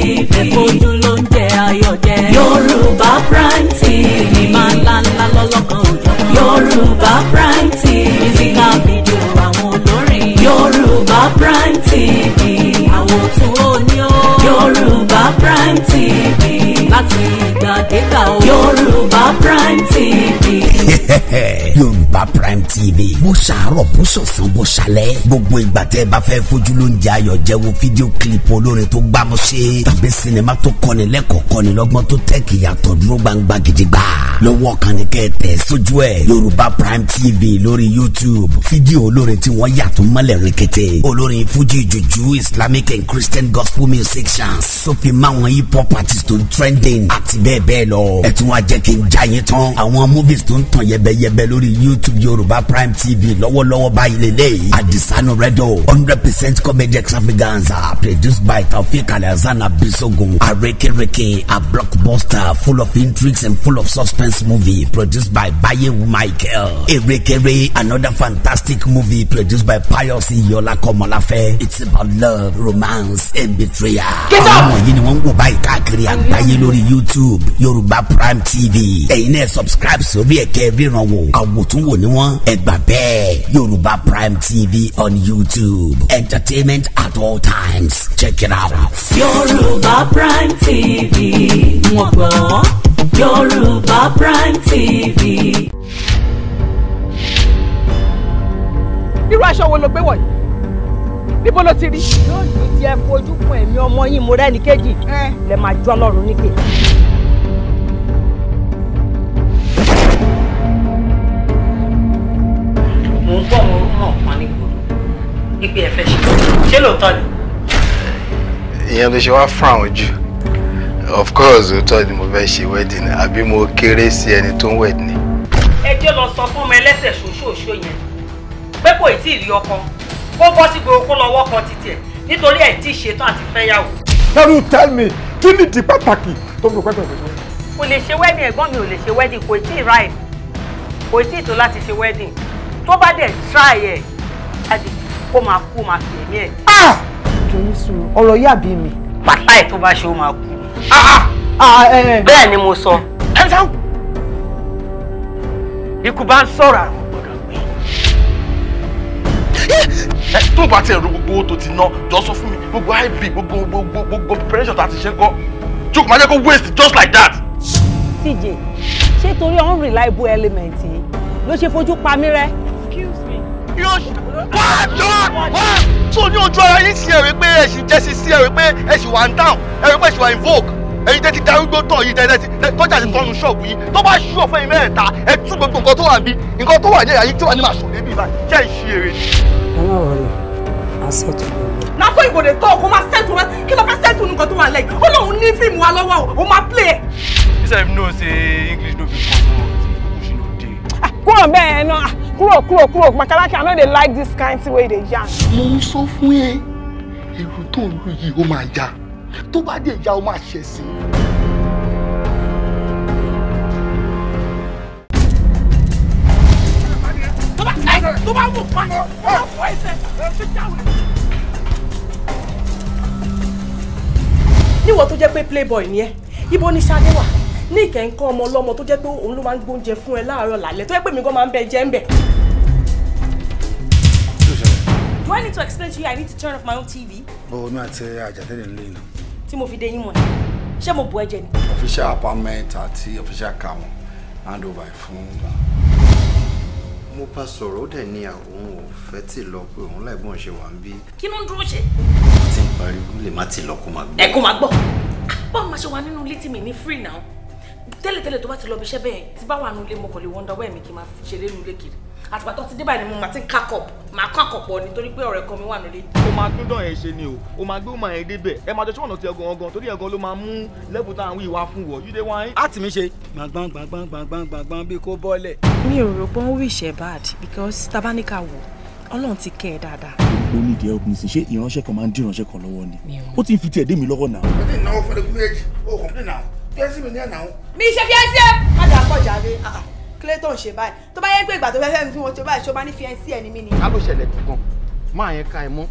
TV. ẹ̀fọ́jú ló ń jẹ ayọ̀ jẹ. Yorùbá Prime TV. ìmọ̀ ńlá ńlá lọ́lọ́kan òjò. Yorùbá Prime TV. mísíkà fídíò àwọn olórin. Yorùbá Prime TV. àwọn tó ó ní ó. Yorùbá Prime TV. láti ìgbàdégbà o. Yorùbá Prime TV yorùbá prime tv bó ṣàárọ̀ bó ṣọ̀sán bó ṣalẹ́ gbogbo ìgbà tẹ́ ẹ bá fẹ́ fojú ló ń jẹ ayọ̀ jẹ́wọ́ fídíò kílípù olórin tó gbámúṣé tàbí sinimá tó kọ́ni lẹ́kọ̀ọ́ kọ́ni lọ́gbọ́n tó tẹ́ kìyàtọ̀ dúró gbangba gidigba lọ́wọ́ kan ní sójú ẹ̀ yorùbá prime tv lórí youtube fídíò olórin tí wọ́n yàtọ̀ mọ́lẹ̀ rẹ̀kẹ̀tẹ̀ olórin fuji juju islamic and christian gospel music chants sófin máwọn hip hop artists tó ń trending àti bẹ́ẹ̀ bẹ́ẹ̀ lọ ẹ̀ tún wá jẹ́ kí n já yín tán àwọn movies tó ń tàn yẹbẹ yẹbẹyẹbẹ lórí youtube yorùbá prime tv lọ́wọ́lọ́wọ́ báyìí lélẹ́yìí adisano redo hundred percent comedy extravaganza produced by taofeek alhassan abisogun arekereke a blockbuster full of intrigues and full of suspense movie produced by bayewu michael erekere another fantastic movie produced by pius iyola kọmọláfẹ́ it's about love romance and betrayal. àwọn wọ̀nyí ni wọ́n ń wò báyìí káàkiri àgbáyé lórí youtube yorùbá prime tv ẹ̀yin náà subscribe sórí ẹ̀kẹ́ ríran wò àwòtúnwò ni wọ́n ẹ gbà bẹ́ẹ̀ Yorùbá Prime TV on YouTube entertainment at all times check it out. Yorùbá Prime TV wọ́n gbọ́ Yorùbá Prime TV. irú aṣọ wo ló gbé wọ̀ yìí níbo ló ti rí. yóò ju ti ẹ fojú kun ẹ̀mí ọmọ yín mo rẹ́ni kejì lè máa jọ́ ọlọ́run níkejì. mò ń gbọ́ mo mọ̀ kan ìyẹn ló ṣe wá fún àwọn jù of course òótọ́ ni mo fẹ́ ṣe wedding àbí mo kéré sí ẹni tó ń wed ni. ẹ jẹ́ lọ sọ fún ọmọ ẹlẹ́sẹ̀ ṣoṣooṣo yẹn pé kò tí ì rí ọkọ kó bọ́ sí gbogbo kó lọ́wọ́ kan ti tiẹ̀ nítorí ẹ̀ tí ì ṣetán àti fẹ́yàwó. can you tell me kí nìdí pàtàkì tó ń lo pẹ́pẹ́pẹ́. kò lè ṣe wedding ẹ̀gbọ́n mi ò lè ṣe wedding kò tí ì ráì kò tí ì tó láti ṣe wedding tó bá dẹ̀ try ẹ̀ jáde kó máa kú máa fi ẹ̀mí ẹ̀. Ah! jòní sùúrù ọ̀rọ̀ yà bí mi. bàtà ẹ̀ tó bá ṣe ó máa kú. Ah, ah, eh, eh. bẹ́ẹ̀ ni mo sọ. ẹ sáà ikú bá ń sọ̀rọ̀ àrùn gbọ́dọ̀ gbé. ẹ tó bá tiẹ̀ ro gbogbo owó tó ti ná jọ sọ fún mi gbogbo iv gbogbo gbogbo gbogbo preparation tá a ti ṣe ń kọ́ jókòó máa jẹ́ kó waste just like that. TJ ṣé torí unreliable element yìí ló ṣe fojú pa mí rẹ́ ní oṣù wá jọ wá. tó ní ojú ara yín sí ẹ̀rí pé ẹ̀ jẹ́sí sí ẹ̀rí pé ẹ̀ wà ń dáhùn ẹ̀rí pé ẹ̀ sì wà invoke ẹ̀yin tẹ́ darúgbó tọ̀ yìí tẹ́ tọ́jà ti tọ́nu ṣọ́ọ̀bù yìí tó bá ṣú ọ̀fẹ́ mẹ́ẹ̀ta ẹ̀ tún gbogbo nǹkan tó wà bí nǹkan tó wà ní ẹ̀yà yìí tí wà ní màṣọ jẹ́ ìṣe eré. ẹ má wọlé tó kúrò kúrò kúrò makalaki i no dey like this kind thing wey you dey yarn. mo ń sọ fún ẹ èrò tó ń lu yìí ó máa ya tó bá dé ya ó máa ṣẹ̀ sí i. tó bá wù pa tó bá fọ ẹsẹ̀ tó jẹ́ pé playboy ni ẹ ibo ni Ṣadé wà ní ìkẹ́ńkọ́ ọmọ ọlọ́mọ tó jẹ́ pé òun ló máa ń gbóúnjẹ fún ẹ láàárọ̀ lálẹ́ tó yẹ pé mi gan máa ń bẹ jẹ́ ń bẹ̀. Do I need to explain to you I need to turn off my own TV? Bó o ní àti àjàtẹ́lẹ̀ ń lé iná. Tí mo fi dé yín mọ̀ ẹ́, ṣé mo bu ẹ̀jẹ̀ ni? Official apartment àti official car wọn hand over fún wa. Mo bá sọ̀rọ̀ ó dẹ̀ ní àwọn òfẹ́ tì lọ pé òun láìgbọ́n ṣe wà ń bí. Kí ló ń dúró ṣe? Mo ti ń pariwo lè má ti lọ kó máa gbọ́. Ẹ kó máa gbọ́. Báwo máa ṣe wà nínú ilé tí mi ní free now? Tẹ́lẹ̀tẹ́lẹ̀ tó bá ti lọ bí iṣẹ́ bẹ́ẹ̀ tí bá wà nínú ilé mo kàn lè wọ́ndọ̀ wẹ́ẹ̀ mi kí n máa ṣeré nínú ilé kiri àtìgbà tó ti dé báyìí ni mo máa ti ń kákọ̀ máa kákọ̀ pọ̀ nítorí pé ọ̀rẹ́ kan mi wà nílé. o máa tún dán ẹ ṣe ni o o máa gbé òmàyẹn débẹ̀ ẹ máa jọ sí ọ̀nà tí ẹ̀gàn ọ̀gàn torí ẹ̀gàn ló máa mú lẹ́bùn tá à ń wí wá fún wọ̀ you dey whine. á tì mí ṣe. gbàngbàn gbàngbàn gbàngbàn gbàngbàn bí kò bọ́lẹ̀. mi ò rò pé ó wí ìṣẹ́ bad because tabaníkà wò ọlọ́run ti kẹ́ ẹ dáadáa. ó ní ìdí ẹ̀kún sí ṣé ìránṣẹ́ kan máa ń dín ìránṣẹ́ kan lọ́wọ́ ni ó ti ń fi tiẹ̀ dé mi lọ́wọ́ náà. ó ti náwó fún ẹgbẹ́ méjì ó kọ̀ọ̀kan náà fíẹ́sì mi ní ẹ̀ náà. mi ṣe fíẹ́sì ẹ̀. má dàá pọ̀ jáde kílé tó ń ṣe báyìí tó bá yẹ pé ìgbà tó fẹ́ fẹ́ mi fún wọn tó báyìí ṣó bá ní fi ẹ sí ẹni mi ni. ká ló ṣẹlẹ̀ gangan máa yẹn ka ẹ mọ́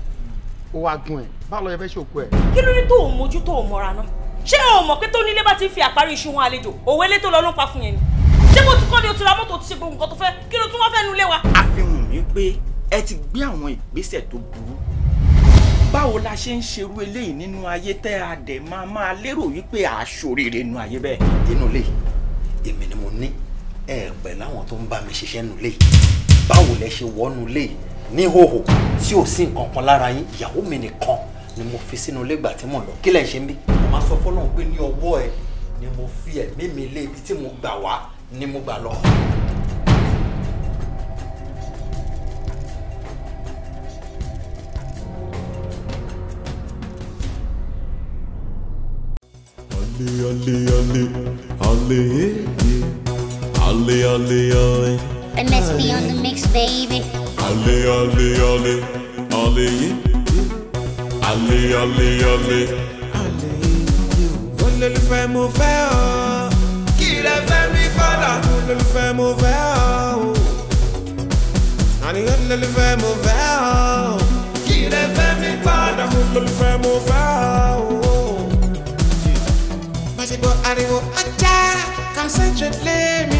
ó wá gun ẹ̀ báwo lọ yẹ fẹ́ ṣòkú ẹ̀. kí ló ní tó òun mojú tó òun mọ́ra náà ṣé o mọ̀ pé tó nílé bá ti fi àparí iṣu wọn àlejò òwe lé tó lọ ló ń pa fún yẹn ni ṣé mo ti kọ́ ni o ti ra mọ́tò o ti ṣe gbogbo nǹkan tó fẹ́ kí ló tún wọ́n fẹ́ nu ilé wa. àfihàn mi pé ẹ ti gbé àwọn ìgbésẹ̀ tó burú báwo la ṣe ń ṣerú eléyìí nínú ayé tẹ́ a dẹ̀ máa máa lérò wípé àṣoríire nínú ayé bẹ́ẹ̀ inú ilé èmi ni mo ní ẹ pẹ̀lú àwọn tó ń bá mi ṣiṣẹ́ nù lé báwo lẹ ṣe wọ́nu lé ní hòhò tí ò sí nǹkan kan lára yín ìyàwó mi nìkan ni mo fi sínú ilé ìgbà tí mò ń lọ kí lẹ ṣe ń bí. mo máa sọ fọ́nà pé ní ọwọ́ ẹ ni mo fi ẹ̀mí mi lé ibi tí mo gbà wá ni mo gbà lọ. ale ale ale ale. Ollie, ollie, ollie. It be on the mix, baby. Ali, Ali, Ali, Ali. Ali, Ali, Ali, Ali. ollie. Ollie, ollie, ollie, ollie. Olè olùfẹ́ mo fẹ́ ọ́. Kí lè fẹ́ mi padà? Olè olùfẹ́ mo fẹ́ ọ́. Àní olè olùfẹ́ mo fẹ́ ọ́. Kí lè fẹ́ mi padà? Olè olùfẹ́ mo fẹ́ ọ́. Má ṣe gbọ́ ariwo ajá, concentrate lé mi.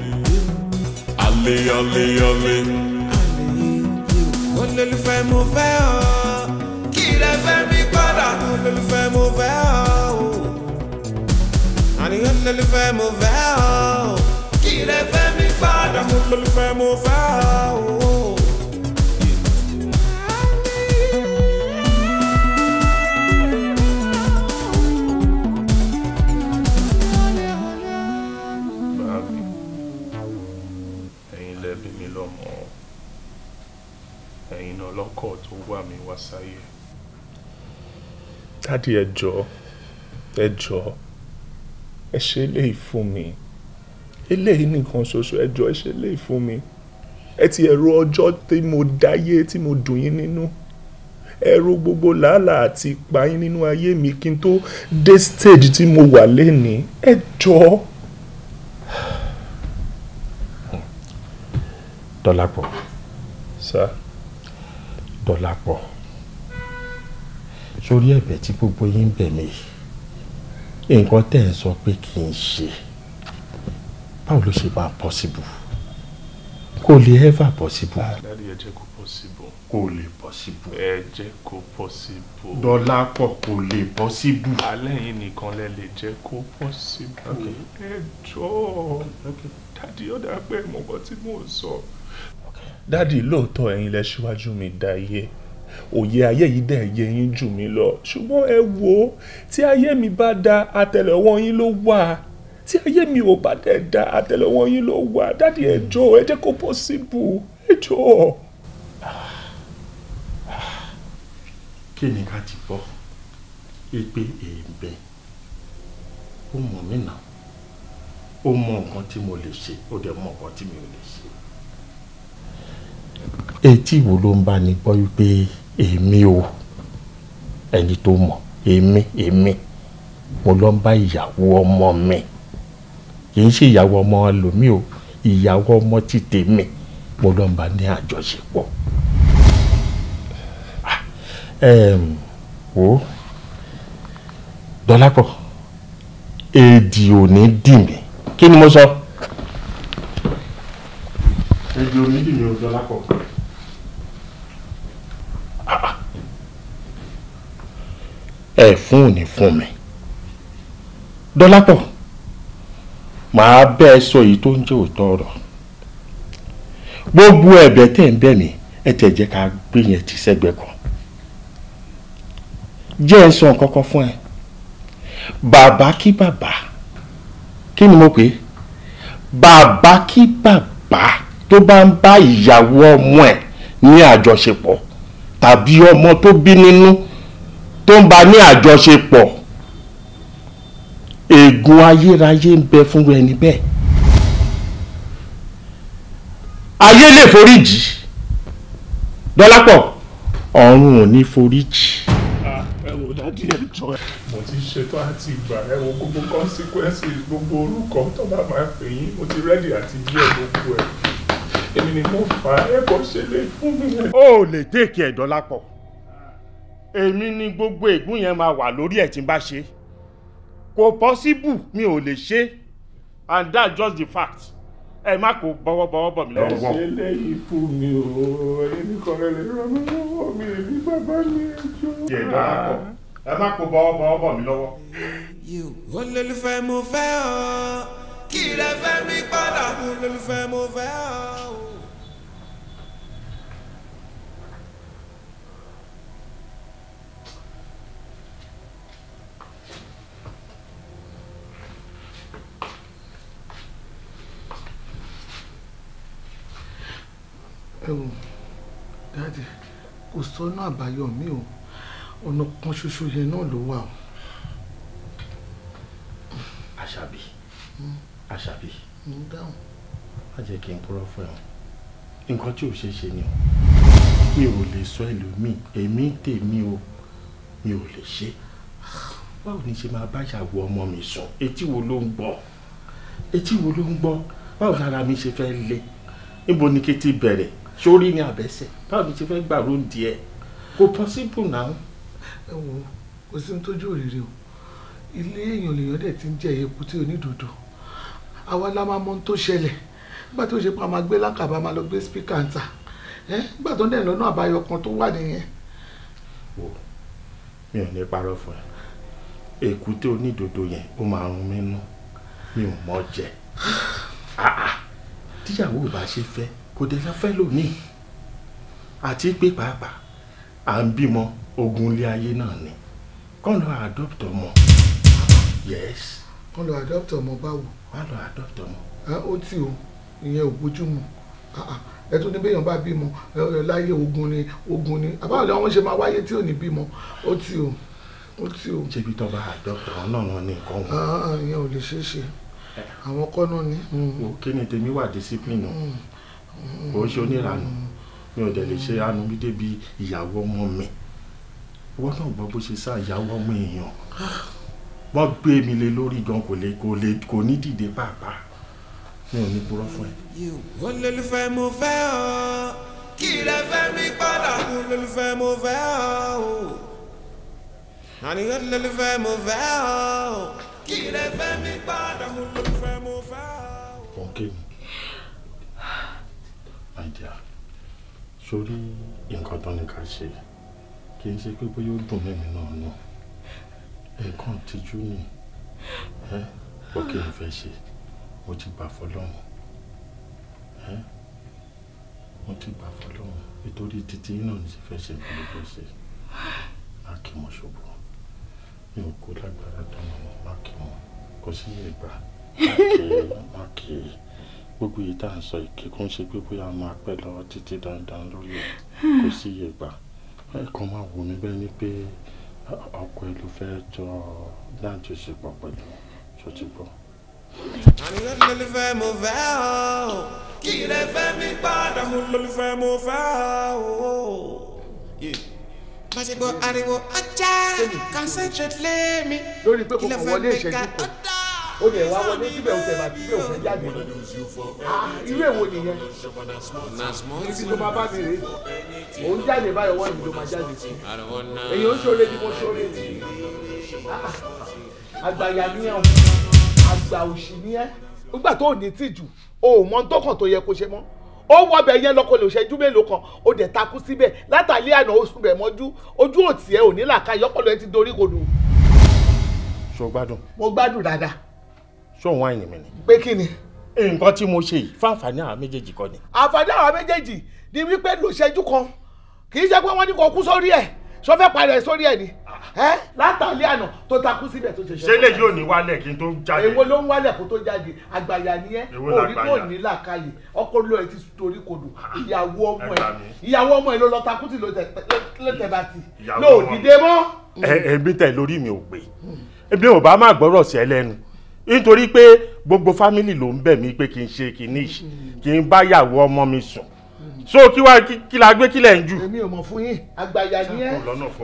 Allez, allez, allez. Allez, on ne le fait mauvais, oh. Qui l'a fait, mi On ne le fait mauvais, oh. Allez, on ne le fait mauvais, oh. Qui l'a fait, mi On ne le fait mauvais, oh. wà mí wá sáyé. dádì ẹ jọ̀ọ́ ẹ jọ̀ọ́ ẹ ṣe eléyìí fún mi eléyìí nìkan ṣoṣo ẹ jọ̀ọ́ ẹ ṣe eléyìí fún mi ẹ ti ẹ̀rọ ọjọ́ tí mo dáyé tí mo dùn yín nínú ẹ̀rọ gbogbo làálàá àti ipa nínú ayé mi kí n tó dé stage tí mo wà lénìí ẹ jọ̀ọ́. Dọ́lápọ̀. sir. Dọ́lápọ̀ sórí ẹ̀bẹ̀ tí gbogbo yín bẹ̀ mí nǹkan tẹ̀ ń sọ pé kì í ṣe báwo ló ṣe máa possible kò lè ever possible. àdáni ah, ẹ jẹ́ kó possible. kò lè possible. ẹ jẹ́ kó possible. Dọ́lápọ̀ kò lè possible. alẹ́ yìí nìkan lẹ lè jẹ́ kó possible. ẹ jọ̀ọ́ dádì ọ̀dà pé mọ̀gàn tí mò sọ. Okay dáàdì lóòótọ́ ẹ̀yin lẹ ṣíwájú mi dáyé òye ayé yìí dẹ̀ yé yín jù mí lọ ṣùgbọ́n ẹ wo tí ayé mi bá da àtẹ́lẹwọ́ yín ló wà tí ayé mi ò bá dẹ̀ da àtẹ́lẹwọ́ yín ló wà dáàdì ẹ jọ̀ọ́ ẹ jẹ́ kó pọ́síbù ẹ jọ̀ọ́. kí ni ká ti bọ́ pé èèbẹ̀ ó mọ̀ mí náà ó mọ nǹkan tí mo lè ṣe ó dẹ̀ mọ nǹkan tí mi ò lè etí wo ló ń bá ní gbọ́ wípé èmi o ẹni tó mọ̀ èmi èmi mo lọ ń bá ìyàwó ọmọ mi kì í ṣe ìyàwó ọmọ ẹlòmíì o ìyàwó ọmọ ti tèmi mo lọ ń bá ní àjọṣepọ̀ ah, wo dọ́lápọ̀ èdè ò ní dì mí kí ni mo sọ. So? ẹjọ méjì mi ò jọ lápọ̀. ẹ fún òní fún mi dọ́lápọ̀ màá bẹ́ ẹ sọ èyí tó ń jẹ́ òótọ́ ọ̀rọ̀ gbogbo ẹ̀bẹ̀ tẹ̀ ń bẹ̀ mí ẹ tẹ̀ jẹ́ ká gbé yẹn ti sẹ́gbẹ̀ẹ́ kan jẹ́ ẹ sọ nǹkan kan fún ẹ bàbá kí bàbá kí ni mo pè é bàbá kí bàbá tó bá ń bá ìyàwó ọmọ ẹ̀ ní àjọṣepọ̀ tàbí ọmọ tó bí nínú tó ń bá ní àjọṣepọ̀ ègún ayérayé ń bẹ fúnra ẹni bẹ́ẹ̀ ayé lè foríjì dọ́lápọ̀ ọ̀run ò ní foríjì. ẹ wò mo ti ṣetán àti ìgbà ẹ gbogbo consequences gbogbo orúkọ tó bá máa pè yín mo ti rẹ́dì àti díẹ̀ gbogbo ẹ èmi ni mo fà á ẹ̀kọ́ ṣẹlẹ̀ fún mi. ó lè déèkì ẹ̀dọ́ lápọ̀ èmi ni gbogbo ègún yẹn máa wà lórí ẹ̀ tí n bá ṣe kò pọ́síbù mi ò lè ṣe and that's just the fact ẹ má kó bọ́wọ́bọ́wọ́ bọ̀ mí lọ́wọ́. ẹ ṣe lẹ́yìn fún mi o èmi kan rẹ̀ lè ràn mí lọ́wọ́ mi èmi bàbá mi ẹjọ́. ẹ̀dọ́ lápọ̀ ẹ má kó bọ́wọ́bọ́wọ́ bọ̀ mí lọ́wọ́. olólùfẹ́ mo fẹ́ ọ kí lẹ fẹ́ mi padà kú lólùfẹ́ mo fẹ́ o. ẹwọ dáàdì kò sọ́nà àbáyọ mi o ọ̀nà kan ṣoṣo yẹn náà ló wà o. àṣàbí àṣàbí. mo dáhùn. má jẹ́ kí n purọ́ fún ẹ o nǹkan tí ò ṣeé ṣe ni o mi ò lè sọ ẹlòmíì èmi tèmi o mi ò lè ṣe báwo ni ṣe máa bá ìyàwó ọmọ mi sùn etí wo ló ń gbọ́ etí wo ló ń gbọ́ báwo lára mi ṣe fẹ́ le níbo ni kété bẹ̀rẹ̀ sórí ni àbẹ́sẹ̀ báwo ni ṣe fẹ́ gbà ló ń di ẹ kò possible náà. ẹ wo kò sí ní tójú òrìrì o ilé èèyàn lèèyàn dẹ̀ ti ń jẹ eku tí onídòdò àwa la máa mọ ohun tó ṣẹlẹ̀ nígbà tó ṣe pa máa gbé lákàbá máa lọ gbé spíkà ń ta nígbà tó ń dẹ̀ lọ́nà àbáyọ kan tó wà nìyẹn. wo mi ò ní parọ́ fún ẹ èkúté onídodo yẹn ó máa rún mi nú mi ò mọ̀ jẹ tíyàwó ò bá ṣe fẹ́ kò dé lọ́fẹ́ lónìí àti pé pàápàá à ń bímọ ogun ilé ayé náà ni kọ́ lọ adopt ọmọ yes. kọ́ lọ báwo má lọ àdọ́tọ̀ mọ́. ó tì o ìyẹn ò bójú mu ẹ tún ní béèyàn bá bímọ láyé ogun ni ogun ni àbáwọ̀ ni wọ́n ṣe máa wáyé tí ò ní bímọ ó tì o ó tì o. ṣébi tó bá àdọ́tọ̀ náà ní nǹkan wọn. ìyẹn ò lè ṣeé ṣe àwọn kọ́nà ni. o mm. kí ni tèmi wà discipline o mm. ṣe oníranù mm. mi ò dẹ̀ lè ṣe àánú mi débi ìyàwó ọmọ mi wọ́n náà gbọ́ bó ṣe sá ìyàwó ọmọ èèyàn. Ah wọ́n gbé mi lé lórí gan kò lè kò lè kò ní dìde pàápàá mi ò ní purọ́ fún ẹ. olólùfẹ́ mo fẹ́ ọ kí lè fẹ́ mi padà olólùfẹ́ mo fẹ́ ọ àní olólùfẹ́ mo fẹ́ ọ kí lè fẹ́ mi padà olólùfẹ́ mo fẹ́ ọ. ọ̀kẹ́ mi àjà sórí nǹkan tó ní ká ṣe kì í ṣe pé bóyá ó dùn mí náà náà nǹkan tìjú ni ẹ ó kí n fẹ́ ṣe mo ti gbà fọlọ́run ẹ mo ti gbà fọlọ́run nítorí títí náà ní ṣe fẹ́ ṣe nǹkan ló fẹ́ ṣe má kí mo ṣubú mi ò kó lágbára dáná mọ́ má kí mo kó sí ìgbà má kí gbogbo yìí tá à ń sọ ìkíkún ṣe pé bóyá máa pẹ́ lọ títí dandan lórí ẹ̀ kó sí ìgbà ẹ̀ máa wò mí bẹ́ẹ̀ ni pé. Pe ọkọ ẹ ló fẹ́ jọ lájọṣepọ̀ pẹ̀lú ṣọtí gbọ́. àmì lólùfẹ́ mo fẹ́ o kí lè fẹ́ mi gbọ́dọ̀ mo lólùfẹ́ mo fẹ́ o. bá a ṣe gbọ́ ariwo ọjà concentrate lé mi kí lè fẹ́ mi ká ọ̀dà ó lè wá wọlé síbẹ̀ òtẹ̀ bá síbẹ̀ òtẹ̀ jáde lọ. Ah, irú èwo nìyẹn ibi tó máa bá mi rèé òun jáde báyọ̀ wọ́n ibi tó máa jáde sí èyí ó ṣoore ni mo ṣoore ni ah, àgbàyà ni ẹ àgbà òṣì ni ẹ. nígbà tó ò ní tìjú o ò mọ tó tó yẹ kó ṣe mọ́ ó wọ ọbẹ̀ yẹn lọ́kọ lè ṣẹ́jú mélòó kan ó dẹ̀ takú síbẹ̀ látàlí àná oṣù rẹ̀ mọ́jú ojú òtí ẹ ò ní làkà yọpọlọ ẹ ti dorí kodò. ṣó gbádùn. mo gbádùn dáadáa ṣóun wáìnì mi ni. pé kí ni. nǹkan tí mo ṣe yìí fáǹfààní àwọn méjèèjì kọ́ ni. àǹfààní àwọn méjèèjì ni wípé lò ṣẹ́jú kan kì í ṣe pé wọ́n ní kó kú sórí ẹ̀ sọ fẹ́ parẹ́ sórí ẹ̀ ni látàlí àná tó takú síbẹ̀ tó ṣe ṣe. ṣẹlẹ̀ yóò ní wálẹ̀ kí n tó jáde. èwo ló ń wálẹ̀ kó tó jáde àgbàyà ni ẹ orí kò ní làákàyè ọkọ ló ẹ ti torí kodò ah, ìyàwó ọmọ ẹ ìyàwó ọmọ ẹ ló lọ takú tì ló tẹ bá tì lóòdìdé mọ́. ẹbí tẹ lórí mi ò gbé ebi ò bá má gbọ́rọ̀ sí ẹ lẹ́nu nítorí pé gbogbo fámìlì ló ń bẹ̀ mí pé kí n ṣe kìíní kí n bá yàwó ọmọ mi sùn so kí wá kí la gbé kílẹ̀ ń jù. èmi ò mọ̀ fún yín àgbàyà ni ẹ́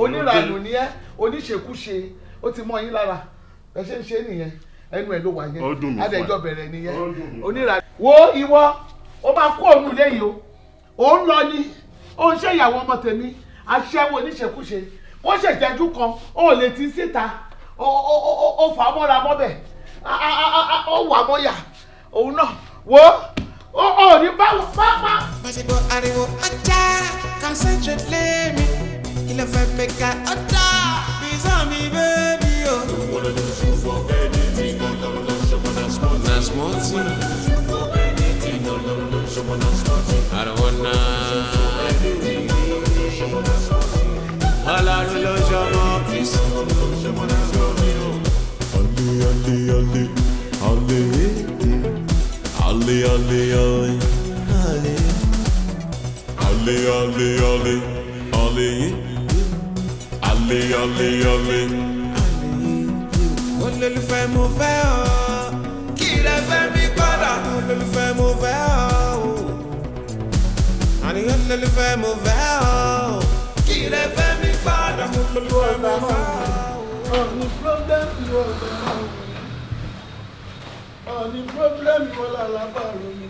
onírànù ni ẹ́ oníṣekúṣe ó ti mọ́ yín lára ẹ ṣe ń ṣe nìyẹn ẹnu ẹ ló wà yẹn adẹjọ bẹ̀rẹ̀ nìyẹn onírànù. wo ìwọ o máa kó òun léyìí o ò ń lọ ni ó ń ṣe ìyàwó ọmọ tèmi aṣẹ́wó oníṣekúṣe ó ṣèjẹ́jú kan ó lè ti síta ó fà á mọ́ra mọ́bẹ̀ ọwọ́ àmọ́yà òun náà wo ó ní báwo pápá. màṣìbò ariwo ọjà concentrate lé mi kí ló fẹ́ pé ká ọjà bísọ̀ mi bébí o. wọ́n lọ sí fún ẹni tí kò lọ́wọ́ lọ ṣọmọ náà smọ́tì. náà smọ́tì. wọ́n lọ sí fún ẹni tí kò lọ́wọ́ lọ ṣọmọ náà smọ́tì. àrùn náà. Ọlọ́run ló ṣọmọ. Alli, alli, alli, alli, alli, alli, alli, alli, alli, alli, alli, alli, alli, alli. Olólùfẹ́ mo fẹ́ ọ, kí lẹ fẹ́ mi padà. Olólùfẹ́ mo fẹ́ ọ, àní olólùfẹ́ mo fẹ́ ọ, kí lẹ fẹ́ mi padà. Olólùfẹ́ mo fẹ́ ọ. Oh, no problem, you are the man. ọ̀ọ́ni pírọ́bílẹ́mì wọn làlá bá romi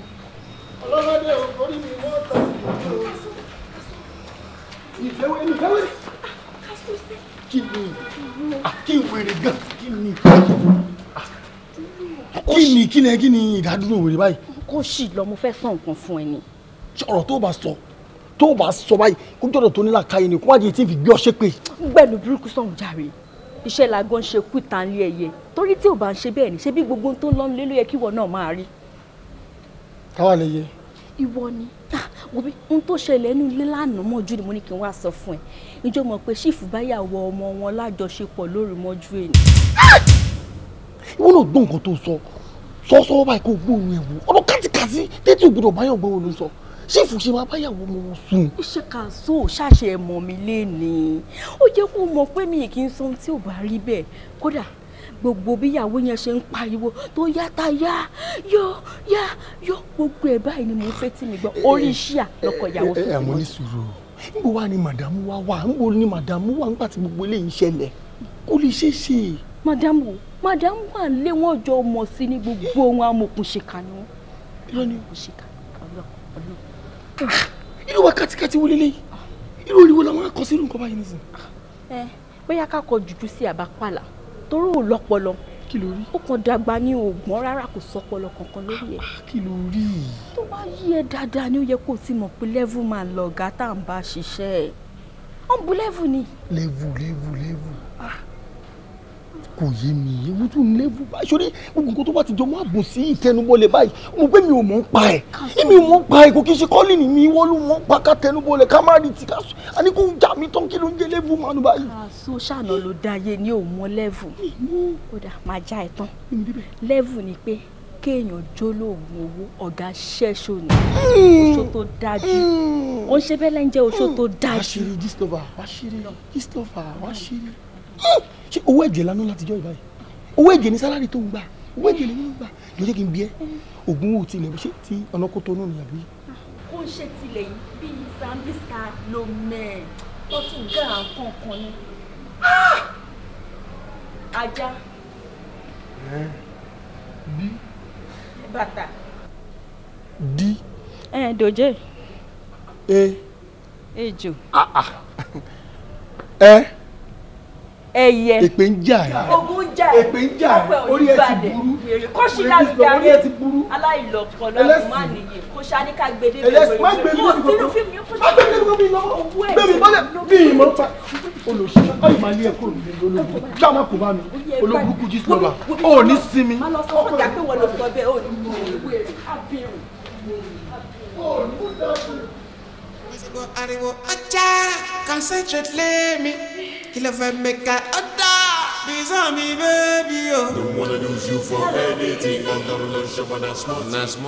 ọlọ́mọdé òkórí mi wọ́n tà ní ìlú òsè. ìfẹ́wé ìfẹ́wé kí ni ah, kí wèrè gan kí ni ah, kí ni kí ni kí ni ìdádúró wèrè báyìí. kó sì lọ mo fẹ́ sọ nǹkan fún ẹ ni. ọ̀rọ̀ tó bá sọ tó bá sọ báyìí kó jọ̀dọ̀ tó nílà káyé ni kó wájú tí n fi gbé ọ ṣépè. gbẹ̀lú burúkú sọ̀rọ̀ jàre iṣẹ́ la gan ṣe kú ìtànlé ẹ̀yẹ torí tí ò bá ń ṣe bẹ́ẹ̀ ni ṣe bí gbogbo tó ń lọ nílé ló yẹ kí ìwọ náà máa rí. káwa lè yẹ. ìwọ ni òbí ah, ohun tó ṣẹlẹ̀ nínú ilé lánàá mọ́jú ni mo ní kí n wá sọ fún ẹ ìjọ mọ̀ pé ṣìfù báyà wọ ọmọ wọn lájọṣepọ̀ lórí mọ́jú ẹ̀ ni. Ah! ìwọ náà gbọ́ nǹkan tó sọ sọ́sọ́ báyìí kó gbóhùn ẹ̀wò ọ̀rọ̀ kátìkátì tètè ògbódò báyọ̀ gbọ́ ṣífù ṣe máa báyàwó mo sùn. ó ṣe kàṣó ṣàṣe ẹ̀mọ́ mi lénìí ó jẹ́ kó mọ̀ pé mi kì í san tí ò bá rí bẹ́ẹ̀ kódà gbogbo bíyàwó yẹn ṣe ń pariwo tó yáta yá yọ yá yọ gbogbo ẹ báyìí ni mo fẹ́ tì mí gbọ́ orí iṣẹ́ àlọ́kọ ìyàwó tó ti wọ́n. ẹ ẹ mo ní sùúrù níbo wá ni màdàmú wá wà níbo ni màdàmú wà nígbà tí gbogbo eléyìí ṣẹlẹ̀ kó lè ṣeé ṣe. màdàmú màdàmú wà lé wọn jọ ọmọ sí ní gbogbo ohun amòkùnṣèkà ni wọn. irọ́ ni òṣèkà ọlọ́ọ̀ ọlọ́ọ̀ irú wa kátikáti wo lélẹ́yìí irú orí wo làwọn akọ sínú nǹkan báyìí nìsín. ẹ bóyá ká kọ jùjú sí àbápàlà torí ò lọ́pọlọ kí ló rí. ó kàn dàgbà ní oògùn rárá kò sọpọlọ kankan lórí ẹ. kí ló rí. tó bá yí ẹ dáadáa ni ó yẹ kó o ti mọ̀ pé level máa lọ ọ̀gá tá à ń bá ṣiṣẹ́ ẹ̀ ọ̀nbù level ni. level level level. Ah kò yé mi ewu tún ní lẹ́fù báyìí sórí gbogbo nǹkan tó bá ti jọ mọ́ àbò sí ìtẹnubọlẹ̀ báyìí mo pé mi ò mọ̀ ń pa ẹ̀ èmi ò mọ̀ ń pa ẹ̀ kò kí n ṣe kọ́lì mi wọ́n mọ̀ ń pa ká tẹnubọlẹ̀ ká má rí ti ká sùn àní kò já mi tán kí ló ń jẹ lẹ́fù mánu báyìí. àṣọ ah, ṣàná ló dáyé ní òmọ lẹ́fù kódà máa já ẹ tán lẹ́fù ni pé kéèyàn jólóògùn owó ọ̀gá ṣẹ́ṣọ ni hmm. oṣó tó dájú hmm. ó ń ṣe bẹ́lẹ̀ ń jẹ́ oṣó hmm. tó dájú. wá ṣeré christopher wá ṣeré christopher wá ṣeré ṣé owó ẹ̀jẹ̀ lanú láti jọ ìbáyìí owó ẹ̀jẹ̀ ní sálárì tó ń gbà owó ẹ̀jẹ̀ lèmi ń gbà ló jẹ́ kí n bí ẹ́ ògùn owó tilẹ̀ ṣé ti ọ̀nàkó tó náà nìyàbí. kó ṣe tilẹ̀ yìí bí sambisa ló mẹ́ẹ̀ tó tún gà á kankan ni. Ah! ajá. bí. bàtà. dí. ẹ dòjé. e. ejò. Ah, ah. ẹ ẹyẹ èpè ń jà ẹ ogun ń jà ẹ èpè ń jà ẹ orí ẹ ti burú kó ṣì láti darí aláìlọ́pọlọ má nìyí kó ṣáni ká gbèdé bẹ̀rẹ̀ má gbèdé bẹ̀rẹ̀ má gbèdé bẹ̀rẹ̀ lọ́wọ́ bẹ́ẹ̀ mi bọ́lẹ̀ bí ìmọ̀ pa olùsí ọyọ máa lé ẹ kúrò nílé olóògùn kò bá mi olóògùn kù jí ò ní sinmi. má lọ pé wọ́n lọ sọ bẹ́ẹ̀ ò ní mú ìwé go ariwo concentrate don't oh. wanna lose you for anything don't wanna lose you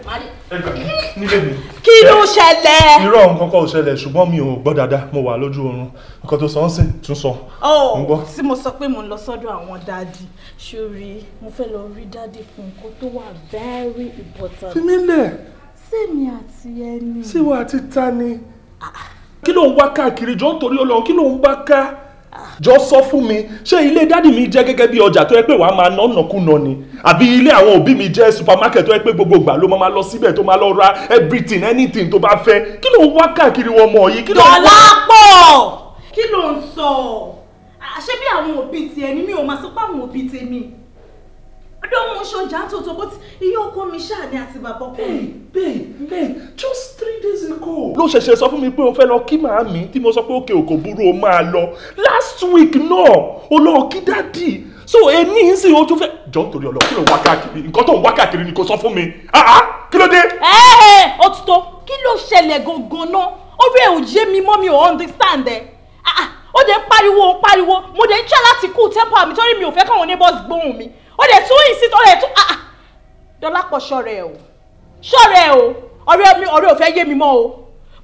for anything kí ló ṣẹlẹ̀. irọ́ òun kọ́kọ́ ò ṣẹlẹ̀ ṣùgbọ́n mi ò gbọ́ dáadáa mo wà lójú oorun nǹkan tó sọ ń sìn tún sọ. Oh, ọ tí mo sọ pé mo ń lọ sọ́dọ̀ àwọn dáàdì ṣórí mo fẹ́ lọ rí dáàdì fún nǹkan tó wà very important. fi mí lẹ̀. sèmi àti ẹni. síwọ àti tani. Ah, ah. kí ló ń wá káàkiri jọ nítorí Ọlọ́run kí ló ń wá ká jọ sọ fún mi ṣé ilé dádì mi jẹ́ gẹ́gẹ́ bí ọjà tó yẹ pé wàá máa ná nàkúnà ni àbí ilé àwọn òbí mi jẹ́ supermarket tó yẹ pé gbogbo ìgbà ló máa lọ síbẹ̀ tó máa lọ ra everything anything tó bá fẹ́ kí ló ń wá káàkiri wọn mọ̀ yìí. dọ̀lápọ̀ kí ló ń sọ ṣé bí àwọn òbí tiẹ̀ ni mi ò máa sọ pé àwọn òbí tèmi Don't wọn ṣọjà tó tó bó ti iye ọkọ mi ṣáà my àti bàbá ọkọ mi. babe babe just three days ago. No, ṣẹ̀ṣẹ̀ sọ fún mi pé o fẹ́ lọ kí màámi tí mo sọ pé òkè òkò burú o máa lọ last week no. o lọ kí dáàdì so èmi ń sìn o tún fẹ́. jọ nítorí ọlọ kí ló ń wá káàkiri nǹkan tó ń wá káàkiri ni kò Ah ah. mi kí ló dé. ẹ ẹ òtítọ́ kí ló ṣẹlẹ̀ gangan náà orí ẹ̀ ò yé mi mọ́ mi ò understand ẹ̀ ah, ah, ó dẹ̀ pariwo pariwo mo dẹ̀ ń ṣá láti kú tẹ́pọ̀ àmì torí mi ò fẹ́ káwọn neighbors gbóhùn mi ó dẹ̀ tún insist ó dẹ̀ tún ah, ah. Dọlápọ̀ ṣọ́rẹ́ o ṣọ́rẹ́ o ọ̀rẹ́ mi ọ̀rẹ́ ò fẹ́ yé mi mọ́ o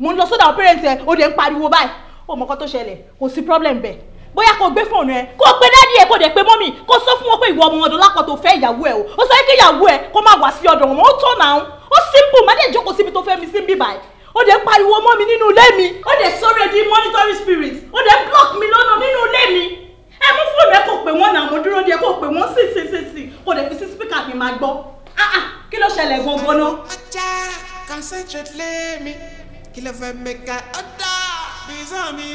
mo ń lọ sọ́dọ̀ àwọn parents ẹ̀ ó dẹ̀ ń pariwo báyìí ó mọ̀ kọ́ tó ṣẹlẹ̀ kò sí problem bẹ́ẹ̀ bóyá kò gbé fóònù ẹ kó o pé dádì ẹ kó o dẹ̀ pé mọ́mì kó o sọ fún wọn pé ìwọ ọmọ ọdọ lápò tó fẹ́ ìyàwó ẹ o ó sọ pé ìyàwó ẹ kó má wá sí ọ̀dọ̀ wọn ó tọ̀ náà ó simple má dẹ̀ jókòó síbi tó fẹ́ mi sí bíbá ẹ ó dẹ̀ pariwo mọ́ mi nínú ilé mi ó dẹ̀ sọ̀rọ̀ di monitoring spirit ó dẹ̀ block mi lọ́nà nínú ilé mi ẹ mú fóònù ẹ kò pè wọ́n náà mo dúró díẹ̀ kò pè wọ́n sí sí sí sí kò dẹ̀ fi sí spíkà mi máa gbọ́ ah, ah, kí ló ṣẹlẹ̀ gangan náà. ọjà concentrate lé mi kí ló fẹ́ mẹ́ka ọ̀dà bizan mi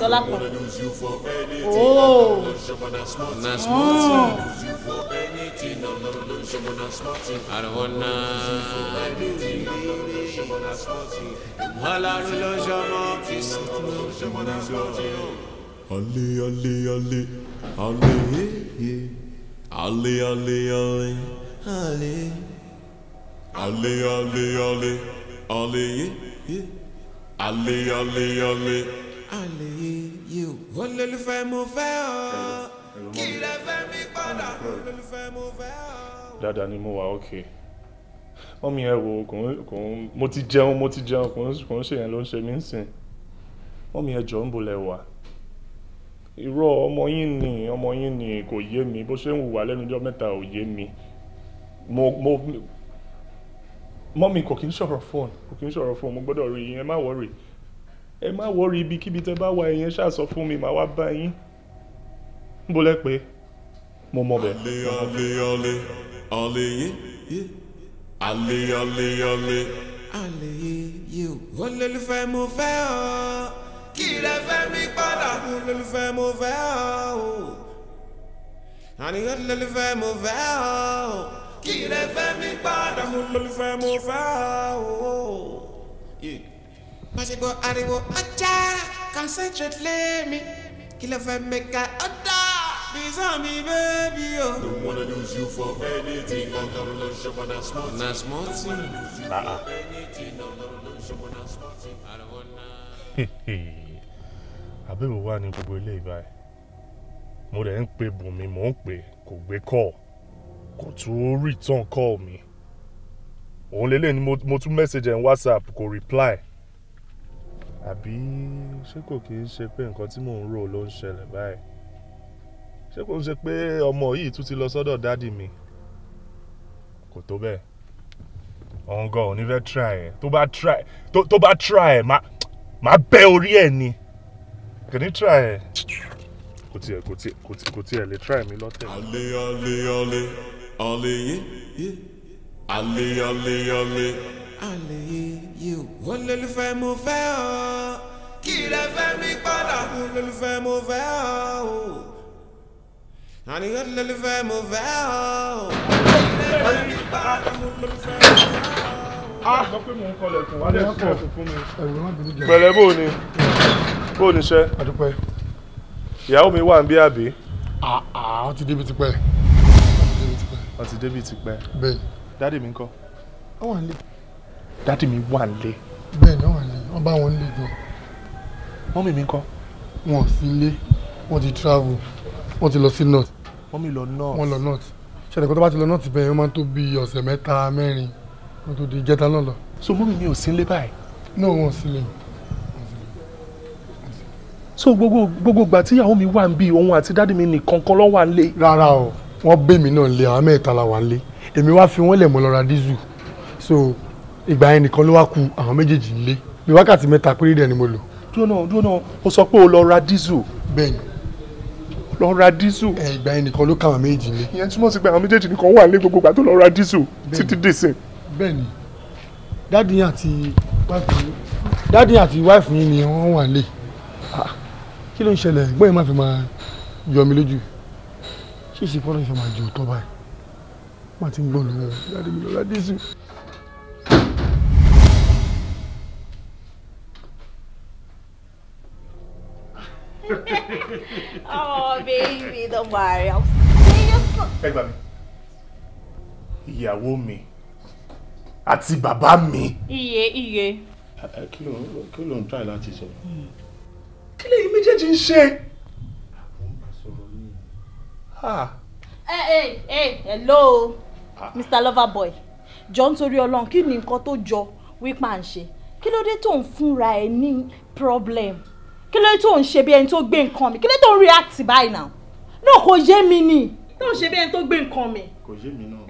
tọ́lá pọ̀ ooo. Olé, olé, olé, olé, yeah. Olé, olé, olé, olé. Olé, olé, olé, olé, yeah. Olé, olé, olé, olé, yeah. Olólùfẹ́ mo fẹ́ ọ́, kí lẹ fẹ́ mi padà, olólùfẹ́ mo fẹ́ ọ́. Dáadáa ni mo wà ókè. Mọ́mí ẹ wo kò ń mo ti jẹun mo ti jẹun kò ń ṣe yẹn ló ń ṣe mí ń sìn. Mọ́mí ẹ jọ ń bolẹ̀ wà. irọ́ ọmọ yín ni ọmọ yín ni kò yé mi bó ṣe ń hùwà lẹ́nu ọjọ́ mẹ́ta ò yé mi mo mo kò kí ń ṣọ̀rọ̀ fóònù kò kí ń fóònù mo gbọ́dọ̀ rí ẹ má wọ́rì ẹ má wọ́rì ibikíbi bá wà ẹ̀yẹn ṣàṣọ fún mi màá wá bá yín pé mo kí fẹ́ mi padà. mo fẹ́ o. mo fẹ́ o. kí fẹ́ mi padà. mo fẹ́ o. ariwo ọjà concentrate lé mi kí fẹ́ mi ká ọ̀dà. baby, oh. Don't wanna lose you for anything. Don't wanna lose you for anything. àbẹ̀wò wà ní gbogbo ilé ìbáyìí mo rẹ̀ ń pe bùnmi mò ń pè kò gbé call kò tún return call mi òun lélẹ̀ ni mo tún message ẹ̀ whatsapp kò reply àbí ṣé kò kí ń ṣe pé nǹkan tí mò ń rò ló ń ṣẹlẹ̀ báyìí ṣé kò ń ṣe pé ọmọ yìí tún ti lọ sọ́dọ̀ dádì mi kò tó bẹ́ẹ̀ ọ̀ǹgọ̀ ò ní fẹ́ try ẹ̀ tó bá try ẹ̀ má bẹ́ orí ẹ̀ ni. Can you try ẹ̀ kò tiẹ̀ kò tiẹ̀ kò tiẹ̀ kò tiẹ̀ lè try mi lọ́tẹ̀. ọ̀lẹ ọ̀lẹ ọ̀lẹ ọ̀lẹ yé yé ọ̀lẹ ọ̀lẹ ọ̀lẹ. ọ̀lẹ yé yé o. olólùfẹ́ mo fẹ́ ọ kí lè fẹ́ mi padà. olólùfẹ́ mo fẹ́ ọ o. àní olólùfẹ́ mo fẹ́ ọ o. kí lè fẹ́ mi padà. olólùfẹ́ mo fẹ́ ọ. a ah! gbọ́ mò ń kọlẹ̀kùn wálé ṣe ẹ̀sùn fún mi. pẹ̀lẹ́ bò ni bó o níṣẹ́. adúpẹ́. ìyàwó mi wà ń bí àbí. àà wọ́n ti débi tipẹ́. wọ́n ti débi tipẹ́. bẹ́ẹ̀ ni. dáàdì mi ń kọ́. ó wà nílé. dáàdì mi wà nílé. bẹ́ẹ̀ ni ó wà nílé wọ́n bá wọn nílé gan. mọ́mì mi ń kọ́. wọn ò sí ilé wọ́n ti travel wọ́n ti lọ sí north. mọ́mì lọ north. wọ́n lọ north. ṣẹlẹ̀ kó tó bá ti lọ north bẹ́ẹ̀ wọ́n máa ń tó bíi ọ̀sẹ̀ mẹ́ta mẹ́rin wọ́n tó di ìjẹta náà lọ. so mọ́mì mi ò sí ilé báyìí. náà wọn ò sí ilé so gbogbo gbogbo ìgbà tíyàwó mi wà ń bí òun àti dáàdi mi nìkan kan ló wà ń lé. rárá o wọ́n bẹ́ mi náà lé àwọn mẹ́ta la wà ń lé èmi wá fi wọ́n lẹ̀ mọ́ lọ́ra dísù so ìgbà yẹn nìkan ló wá ku àwọn méjèèjì lé bí wákàtí mẹ́ta péré dẹ̀ ni mo lò. dúró náà dúró náà o sọ pé o lọ ra dísù. bẹ́ẹ̀ni lọ ra dísù. ẹ ìgbà yẹn nìkan ló ká àwọn méjèèjì lé. ìyẹn túmọ̀ sí pé àwọn méjèèjì nìkan wà lé gbogbo ìgbà tó lọ ra dísù títí dèsè. bẹ́ẹ̀ni dáàdi yẹn àti wáìfù yẹn ni wọ́n wà lé kí ló ń ṣẹlẹ̀ gbọ́n yẹn má fi máa yọ mi lójú ṣé ìṣe fọ́nrán ìfẹ́ máa jẹ òótọ́ báyìí má ti ń gbọ́n lọ́wọ́ yàrá mi lọ́la dísù. oh baby don't worry i'm serious. ẹ gbà mí ìyàwó mi àti bàbá mi. iye iye. kí ló ń try láti sọ. Hmm kí lẹ́yìn méjèèjì ń ṣe. ẹ ẹ ẹ hello ah. Mr Loverboy jọ nítorí Ọlọ́run kí ni nǹkan tó jọ wípé à ń ṣe kí ló dé tó ń fúnra ẹ ní problem kí ló dé tó ń ṣe bí ẹni tó gbé nǹkan mi kí ló dé tó ń react báyìí náà náà kò yé mi ni tó ń ṣe bí ẹni tó gbé nǹkan mi. kò yé mi náà.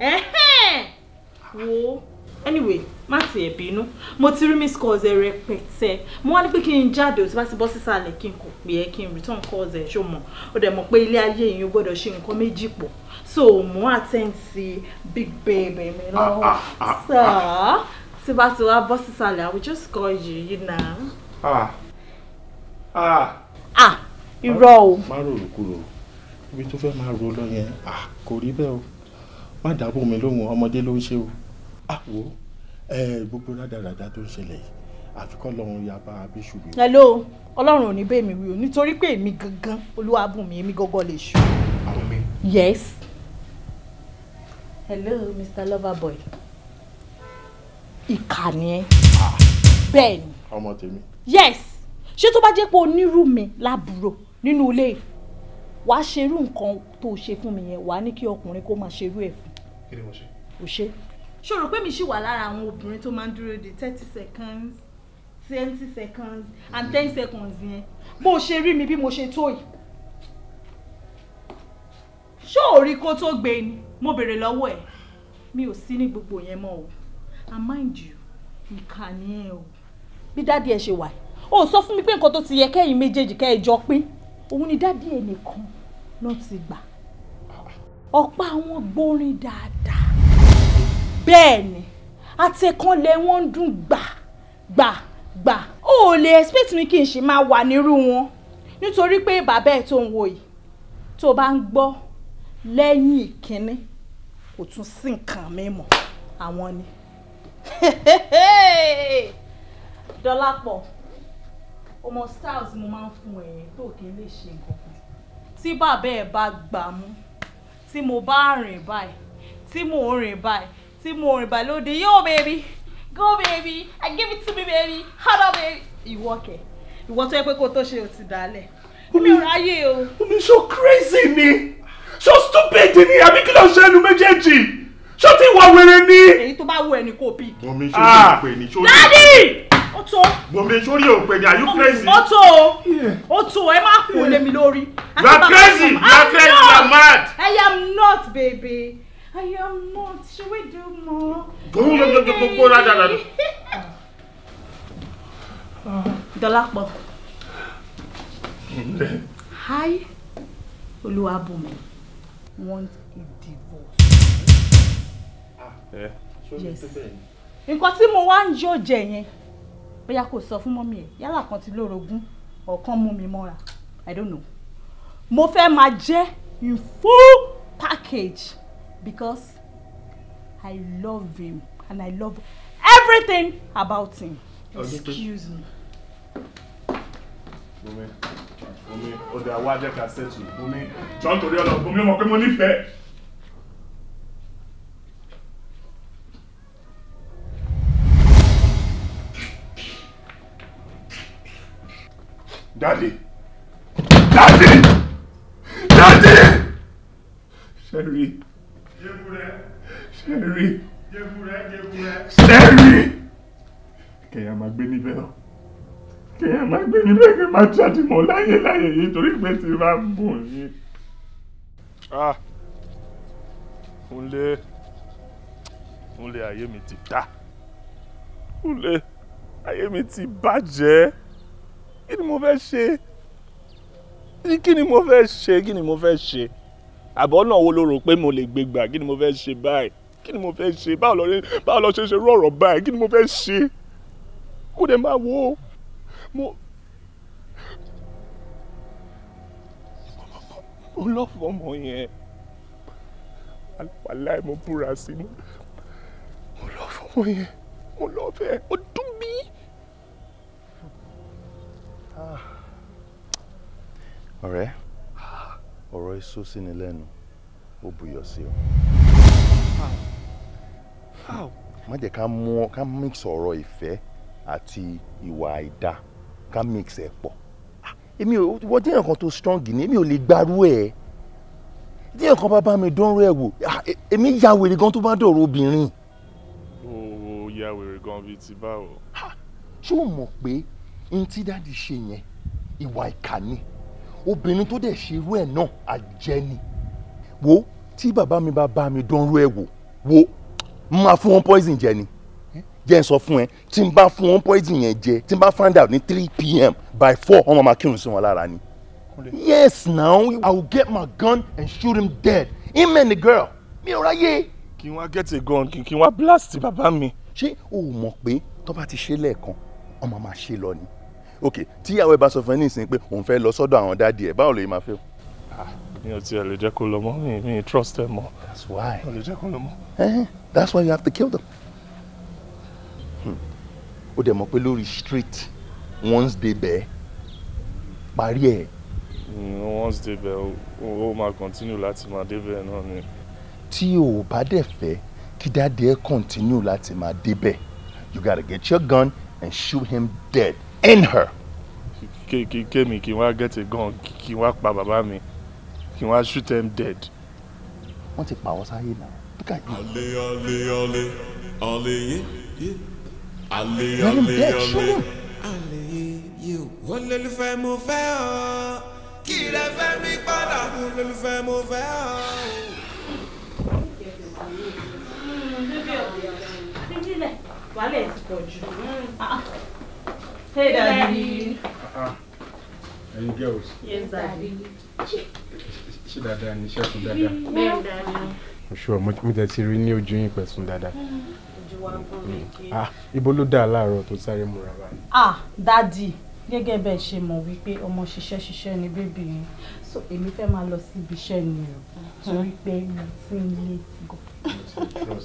wo anyway má tiẹ̀ bínú mo ti rí miss calls ẹ rẹpẹtẹ mo wá ní pé kí n jáde òtí bá ti bọ́ sísàlẹ̀ kí n kò pè ẹ́ kí n return calls ẹ ṣó mọ̀ ó dẹ̀ mọ̀ pé ilé ayé yìí ó gbọ́dọ̀ ṣe nǹkan méjì pọ̀ so mo attend sí big baby mi lọ́wọ́ ah, ah, ah, sọ tí bá ti wá bọ́ sísàlẹ̀ i will just call you you know. ah ah ah irọ́ o. má rò rò kúrò ibi tó fẹ́ máa rò lọ yẹn kò rí bẹ́ẹ̀ o má dàbò mi lóhùn ọmọdé ló ń ṣe o àwo ah, eh, gbogbo rádaràda tó ń ṣẹlẹ̀ yìí àfikọ́ lọ́run ya bá abéṣù mi. hello ọlọ́run ò ní bẹ́ẹ̀ mi wí o nítorí pé èmi gangan olúwàbùnmi èmi gangan lè ṣù. àwọn mi. yes. hello mr loverboy ìkà ni ẹ. Ah. bẹ́ẹ̀ ni. ọmọ tèmi. yes ṣé tó bá jẹ́ pé onírú mi lábúrò nínú ilé yìí wàá ṣerú nǹkan tó ṣe fún mi yẹn wàá ní kí ọkùnrin kó máa ṣerú ẹ̀ fún. kí ni mo ṣe. o ṣe ṣé o rò pé mi ṣì wà lára àwọn obìnrin tó máa ń dúró de thirty seconds twenty seconds and ten seconds yẹn bó o ṣe rí mi bí mo ṣe tó yìí ṣé ò rí kó tó gbé ni mo béèrè lọ́wọ́ ẹ̀ mi ò sí ní gbogbo yẹn mọ́ o and mind you ìkà ni ẹ o. bí dádì ẹ ṣe wà ó sọ fún mi pé nǹkan tó ti yẹ kẹ́yìn méjèèjì kẹ́ ẹ jọ pín òun ni dádì ẹ nìkan ló ti gbà ọ̀pá wọn gbórin dáadáa bẹ́ẹ̀ ni àtẹ̀kànlẹ̀ wọn ń dùn gbà gbà gbà ó ò lè expect mi kí n ṣe máa wà nírú wọn nítorí pé bàbá ẹ̀ tó ń wo yìí tó bá ń gbọ́ lẹ́yìn ìkíní kò tún sí nǹkan mi àwọn ni dọ́lápọ̀ ọmọ styles mo máa ń fún ẹ̀yìn tó kí n lè ṣe nǹkan kan tí bàbá ẹ̀ bá gbà mú tí mo bá rìn báyìí tí mò ń rìn báyìí tí mo rìn bàlódé yóò baby go baby i give it to me baby hard up baby. ìwọ kẹ ìwọ tó yẹ pé kó tó ṣe o ti dálẹ̀ mi ò ráyè o. omi ṣó crazy ni so stupid ni àbí kí ló ṣe ẹnu méjèèjì ṣó ti wà wẹrẹ ni. èyí tó bá wù ẹni kò bí. omi ṣó ní òpè ni ṣó ní. dádì ó tó. omi ṣó ní òpè ni are you crazy. ó tó o ó tó o ẹ má kú lé mi lórí. you are crazy you are crazy you are mad. I am not baby. I am not. Should we do more? Go, go, go, go, go, go, go. Dọlápọ̀. Hi, Olúwabùnmi want a divorce. Ah, yes. In tí mo wá ń yóò jẹ yẹn, bóyá kò sọ mommy. mọ́mí ẹ̀, yálà kan ti lórogún, ọ̀kan mú mi mọ́ra, I don't know. Mo fẹ́ máa jẹ́ in full package because I love him and I love everything about him. Excuse me. Bùnmi, Bùnmi, ọ̀dà wa jẹ́ ká ṣẹ́tù. Bùnmi, jọ́ nítorí ọ̀nà Bùnmi ọmọ pé mo nífẹ̀ẹ́. Daddy! Daddy! Daddy! Sherry. gbé níbẹ̀ náà kéèyàn má gbé níbẹ̀ kí n má jáde mọ́ láyé láyé yìí torí pé tí bá bùn yín. Kúnlé Kúnlé ayé mi ti dá Kúnlé ayé mi ti bàjẹ́ kí ni mo fẹ́ ṣe kí ni mo fẹ́ ṣe kí ni mo fẹ́ ṣe àbọ̀ náà wo ló rò pé mo lè gbé gbà kí ni mo fẹ́ ṣe báyìí kí ni mo fẹ́ ṣe báwo lọ ṣe ṣe rú ọ̀rọ̀ báyìí kí ni mo fẹ́ ṣe kó dẹ̀ máa wò ó mo mo lọ́fọ̀ ọmọ yẹn aláì mo búra sí i mo lọ́fọ̀ ọmọ yẹn mo lọ́fẹ̀ẹ́ ó dùn mí. ọ̀rẹ́ ọ̀rọ̀ èso sí ni lẹ́nu ó buyọ̀ sí ọ. má jẹ́ ká mú ọ ká mix ọ̀rọ̀ ìfẹ́ àti ìwà àìda ká mix ẹ pọ̀ ah, èmi ò wọ́n jẹ́ nǹkan tó strong ni èmi ò lè gbarú ẹ̀ díẹ̀ kan bá bá mi dánrọ́ ẹ̀ wò ah, e, èmi ya wèrè gan tó bá dọ̀rọ̀ obìnrin. o ya wèrè gan bíi ti báwo. ṣé o mọ̀ pé n tí dáàdi ṣe yẹn ìwà ìkà ni obìnrin tó dẹ̀ ṣe irú ẹ̀ náà àjẹ́ wo tí bàbá mi bá bá mi dánrọ́ ẹ̀ wò wo máa fún wọn poison jẹ ni jẹ́ ń sọ fún ẹ tí n bá fún wọn poison yẹn jẹ tí n bá find out ní three pm by four wọn máa kírun sí wọn lára ni. yes now i will get my gun and shoot him dead him and the girl mi ò ráyè. kí n wá get a gun kí n wá blast bàbá mi. ṣé o mọ̀ pé tó bá ti ṣe lẹ́ẹ̀kan ọmọ máa ṣe lọ ni ok tíyàwó ẹ bá sọ fún ẹ nísìnyí pé òun fẹ́ lọ sọ́dọ̀ àwọn dáàdi ẹ báwo ló yẹ máa fẹ́ o. Ah, mi ò tiẹ̀ lè jẹ́ kó lọ mọ́ mi mi trust ẹ mọ́. that's why. mi ò lè jẹ́ kó lọ mọ́. Eh, that's why you have to kill them ó dẹ̀ mọ̀ pé lórí street once dey bẹ́ẹ̀ parí ẹ̀. Mm, once dey bẹ́ẹ̀ ó máa continue láti máa dé bẹ́ẹ̀ náà ni. tí o ò bá dẹ̀ fẹ́ kí dáadé ẹ continue láti máa dé bẹ́ẹ̀ you gotta get your gun and shoot him dead in her. kémi kí n wá get a gun kí n wá pa bàbá mi kí n wá shoot him dead. wọ́n ti pa àwọn sáyé náà. ale ale ale ale ye ye. Allez, allez, allez. Allez, yo. Ó lè lè fẹ́ mo fẹ́ ọ́. Kí lè fẹ́ mi padà? Ó lè lè fẹ́ mo fẹ́ ọ́. Wàhálà ti pọ̀ jù. Hey, daddy. Ẹyin ah, ah. girls. Yes, daddy. Ṣé dáadáa ni iṣẹ́ sùn dáadáa? Bẹ́ẹ̀ dáadáa. Mo ṣọ́ mo tẹ̀ ti rí ní ojú yín pẹ̀ sùn dáadáa. Mm ju wa mm. gan léke. Mm. Ah, ibo ló dáa láàárọ̀ tó sáré múra báyìí. ah dádì gẹ́gẹ́ bẹ́ẹ̀ ṣe mọ̀ wípé ọmọ ṣiṣẹ́ ṣiṣẹ́ ni bébì yẹn so èmi fẹ́ máa lọ síbi iṣẹ́ ni o torí pé mo ti ń lé gan.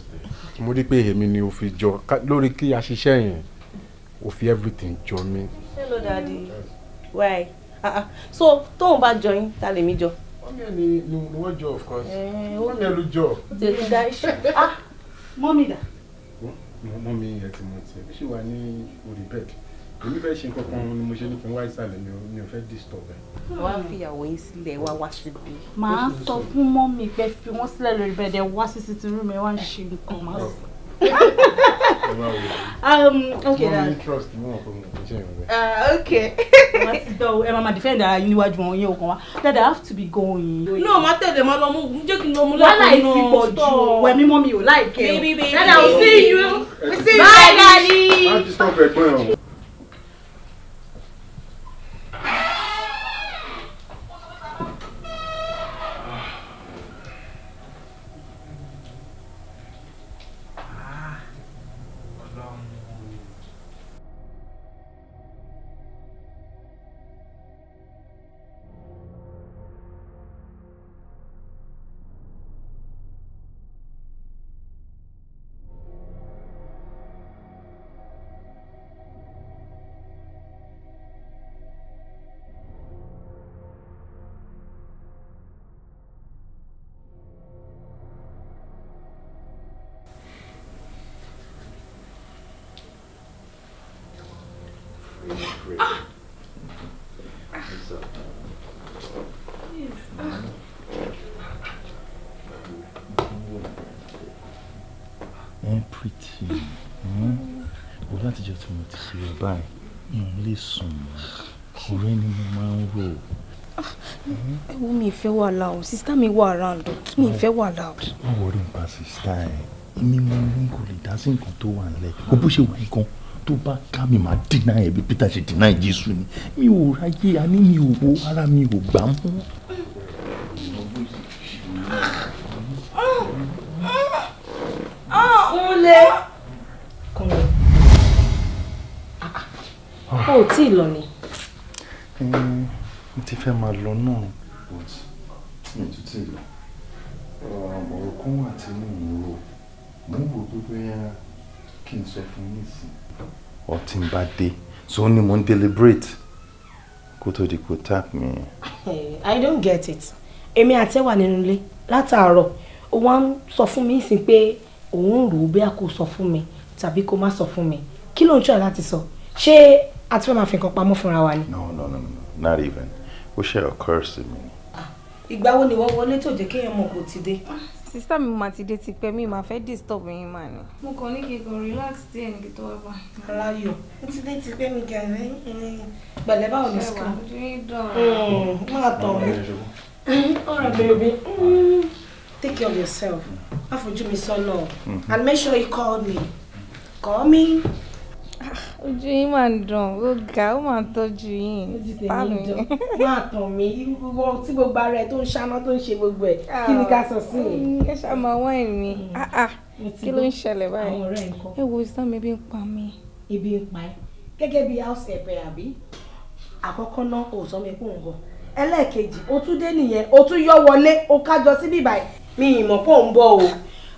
mo rí i pé èmi ni o fi jọ lórí kí a ṣiṣẹ́ yẹn o fi everything jọ mí. hello daddy why uh -uh. so tóun bá jọ yín ta lèmi jọ. mọ́mí ẹ̀ ni ni wọ́n jọ of course eh, mọ́mí ẹ̀ ló jọ. tètè da iṣẹ́ ah mọ́mí dà mọ́ mi ẹ̀ tí mo ti ṣì wà ní orí bed èmi fẹ́ ṣe nǹkan kan ni mo ṣe ní wá ìsàlẹ̀ mi ò fẹ́ disturb ẹ̀. wá fìyàwó yín sílẹ̀ wá wá síbi. màá sọ fún mọ́mì pé fi wọ́n sílẹ̀ lórí bẹ̀dẹ̀ wá sí sí ti rú mi wá ń ṣe nǹkan màá sọ. um, okay, dad. trust mo mọ̀ pé uh, okay. So, ti dọ̀ ẹ máa defend ara yín níwájú wọn yẹn o I have to be going. no má tẹ̀lé ma lọ mú jẹ́ kí n lọ mú lẹ́kọ̀ọ́ náà. wàhálà ìfipọ̀ jù wẹ̀ mímọ́ mi baby baby dad I see you. we see you. bye daddy. má ti sọ bẹ̀ gbọ́n sùn mọ́ ọ̀rẹ́ ni mo máa ń rò. ẹ wo mi ìfẹ́ wà láò sísá mi wà ráńdọ̀ mi ìfẹ́ wà láò. má wọrí nípa sísá ẹ èmi mo ní kò lè dá sí nǹkan tó wà nílẹ̀ kò bó ṣe wà nǹkan tó bá ká mi máa dínà ẹ bí Peter ṣe dínà Jésù ni mi ò ráyè àní mi ò wo ara mi ò gbà mọ́. ò tí ì lọ ni. mo ti fẹ́ máa lọ náà but mi tún tí lọ ọ̀rọ̀ kan wà tí mò ń rò mò pé kí n sọ fún yín sí. ọtí ń bá dé so ó ní mo ń deliberate kó tó di kó tap mi. Eh, I don't get it èmi àti ẹ wà nínú ilé látàárọ̀ ó wá ń sọ fún mi sí pé òun ń rò ó bí a kò sọ fún mi tàbí kó má sọ fún mi kí ló ń tọ́ láti sọ ṣé a ti fẹ́ máa fi nǹkan pamọ́ fúnra wa ni. no no no no not even ó ṣe occur to me. Ah, ìgbà wo ni wọ́n wọlé tó jẹ́ kéèyàn mọ̀ kó ti dé. Ah, sísá mi máa ti dé ti pẹ́ mi máa fẹ́ disturb yín mà ni. mo kàn ní kí n kàn relax tí ẹnì kí tó wá bá. aláyọ̀ mo ti dé ti pẹ́ mi gàrẹ́ gbẹ̀lẹ́ báwo ni sùkúl. Mm, máa tọ̀ mí. ọ̀rọ̀ bèbí mm. take care of yourself. afojú mi sọ́nà mm-hmm. and make sure you call me call me ojú yín máa ń dùn ó ga ó máa ń tọ́jú yín pàmì. máa tàn mí wọ tí gbogbo ara ẹ tó ń ṣáná tó ń ṣe gbogbo ẹ ah, kí ni ká sọ sí i. Mm, ẹ ṣáà máa wá ẹ̀mí kí ló ń ṣẹlẹ̀ báyìí ẹ wo ìsán mi bí ń pa mí. ibi ń pa ẹ gẹ́gẹ́ bí house helper àbí àkọ́kọ́ náà ò sọ mi kó ń bọ̀ ẹlẹ́ẹ̀kejì o tún dé nìyẹn o tún yọ wọlé o kájọ síbí báyìí mi ì mọ̀ pọ̀ ń bọ̀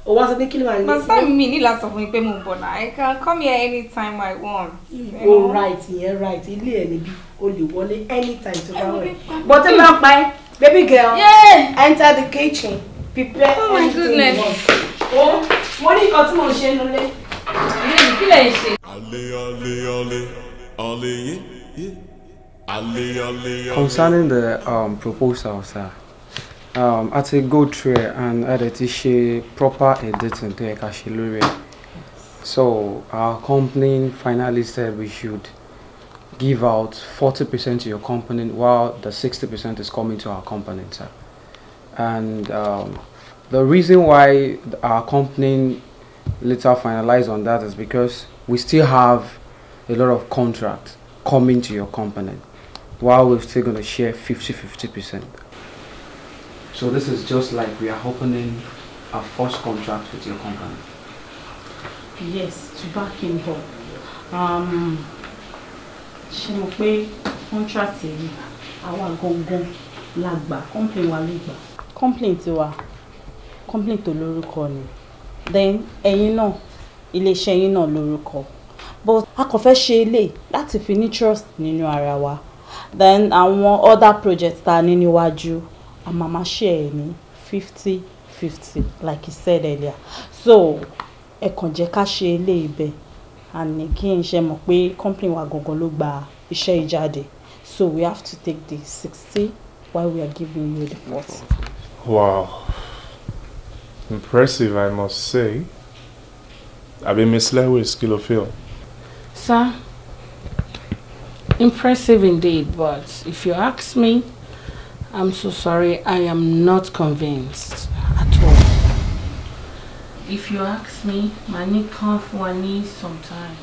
o wá sọ pé kí ló máa ń mi ní láti sọ fún mi mo ń I can come here anytime I want. Mm, o right yeah, right ilé ẹ níbí o lè wọlé anytime tó bá but ẹ máa pa baby girl yeah. enter the kitchen prepare oh anything goodness. you want. o mo ní nǹkan tí mo ń ṣe nulẹ̀. ilé kí lè ṣe. alẹ́ alẹ́ alẹ́ alẹ́ Concerning the um, proposal, sir. um, a good go through and a dẹ̀ ti proper editing tó yẹ so our company finally said we should give out 40% to your company while the 60% is coming to our company sir. and um, the reason why our company later finalized on that is because we still have a lot of contracts coming to your company while we're still going to share 50 50 percent So this is just like we are opening a first contract with your company. Yes, to back him up. Um, ṣe mọ̀ pé contract yìí àwa gangan la gbà complain wa ló gbà. complain tiwa to tó lórúkọ ni then ẹ̀yin náà iléeṣẹ́ yín náà lórúkọ but a kò fẹ́ ṣe eléyìí láti fi ní trust nínú ara wa then àwọn other projects ta ní Waju and mama share ní fifty fifty like he said earlier so ẹ kàn jẹ́ ká ṣe ilé ibẹ̀ and kí n ṣe mọ̀ pé company wa gangan ló gba iṣẹ́ ìjáde so we have to take the sixty while we are giving you the forty. wow impressive i must say àbí miss lewis skill of feel. sir impressive indeed but if you ask me. I'm so sorry. I am not convinced at all. If you ask me, Mani can't for sometime.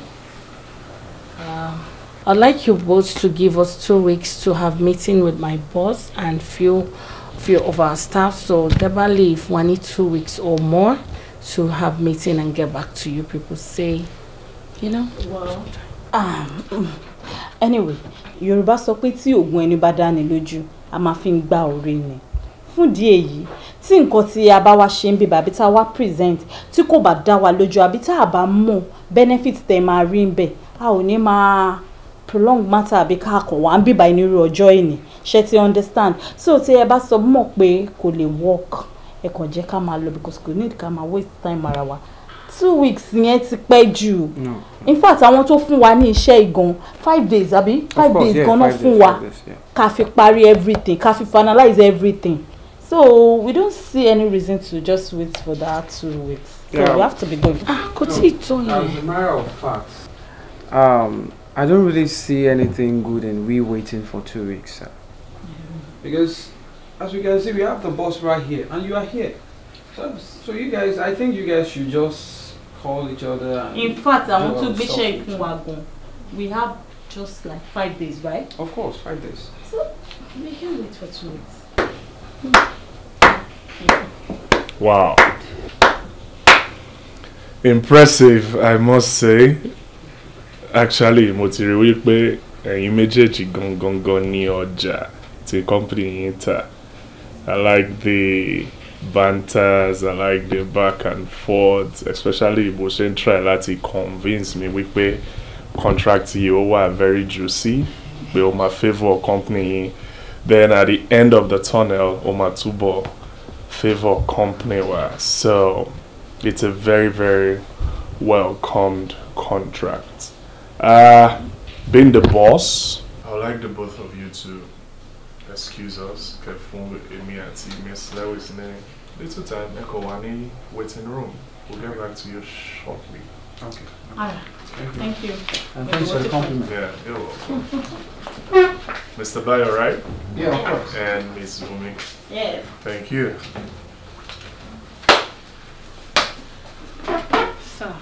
Um, I'd like you both to give us two weeks to have meeting with my boss and few few of our staff. So definitely, leave one need two weeks or more to have meeting and get back to you people. Say, you know. Well. Um, anyway, Yorùbá sọ pé tí ògùn ẹni bá dáni lójú a máa fi ń gba ọ̀rẹ́ ni fún ìdí èyí tí nǹkan tí a bá wá ṣe ń bí bàbí tá a wá present tí kò bá dá wa lójú àbí tá a bá mọ̀ benefit tẹ̀ máa rí ń bẹ̀ a ò ní máa prolong matter àbí ká kàn wá ń bíbá ìnirú ọjọ́ ìní ṣe ti understand so tí ẹ bá sọ mọ̀ pé kò lè work ẹ kàn jẹ́ ká máa lọ because kò need ká máa waste time ara wa two weeks yẹn ti pẹ́ jù in fact àwọn tó fún wa ní iṣẹ́ ìgan five days àbí five days gan náà fún wa ká fi parí everything ká fi finalize everything so we don't see any reason to just wait for that two weeks so yeah. we have to be going. ah kò tí ì tó yẹn. as a matter of fact um, I don't really see anything good in we waiting for two weeks sir. Yeah. because as you can see we have the boss right here and you are here so, so you guys I think you guys should just call each other. in fact I want to be wa gan we have just like five days right. of course five days. so we can wait for two weeks. wow impressive i must say actually mo ti rí wípé gong méjèèjì gangan ni ọjà ti company yín i like the. banters and like the back and forth especially bó ṣe to try láti convince mi contract yìí ó very juicy We ó my favorite company then at the end of the tunnel ó máa túbọ̀ favour company wa so it's a very very welcomed contract. Uh, being the boss. I would like the both of you to Excuse us. excusas que fundo with minha Miss Lewis, in name. Little time, Echo Wani, waiting room. We'll get back to you shortly. Okay. Thank you. Thank you. And thanks for the compliment. Yeah, you're welcome. Mr. Bayo, right? Yeah, of course. And Miss Bumi. Yes. Thank you. So,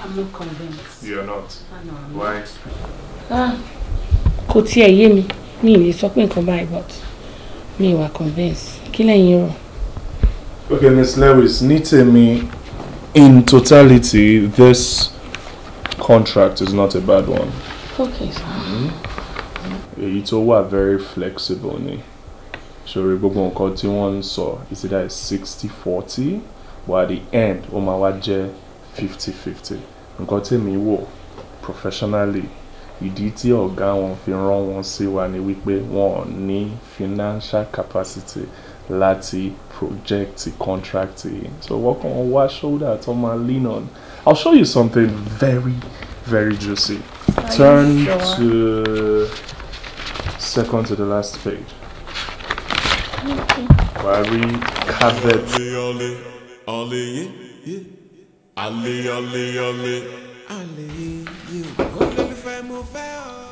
I'm not convinced. You're not? I know. Why? Ah, kò tiẹ̀ mi ì lè sọ pé nǹkan báyìí but mi ì wà convince kí lẹ́yìn rò. okay Ms. Lewis ní tèmi in totality this contract is not a bad one. okay sir. Mm-hmm. èyí tó wà very flexible ni ṣòro gbogbo nǹkan tí wọ́n ń sọ is either sixty forty but at the end ó máa wá jẹ́ fifty fifty nǹkan tèmi wò professionally ìdí tí ọ̀gá wọn fi rán wọn sí wa ni wípé wọn ò ní financial capacity láti project contract yìí so wọ́n kàn wá shoulder tó máa lean on I'll show you something very very juicy turn to second to the last page wàá rí cabinet.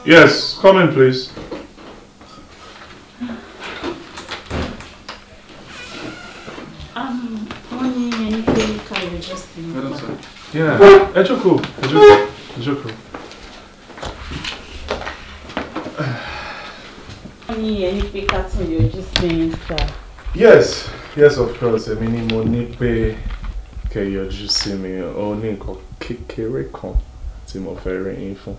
Yes, come in, please. Um, only anything can register. Yeah, Ejoku, Ejoku, Ejoku. Only anything can register. Yes, yes, of course. I mean, mo ní pé kẹ́ yọjú sí mi, ó ní nǹkan kékeré kan tí It's fẹ́ very info. fún.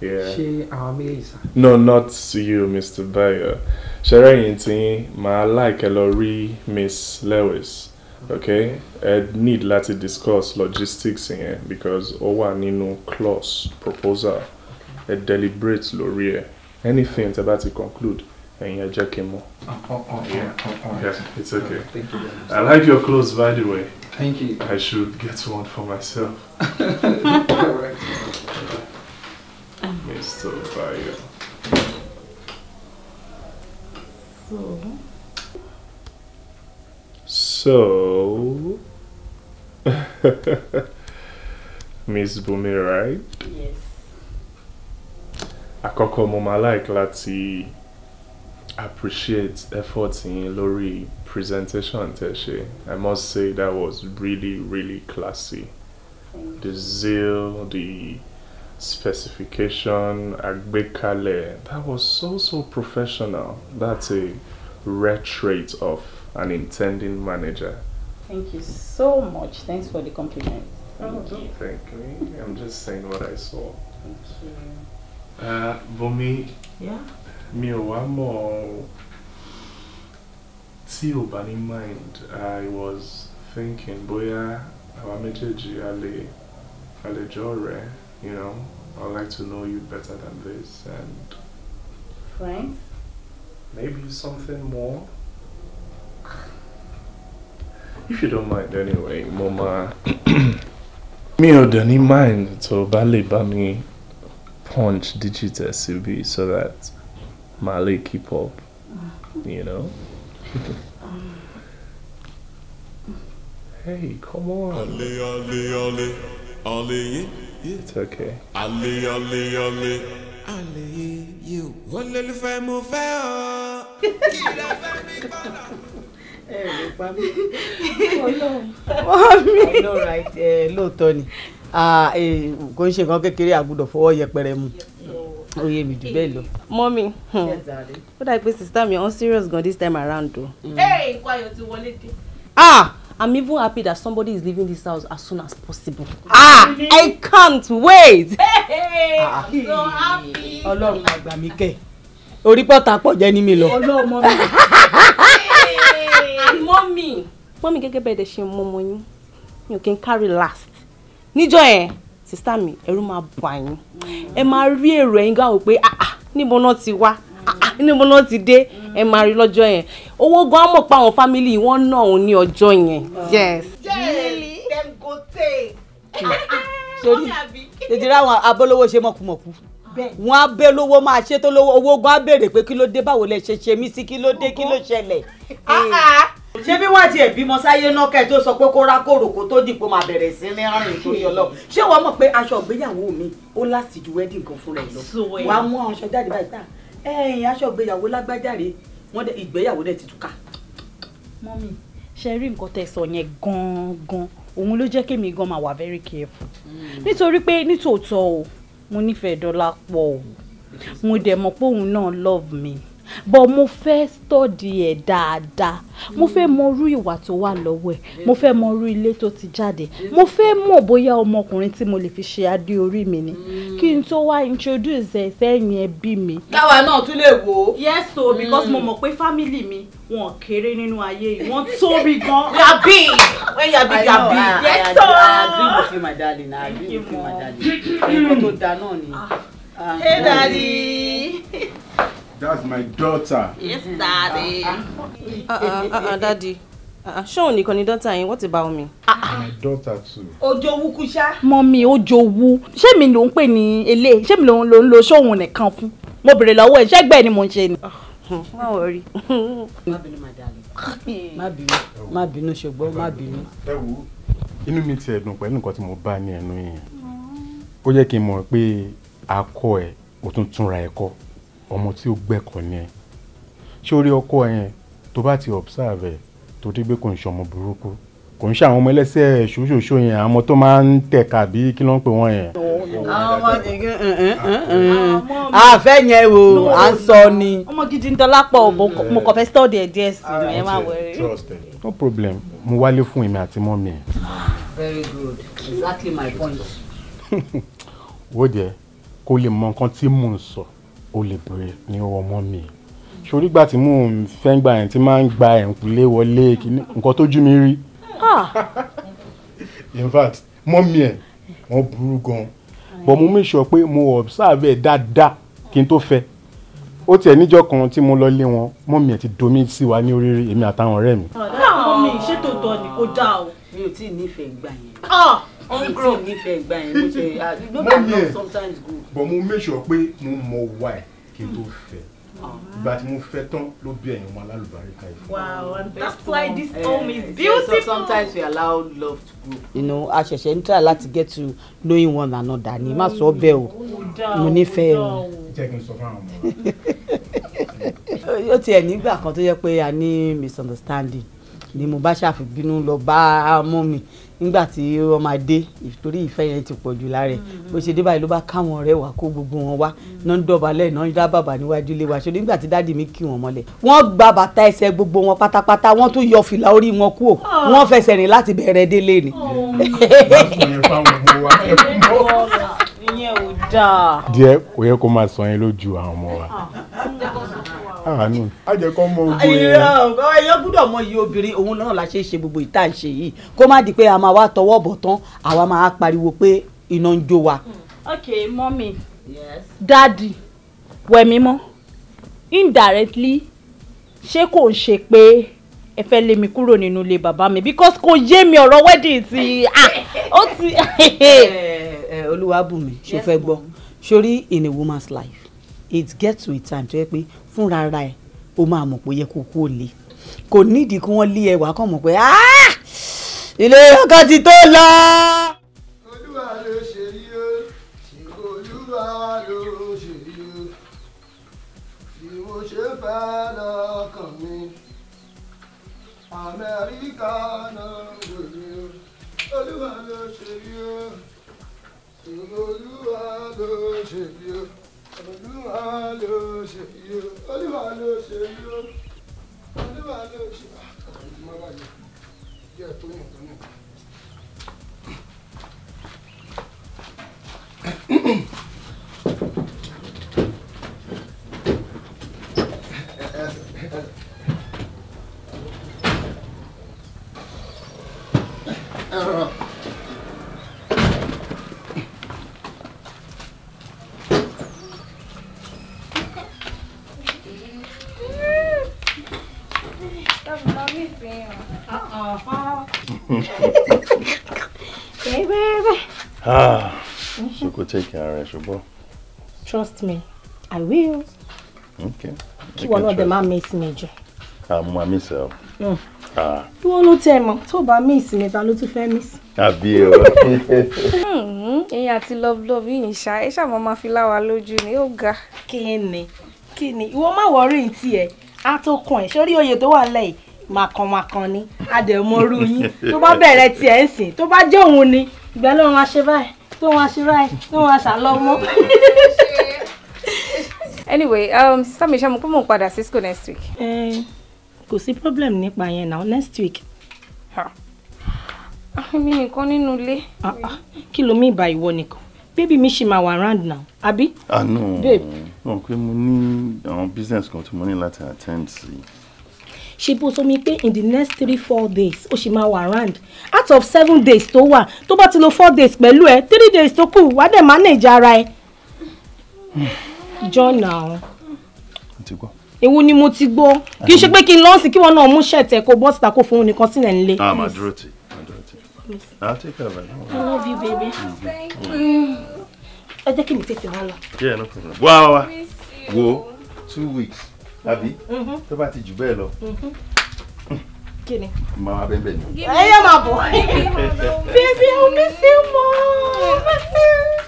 ṣé àwọn méjèèjì no not you mr bayo ṣẹrẹyìn tí màá láìkẹ lọ rí miss lewis okay ẹ need láti discuss logistics yẹn because ó wà nínú clause proposal ẹ deliberate lórí ẹ anything tẹ bá ti conclude ẹyin ẹ jẹ kí n mọ. Oh, oh, oh, yeah it's okay i like your clothes by the way. thank you. i should get one for myself. so fire. So. So. Miss Bumi, right? Yes. can call máa like láti appreciate effort in lórí presentation tẹ́ I must say that was really really classy. The zeal, the specification, agbekale. That was so, so professional. That's a retreat of an intending manager. Thank you so much. Thanks for the compliment. Thank oh, don't you. thank me. I'm just saying what I saw. Thank you. Uh, Bomi. Yeah? Me o bá o mind, I was thinking bóyá àwa am a you know, I'd like to know you better than this and. Friends? Maybe something more. If you don't mind anyway, Mama. me or Danny mind tó Bali lè punch digit ẹ̀ so that màá keep up, you know? hey, come on. It's okay. Ale, ale, ale. Ale, you. Olólùfẹ́ mo fẹ́ ọ. Kí lóòótọ́ ni. Kò ń ṣe nǹkan kékeré àgùdọ̀ fọwọ́ yẹpẹrẹ mu. Ó mi jù bẹ́ẹ̀ lọ. Mọ́mí, hmm. ó dàbí pé sista mi on serious gan this time around o. Ẹ mm. ìkwayọ̀ ti wọlé dé. Ah! I'm even happy that somebody is leaving this house as soon as possible. Ah, ah really? I can't wait. Hey, ah. I'm so ah, happy. Ọlọ́run àgbà mi kẹ̀. Orí pọ́ta pọ̀ jẹ́ ní mi lọ. Ọlọ́run mọ́ mi. And mommy, Mọ́mì gẹ́gẹ́ bẹ́ẹ̀ dẹ̀ ṣe mọ́ You can Mi ò kí n carry last. Níjọ́ yẹn, sista mi, ẹ̀rù máa bà yín. Ẹ máa rí èrò ẹ̀yin Ah pé ah, níbo náà ti wá. Ah, ah, inú mo náà ti dé ẹ máa rí lọ́jọ́ yẹn owó gan mọ̀ pé àwọn fámìlì wọn náà òun ní ọjọ́ yẹn. yes really dem go take. sori tètè ráwọn abólówó ṣe mọ̀kùmọ̀kù wọn á bẹ lówó máa ṣe tó lówó owó gan á béèrè pé kí ló dé báwo lẹ ṣe ṣe mí sí kí ló dé kí ló ṣẹlẹ̀. Ah, eh. ṣé bí wọ́n ti ẹ̀ bímọ sáyé náà kẹ́ ẹ tó sọ pé kó rá kòròkó tó dìpọ̀ máa bẹ̀rẹ̀ sí ní rìn torí ọlọ́run ṣé wọ́n mọ̀ pé aṣọ ìgbéyàwó mi ó láti ju wedding kan fúnra ẹ̀ lọ eh. wàá mú àwọn aṣọ jáde báyìí tá ẹ̀yìn aṣọ ìgbéyàwó lágbájá rèé wọ́n dẹ ìgbéyàwó dẹ ti túká. mọ́mí ṣe rí nǹkan tẹ́ sọ yẹn gan-an òun ló jẹ́ kémi gan máa wà very careful hmm. nítorí pé nítòótọ́ o mo nífẹ̀ẹ́ Dọ́lápọ̀ o mo dẹ̀ mọ̀ pé òun náà love me. Mm but mo fẹ́ study ẹ̀ dáadáa mo fẹ́ hmm. mọrú ìwà tó wà lọ́wọ́ ẹ̀ mo fẹ́ mọrú ilé tó ti jáde mo fẹ́ mọ̀ bóyá ọmọkùnrin tí mo lè fi ṣe adé orí mi ni hmm. kí n tó wá introduce ẹ sẹ́yìn ẹbí mi. káwa náà tún lè wò ó. yes o hmm. because mo mọ̀ pé family mi wọn kéré nínú ayé yìí wọn tóbi gan. yabi wey yabi yabi. yes o. I agree with you my darling I agree with you my darling. nǹkan tó da náà ni. Ah. hey ah. daddy. That's my daughter. Yes, daddy. Uh-uh, uh-uh, daddy. Uh òun nìkan ni dọ́tà yín? What about me? My daughter too. Ojo wu kúṣá. Mommy, ojo wu. Ṣé mi ló ń ele. ní elé? Ṣé mi ló ń lo ṣóhun nìkan fún? Mo bèrè lọ́wọ́ ẹ̀ ṣẹ́gbẹ́ ni mo ń ṣe ni. Hmm. Má wọ rí. Má bínú má dalẹ̀. Má bínú má bínú ṣùgbọ́n má bínú. Ẹ wo inú mi ti ẹ̀dùn pẹ̀lú nǹkan tí mo bá ní ẹnu yẹn. Ó yẹ kí n mọ̀ pé akọ ẹ̀ ò tún túnra ẹ̀ kọ́ ọmọ tí ó gbẹ̀kọ́ ni ẹ ṣé orí ọkọ yẹn tó bá ti observe ẹ tó dé gbé kò ń ṣọmọ burúkú kò ń ṣe ọmọ ẹlẹ́sẹ̀ ṣoṣooṣo yẹn àwọn ọmọ tó máa ń tẹ̀ka bí kí ló ń pè wọ́n yẹn. àwọn ọmọ nìkan eh, eh, eh, àfẹ́ yẹn o à ń sọ ni. ọmọ gidi ń dọlá pọ̀ mo kàn fẹ́ stọ́ọ̀dì ẹ̀ díẹ̀ sí ẹ má wẹ̀rẹ̀. no problem mo wálé fún èmi àti mọ́mí ẹ̀. very good exactly my point. wọ́n jẹ́ kó lè mọ nǹkan tí mò ń sọ. So o lè bèrè ní ọwọ́ ọmọ mi ṣorí gbà tí mò ń fẹ́ gbà yẹn tí máa ń gba ẹ̀ǹkulé wọlé nǹkan tójú mi rí. Ah! in fact mọ́mí ẹ̀ wọ́n burú gan-an but mo make sure pé mo observe ẹ̀ dáadáa kí n tó fẹ́ ó tiẹ̀ níjọ́ kan tí mo lọ lé wọn mọ́mí ẹ̀ ti domi si wa ni oríire èmi àtàwọn ọ̀rẹ́ mi. ọ̀dọ́ àwọn ọmọ mi ìṣètò tọ̀ ni kò dáa o. mi ò tí ì nífẹ̀ẹ́ gbà yẹn. Ah! but mo make sure pé mo mọ why kí n tó hmm. fẹ́ ah. ìgbà tí mo fẹ́ tán ló bí ẹ̀yin ọmọ alálùbáríkà yìí. wow and that's why this eh, home is beautiful. so sometimes we allow love to grow. you know a ṣẹ̀ṣẹ̀ ń try láti get to knowing one another ni má sọ bẹ́ẹ̀ o mo nífẹ̀ẹ́ o. jẹ́ kí n sọ fáwọn ọmọ. ó tiẹ̀ nígbà kan tó yẹ pé a ní misunderstanding ni mo bá ṣàfibínú lọ bá mọ́ mi nígbà tí wọ́n máa dé torí ìfẹ́ yẹn ti pọ̀ jù lára ẹ̀ mm-hmm. bó ṣe dé báyìí ló bá káwọn ọ̀rẹ́ wa kó gbogbo wọn wá mm-hmm. náà ń dọ̀bálẹ̀ náà ń dá bàbá níwájú ilé wa ṣe nígbà tí dáàdì mi kí wọn mọ́lẹ̀. wọ́n gba bàtà ẹsẹ̀ gbogbo wọn pátápátá wọ́n tún yọ fìlà orí wọn kúrò oh. wọ́n fẹsẹ̀ rìn láti bẹ̀rẹ̀ délé ni. Oh. díẹ̀ kò yẹ kó máa sọ yẹn lójú àwọn ọmọ wa ah àánú. a jẹ kó mọ ogun yẹn. ẹyọ gbúdọ̀ mọ iye obìnrin òun lọ́nà la ṣe ṣe gbogbo ìta ṣe yìí kó má di pé a máa wá tọwọ́ bọ̀ tán àwa máa pariwo pé iná ń jó wa. ok mọ́mì yes. wẹ̀mí mọ́ indirectly ṣé kò ń ṣe pé ẹ fẹ́ lé mi kúrò nínú ilé bàbá mi because kò yé mi ọ̀rọ̀ wedding ti ah, ó ti. Eh, eh, olúwa bùnmi ṣe fẹ́ gbọ́ sórí in a woman's life it get to a time to yẹ pé fúnra ara ẹ o máa mọ̀ pé ó yẹ kó kú òlé kò nídìí kí wọ́n lé ẹwà kàn mọ̀ pé ilé ọkọ ti tó lọ. amẹ́ríkà náà ló o olúwa ló ṣe rí o olúwa ló ṣe rí o olúwa ló ṣe yó olúwa ló kó take care rẹ ṣùgbọ́n. trust me i will. okay You wọn náà the man, miss Major. I'm my àmì Ah. You ah. wọ́n ló tẹ̀ mọ́ tó bá miss mi ta ló tún fẹ́ miss. àbí hmm. ẹ̀yin àti love love you ń shy. ẹ ṣàmọ́ máa fi láwa lójú ni ó Kini, Kini. You kí my ìwọ má wọrí ti ẹ á tó kàn ẹ sórí oyè tó wà lẹ́yìn màkànmákàn ni adẹ̀mọ́rú yín tó bá bẹ̀rẹ̀ tiẹ̀ ń sìn tó bá jẹ́ òun ni ìgbà lọ́run tó wọn aṣọ ráì tó wọn aṣà lọ́mọ. anyway um, sister mi ṣe mo pé mò ń padà sí next week. kò sí problem nípa yẹn now next week. Ah, mi nìkan nínú ilé. Ah, ah, kí ló mi ìbá ìwọ nìkan bébí mi ṣì máa wà round now àbí. àná wọn pé mo ní àwọn business kan tí mo ní láti attend sí ṣe bó sọ mi pé in the next three four days ó ṣì máa wà round out of seven days tó wà tó bá ti lò four days pẹ̀lú ẹ three days tó kù wàá dẹ̀ manage ara ẹ. jọ̀nà ewu ni mo ti gbọ́ kì í ṣe pé kí n lọ́ọ̀sì kí wọ́n náà mú ṣẹ̀tẹ̀ kó bọ́ síta kó fún un nìkan sílẹ̀ nílé. ah ma dúró tì I'll take care of it. I love you, baby. Mm-hmm. Thank you. Ẹ jẹ́ kí mi tètè wá lọ. Yeah, no problem. Wá Wo two weeks àbí mm-hmm. tó bá ti jù bẹ́ẹ̀ lọ. Mm-hmm. kíni. máa bẹ́ẹ̀ bẹ́ẹ̀ ni. ẹ yẹ máa bọ̀. bébí omi sí mọ́ omi sí.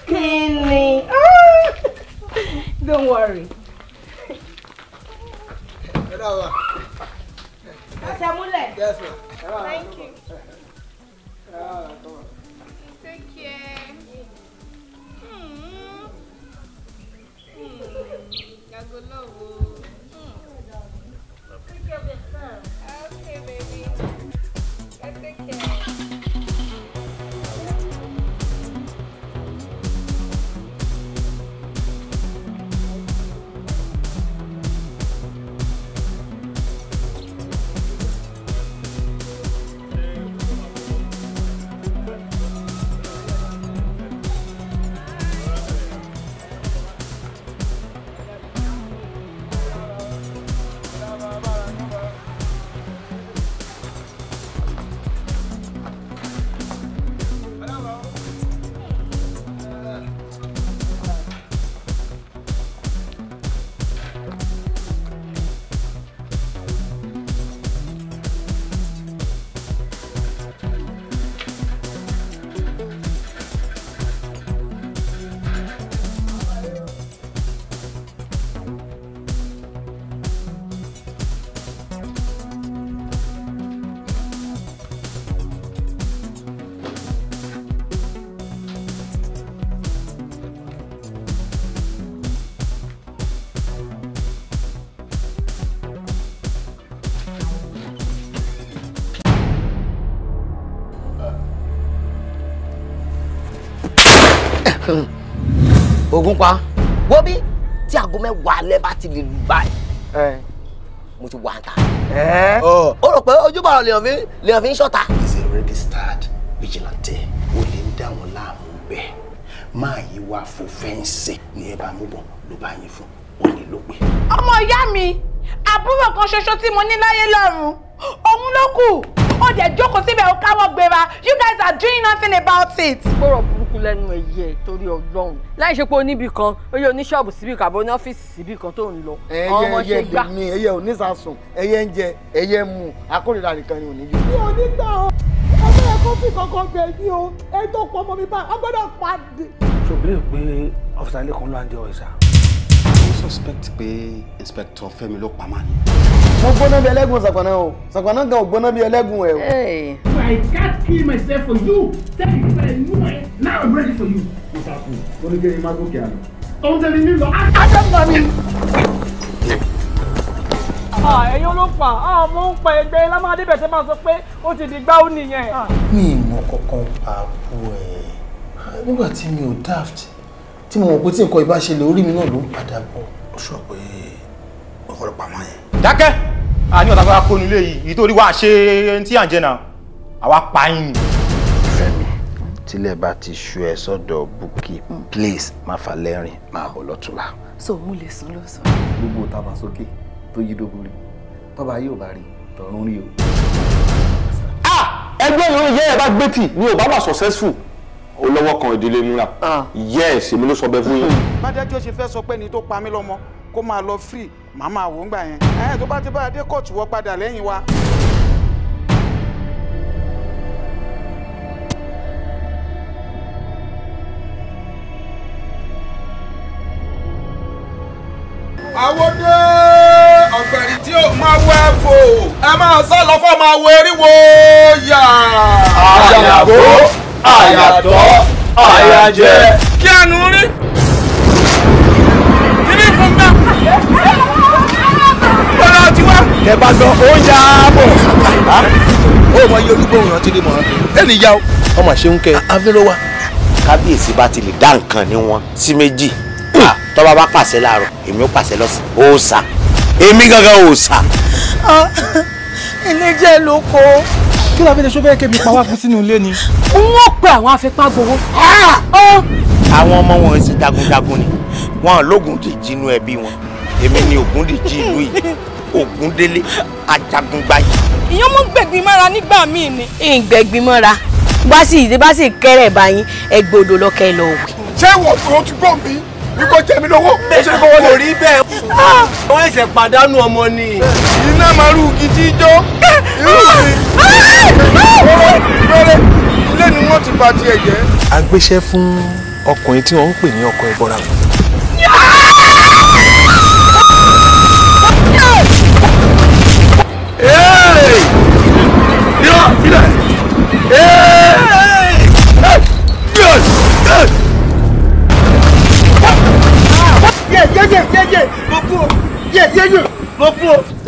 kíni. Ah! don't worry. ọ̀sẹ̀ múlẹ̀. thank you. take care. Hmm. Hmm. Gagolo. Gracias. ògùn pa. wo bí tí aago mẹ́wàá alẹ́ bá ti lè lù báyìí mo ti wà á ta. ó rò pé ojúbọ lèèyàn fi lèèyàn fi ń ṣọ́ta. he a registered vigilante ó lè ń dá wọn láàmú bẹ́ẹ̀ máa yí wá fò fẹ́ǹsì ní ẹ bá mú bọ̀ ló bá yín fún ó lè ló pé. ọmọ ìyá mi àbúrò kan ṣoṣo tí mo ní láyé lọ́run òun ló kù ó jẹ́ jókòó síbẹ̀ ó káwọ́ gbéra you guys are doing nothing about it. gbọ́rọ̀ burúkú lẹ́nu ẹ̀yẹ torí Ọlọ́run láì ṣe pé oníbi kan oyè oníṣọ́ọ̀bù síbì kan àbọ̀ ní ọ́fíìsì síbì kan tó ń lọ. ẹyẹ ẹyẹ lè ẹyẹ onísàsùn ẹyẹ ń jẹ ẹyẹ mu akórira nìkan ni òní yìí. mi ò ní gbà ọ ọmọ ẹ kó fi kankan gbẹ ní o ètò ọ̀pọ̀ ọmọ mi bá ọgbọ́dọ̀ pàdé. ṣòbí pé ọ̀sán ilé ló ń jẹ ọ̀sán suspect pé inspector Fẹ́mi ló pa máa ní. mo gbóná bí ẹlẹ́gùn ṣàpàná o ṣàpàná gan ò gbóná bí ẹlẹ́gùn ẹ̀ o. I can't kill myself for you tell me where you are now I'm ready for you. mo ta kù ó ní kéde má gòkè àná. òun tẹ̀lé mi lọ. adébọ̀ mi. ẹ̀yin ló pa ah, ọmọ ń pa ẹgbẹ́ lámàdé bẹ̀tẹ̀ máa sọ pé ó ti di gbáù nìyẹn. mi ì mọ kankan pa àbú ẹ nígbà tí mi ò daft tí mo mọ̀ pé tí nǹkan ìbá ṣẹlẹ̀ orí mi náà ló ń padà bọ̀. ó sọ pé ọ̀pọ̀lọpọ̀ àmọ́ yẹn. dákẹ́ àní ọ̀tá fẹ́ kó nílé yìí ìtorí wàá ṣe tí à ń jẹ náà àwa pa yín ni. Fẹ́mi tílẹ̀ bá ti ṣu ẹ sọ́dọ̀ bukki mm. please má fà lẹ́rìn máa bọ̀ lọ́tùlá. so mo lè sùn lọ́sàn. gbogbo tàbá sókè tó yí dógórí tọ́ba yóò bá rí tọ̀run rí o. Ah! ẹgbẹ́ ìròyìn yẹ́ ẹ bá gbé tì ni ò bá olówó kan ìdílé múra ah. yes èmi ló sọ bẹ́ẹ̀ fún yín. bájájú ó ṣe fẹ́ sọ pé ẹni tó pa mí lọ́mọ kó máa lọ free màá máa wò ó gbà yẹn ẹ tó bá ti bá adé kóòtù wọ padà lẹ́yìn wa. àwọdé ọ̀gbẹ̀rì tí ó máa wẹ́ fò ẹ máa sá lọ fọ́ máa wo eriwo àjàgbó àyàtọ̀ àyàjẹ. kí àánú rí kíní fún gbà. bọ́lá ti wá. kẹ̀bá gan oúnjẹ ààbọ̀. ó mọ iye olúgbòhùn rántí ní mọ̀ràn. ẹnì ya ọmọ ṣe ń kẹ afẹ́rọ́ wa. kábíyèsí bá ti lè dá nǹkan ní wọn sí méjì hmm. tọ́ba bá pàṣẹ láàárọ̀ èmi ó pàṣẹ lọ́sàn-án ó sà èmi gangan ò sà. Ah, ilé jẹ́ lóko. kí ló fi lè ṣó bẹ́ẹ̀ kébi pa wá fún sínú ilé ni wọ́n pe àwọn afipágbowó. Ah! àwọn ọmọ wọn ṣe jagunjagun ni wọn lógun ti jinú ẹbí wọn èmi ni ògùn ti jí ìlú yìí ògúndélé ajagungbayì. ìyẹn mú gbẹ̀gbin mọ́ra nígbà míì ni. ìgbẹ̀gbin mọ́ra bá sì ìdí bá sì kẹ́rẹ̀ báyìí ẹgbọ́dọ̀ lọ́kẹ́ lọ. ṣé wọ́n fún ọtí gbọ́n mi bí kò jẹ́ mi lówó. ṣé kò wọlé rí bẹ́ẹ̀. wọ́n ṣẹ̀ṣẹ̀ pàdánù ọmọ ni. iná màrú gidi jó. Ah! irú mi. lórí ah! lórí ilé ni wọ́n ti bà tiẹ̀ jẹ́. a gbéṣẹ́ fún ọkùnrin tí wọ́n ń pè ní ọkọ ìbọra.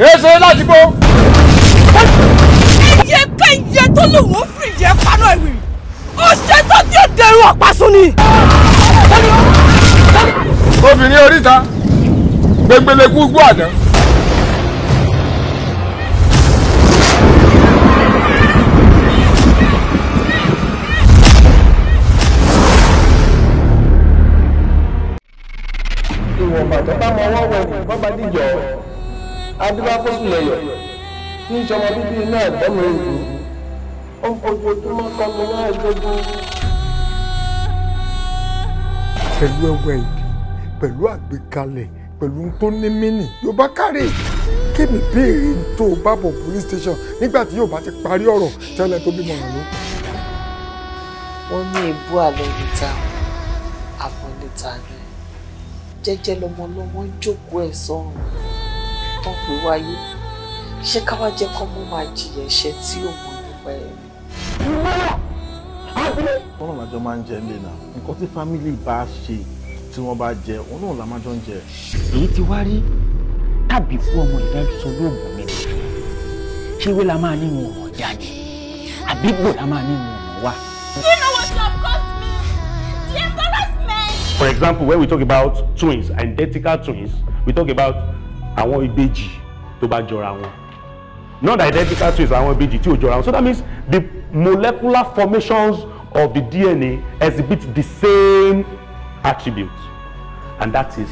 èso láti bọ́. iye kẹ́yẹ tó lòun ó fìdí ẹ̀ paná ìwé ó ṣe tó tí ó dẹrù ọ̀pásùn ni. obìnrin oríta gbẹgbẹlẹkú gbọ́ àdán. ìwọ̀n bàtọ́ bá mọ ọwọ́ wẹ̀yìn bọ́ba díjọ́ adébáfọ́sùn lẹ́yọ̀ tí ń sọmọ bíbí náà dẹ́mu ìlú ojoojúmọ́ tọmọ náà gbogbo. pẹ̀lú ẹwẹ́ ìdí pẹ̀lú àgbékalẹ̀ pẹ̀lú ohun tó ní mínì yóò bá kárí kémi béèrè tó bá bọ̀ police station nígbà tí yóò bá ti parí ọ̀rọ̀ tẹ́lẹ̀ tó bímọ rẹ̀ ló. wọ́n ní ebú àlọ́ níta àbọ̀ níta rẹ̀ jẹ́jẹ́ lọmọ lọ́wọ́ ń jókòó ẹ̀ sọ́run tó ń pè wáyé ṣé káwá jẹ́ kọ́ mọ́ máa jìyà ẹ̀ṣẹ̀ tí ò mọ̀ nípa ẹ̀ ìwọ làjọ máa ń jẹ nílé náà nǹkan tí fámìlì bá ṣe tí wọ́n bá jẹ òun náà làwọn jọ ń jẹ. èyí ti wá rí tàbí fún ọmọ ìdájú sọ lóògùn mi nìkan ṣé wé la máa ní ìwọ̀n ọ̀já ni àbí gbò la máa ní ìwọ̀n wa. you know what you have me? The embarrassment. For example, when we talk about twins, identical twins, we talk about àwọn ìbejì tó bá jọra wọn not identical twins àwọn ìbejì tí ò jọra wọn so that means the molecular formations of the DNA exhibit the same attribute, and that is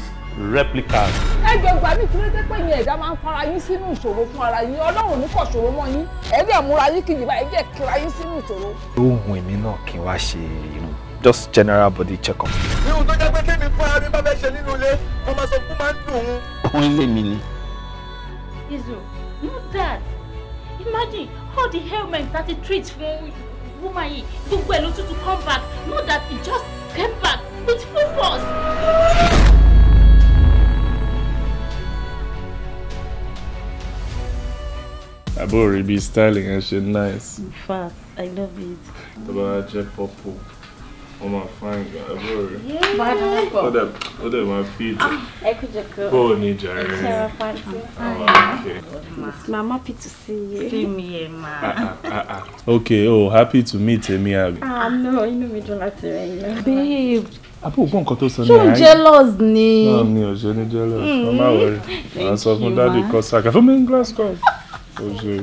replicas. ẹ jọ gbà mí kí ló dé pé yẹn ẹ̀dá máa ń fara yín sínú ìṣòro fún ara yín ọlọ́run ní kò ṣòro mọ́ yín ẹ̀dá múra yín kìjì báyìí jẹ́ kíra yín sínú ìṣòro. ohun èmi náà kí n wá ṣe inú just general body check up. ihun tó jẹ́ pé kémi fún ara mi bá fẹ́ ṣe nínú ilé mo máa sọ fún máa ń dùn ún. òun lèmi ni. Izu, not that. Imagine all the ailments that he treats fún woman yìí gbogbo ẹ̀ ló tún tún come back not that he just came back with full force. àbúrò be styling and ṣe nice. Fast, i love it. tó bá popo my wọ́n máa fáìn gan ẹ̀bùrọ̀ rẹ̀ ó dẹ̀ máa ah, ah, ah, fi ìtò bóò ní ìjà rẹ̀ I'm happy to see you. See me, Emma. Okay, oh, happy to meet Emi Abi. Ah, no, you inú mi dùn láti rẹ̀ yín. Babe. Àbí ògbọ́n nǹkan tó sọ ní àárín. Ṣé o jealous ni? Náà mi ò ṣe ní jealous. Wọ́n máa wọrí. Àwọn sọ fún dádì kọ́ sáà. Kàfọ́ mi ń glass cup. Oṣù.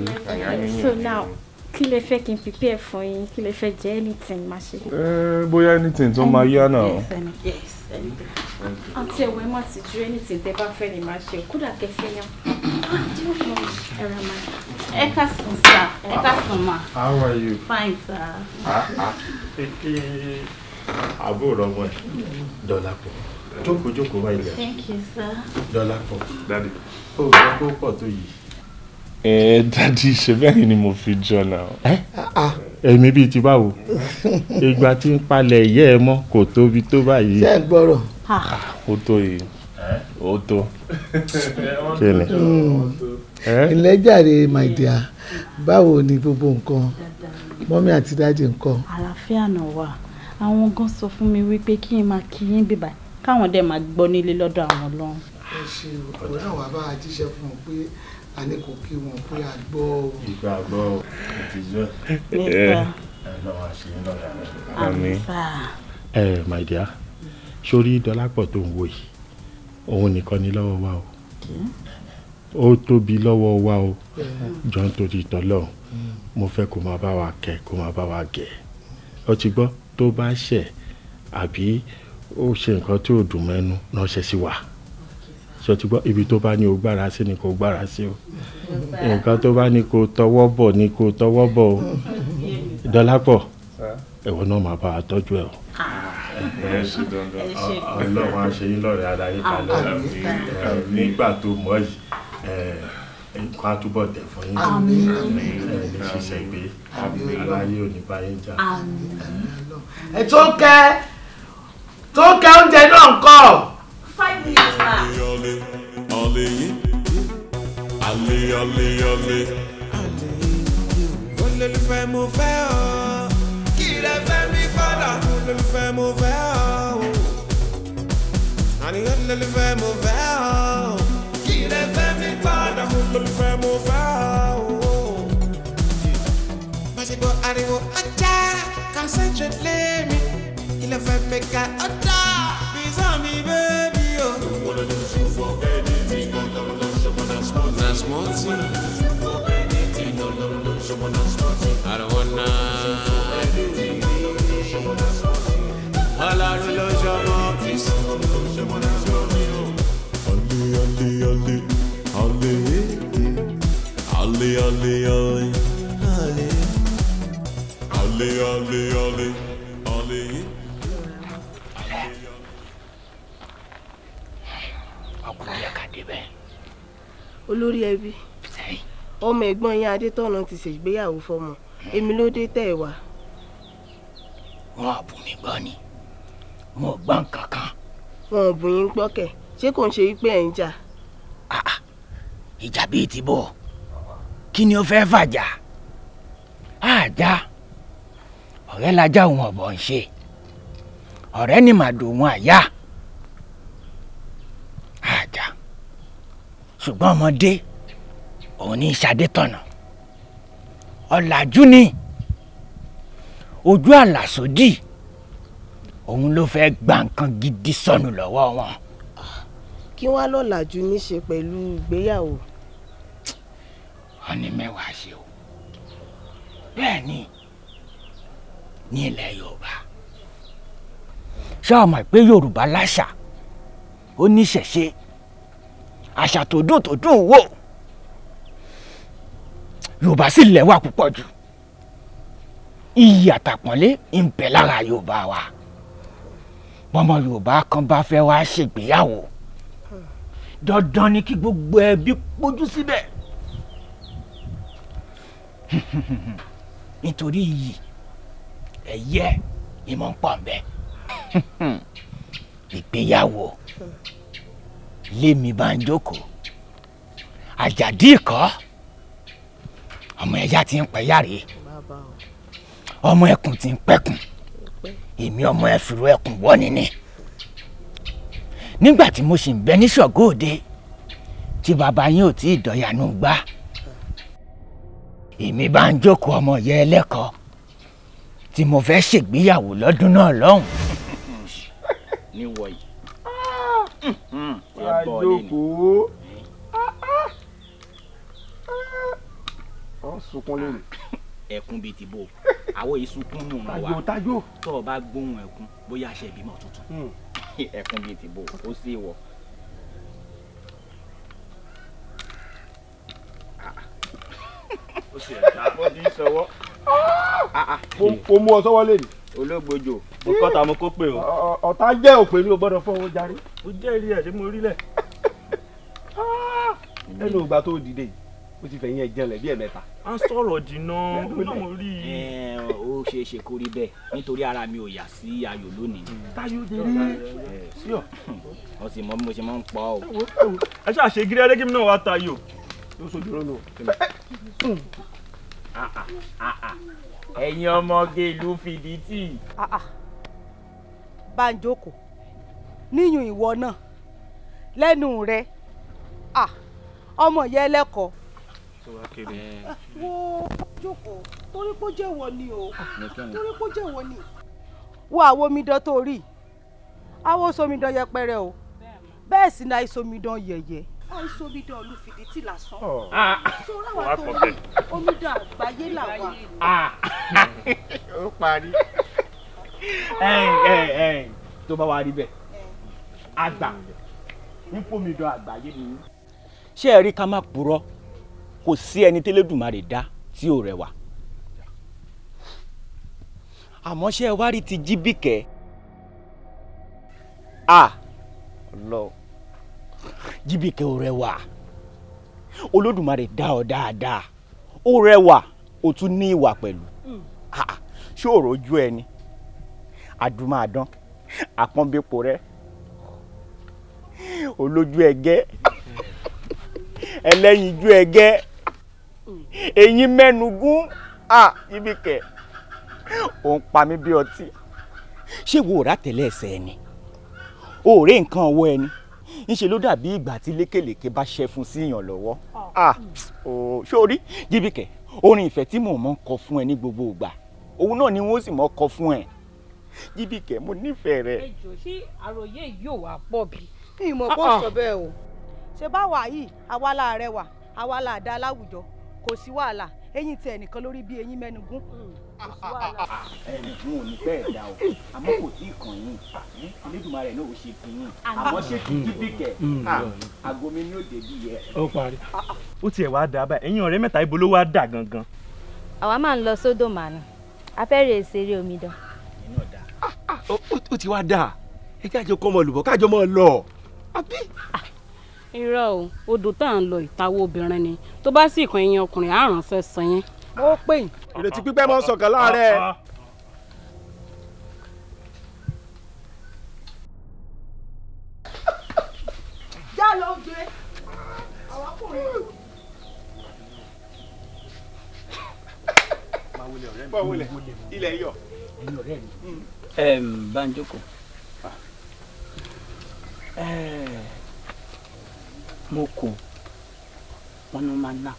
So now kí lè fẹ́ kí n prepare fún yín kí lè fẹ́ jẹ anything má ṣe. ẹ eh, anything tó máa yá náà. àti ẹ̀wẹ̀ má ti ju anything tẹ bá fẹ́ ni má ṣe kódà kẹfẹ́ yá. Ah, ẹ ká sùn sá ẹ ká sùn mà. how are you. fine sir. Ah, ah. eh, eh, àbúrò ọmọ ẹ dọ́là pọ̀ jókòó jókòó wáyé. thank you sir. dọ́là pọ̀ dadi ó gbọ́ pé ó pọ̀ tó yìí ẹ eh, dadi ṣe bẹ́ẹ̀ ni mo fi jọ náà. ẹ eh? ẹ̀mí ah. bíi ti báwo ìgbà tí ń palẹ̀ ìyá ẹ mọ́ kò tóbi tó báyìí. ṣé ẹ gbọ́rọ̀. Ah, ó tó yìí eh? ó tó. kíni. ìlẹ́jàre hmm. my dear báwo ni gbogbo nǹkan mọ́mí àti dájì nǹkan. àlàáfíà náà wà àwọn gan sọ fún mi wípé kí n máa kí yín bíbá káwọn dẹ̀ máa gbọ́ nílé lọ́dọ̀ àwọn lọ́hùn. ẹ ṣe òkúrẹ́ wàá bá a jíṣẹ́ fún un pé a ní kò kí wọn pé a gbọ́ o. ìgbà gbọ́ my dear sórí dọlápọ̀ tó ń wò yìí òun nìkan ni lọ́wọ́ wa o ó tóbi lọ́wọ́ wa o jọ ń torí tọ́lọ̀ mo fẹ́ kó máa bá wa kẹ́ kó máa bá wa gẹ̀ ọ ti to tó bá ṣẹ̀ àbí ó ṣe nǹkan tí ò dùn mẹ́nu ránṣẹ́ sí wa ṣètùgbọ́ ibi tó bá ní o gbára sí ni kò gbára sí o nǹkan tó bá ní kò tọwọ́ bọ̀ ní kò tọwọ́ bọ̀ o Dọlápọ̀ ẹ̀wọ̀n náà máa bá a tọ́jú ẹ̀ o. Ah. ẹ ṣe dandan ah, ọlọ́run aṣeyín lọ́rẹ̀ ara yín kalẹ̀ nígbà tó mọ̀ yìí nǹkan àtúbọ̀ tẹ̀ fún yín ní ṣiṣẹ́ gbé aláyé ò ní bá yín jà. ẹ tó kẹ tó kẹ oúnjẹ náà ń kọ́. five years max. concentrate I don't wanna. Ọlọ́run ló ṣọmọ kristu. Ọlẹ́ Ali, Ali, Ali, Ali, Ali, Ali, Ali, Ali, Ali. olórí ẹbí ọmọ ẹ̀gbọ́n yín adétọ́nà ti ṣègbéyàwó fọmọ hmm. èmi ló dé tẹ̀ wá. wọn àbù mi gbọ́ ni wọn ò gbọ́ nǹkan kan. wọn ò bù yín gbọ́ kẹ̀ ṣé kò ń ṣe pé ẹ̀ ń jà. Ah, ah. ìjà bíi ti bọ̀ kí ni ó fẹ́ fàjà àjà ọ̀rẹ́ lajá òun ọ̀bọ̀ ń ṣe ọ̀rẹ́ ni màdùn òun àyà. ṣùgbọ́n ọmọdé òun ní ṣadé tọ̀nà ọ̀làjú ni ojú àlàsódì òun ló fẹ́ gba nǹkan gidi sọnù lọ́wọ́ wọn. kí wàá lọ́làjú ní ṣe pẹ̀lú ìgbéyàwó. wọ́n ní mẹ́wàá ṣe o bẹ́ẹ̀ ni ní ilẹ̀ yorùbá ṣé ọmọ ìpé yorùbá láṣà ó ní ṣẹ̀ṣe àṣà tó dùn tó dùn wò yorùbá sì lẹ́wà púpọ̀ jù iyì àtàpọ́nlé ń bẹ lára yorùbá wa bọ́mọ yorùbá kan bá fẹ́ wá ṣègbéyàwó dandan ni kí gbogbo ẹbí pójú síbẹ̀ nítorí iyì ẹ̀yẹ ìmọ̀ ń pọ̀ ń bẹ ìgbéyàwó lémi bá ń jókòó àjàdí ìkọ́ ọmọ ẹja ti ń pẹ́ yàrá ọmọ ẹkùn ti ń pẹ́kùn èmi ọmọ ẹfìrò ẹkùn wọ́ nínú nígbà tí mo sì ń bẹ ní ṣọ̀gó òde tí bàbá yín ò tí ì dọ̀yànú gbá èmi bá ń jókòó ọmọ ìyá ẹlẹ́kọ̀ọ́ tí mo fẹ́ ṣègbéyàwó lọ́dún náà lọ́hùn-ún àjòkòó ọ sunkún lónìí. ẹkún bíi ti bò àwọn èyí sunkún nù wọn wa tajò tajò tó o bá gbóhùn ẹkún bóyá aṣẹ ìbímọ tuntun hmm. ẹkún bíi ti bò ó sì wọ. Ah. ó sì ẹ̀dá bọ́dí sọ́wọ́. Ah, ah. o mú ọ sọ́wọ́ lónìí olóògbòjò mo kọ́ ta mo kó pè o. ọ̀tá jẹ́ òpèlú o gbọ́dọ̀ fọwọ́ jarí. o jẹ́ eré ẹ̀ ṣé mo rí lẹ̀. ẹnu ìgbà tó dìde yìí ó ti fẹ̀yìn ẹ̀ jẹunlẹ̀ bí ẹ̀mẹ́ta. a ń sọ̀rọ̀ dìna náà mo rí i. ẹ ó ṣeé ṣe kó rí bẹ́ẹ̀ nítorí ara mi ò yà sí ayò lónìí. táyọ̀ dèrè sí ọ. wọ́n sì mọ bí mo ṣe máa ń pa ọ. ẹ ṣáà ṣe gírí ẹrẹ́gí ẹ̀yin ọmọge ìlú fìdítì. Ah, ah. banjoko níyùn ìwọ náà lẹ́nu rẹ ah, ọmọ yẹn lẹ́kọ̀ọ́. wo jókòó torí kó jẹ́ wọ ni o torí kó jẹ́ wọ ni. wo àwọn omidan tó rí àwọn oṣù yẹpẹrẹ o bẹ́ẹ̀ sì ni àìsàn omidan yẹ̀yẹ́. ọ ìsobidọ olùfìdítì lásán oh. ah. ah. sọra wa tó yìí omidan àgbáyé là wà. Ah. ó parí tó bá wa rí bẹ́ẹ̀ àgbà nípòmìdán àgbáyé ni. ṣé ẹ rí ká má purọ́ kò sí ẹni tẹ́lẹ̀dùmarè dá tí ò rẹwà àmọ́ ṣé ẹ wá rí ti jíbìkẹ́ à lọ. Ah, jíbìkẹ́ ò rẹwà olódùmarè dá ọ dáadáa ó rẹwà o tún ní ìwà pẹ̀lú hmm. ah, ṣé ò rojú ẹ ni àdùmáàdán àpọ́nbẹ́pọ̀ rẹ olójú ẹgẹ́ ẹlẹ́yinjú ẹgẹ́ eyín mẹ́nugún ah, jíbìkẹ́ ò ń pa mí bí ọtí ṣé wo ò rà tẹ̀lé ẹsẹ̀ ẹni òòrè nǹkan ọwọ́ ẹni ńṣe ló dàbí ìgbà tí lékèlékè bá ṣẹ fún síyàn lọ́wọ́ sórí ah. ah, jíbìkẹ́ orin ìfẹ́ tí mò ń mọ́ kọ fún ẹ ní gbogbo ìgbà òun náà ni wọ́n sì mọ́ kọ fún ẹ jíbìkẹ́ mo nífẹ̀ẹ́ rẹ. ejò sí àròyé yóò wá pọ̀ bí. mi ì mọ̀ sọ bẹ́ẹ̀ o ṣe bá wà yìí àwa la rẹwà àwa la láwùjọ kò sí wàhálà eyín tẹ ẹnìkan lórí bí eyín mẹ́nu hmm ẹnì fún òní bẹ́ẹ̀ dá o àmọ́ kò tí ì kàn yín Elédùmarè náà ò ṣe fi yín àmọ́ ṣé kì í dídì kẹ̀ àgọ́ mi ni ó débi yẹ. ó parí ó tiẹ̀ wá dà báyìí ẹ̀yin ọ̀rẹ́ mẹ́ta ibo ló wá dà gangan. àwa máa ń lọ sódò màánù a fẹ́ rè ṣeré omidan. Ah, ah, ó ti wá dà ẹ jáde kọ́ ọmọ olùbọ̀ káàjọ máa lọ àbí. Ah, irọ́ o odò tá à ń lọ ìtawọ́ obìnrin ni tó bá sì kan ẹyin ọkùnrin àrùn fẹ́ sọ yẹn mo pè yín. ìrètí pípẹ́ máa ń sọ̀kan láàárẹ̀. já lọ gbé àwọn ọkùnrin. máa wọlé ọ̀rẹ́ mi. wọlé ilẹ̀ yọ. ẹ̀yin ọ̀rẹ́ mi. Hmm. Ah. Eh, mo kò wọn ló máa ń nà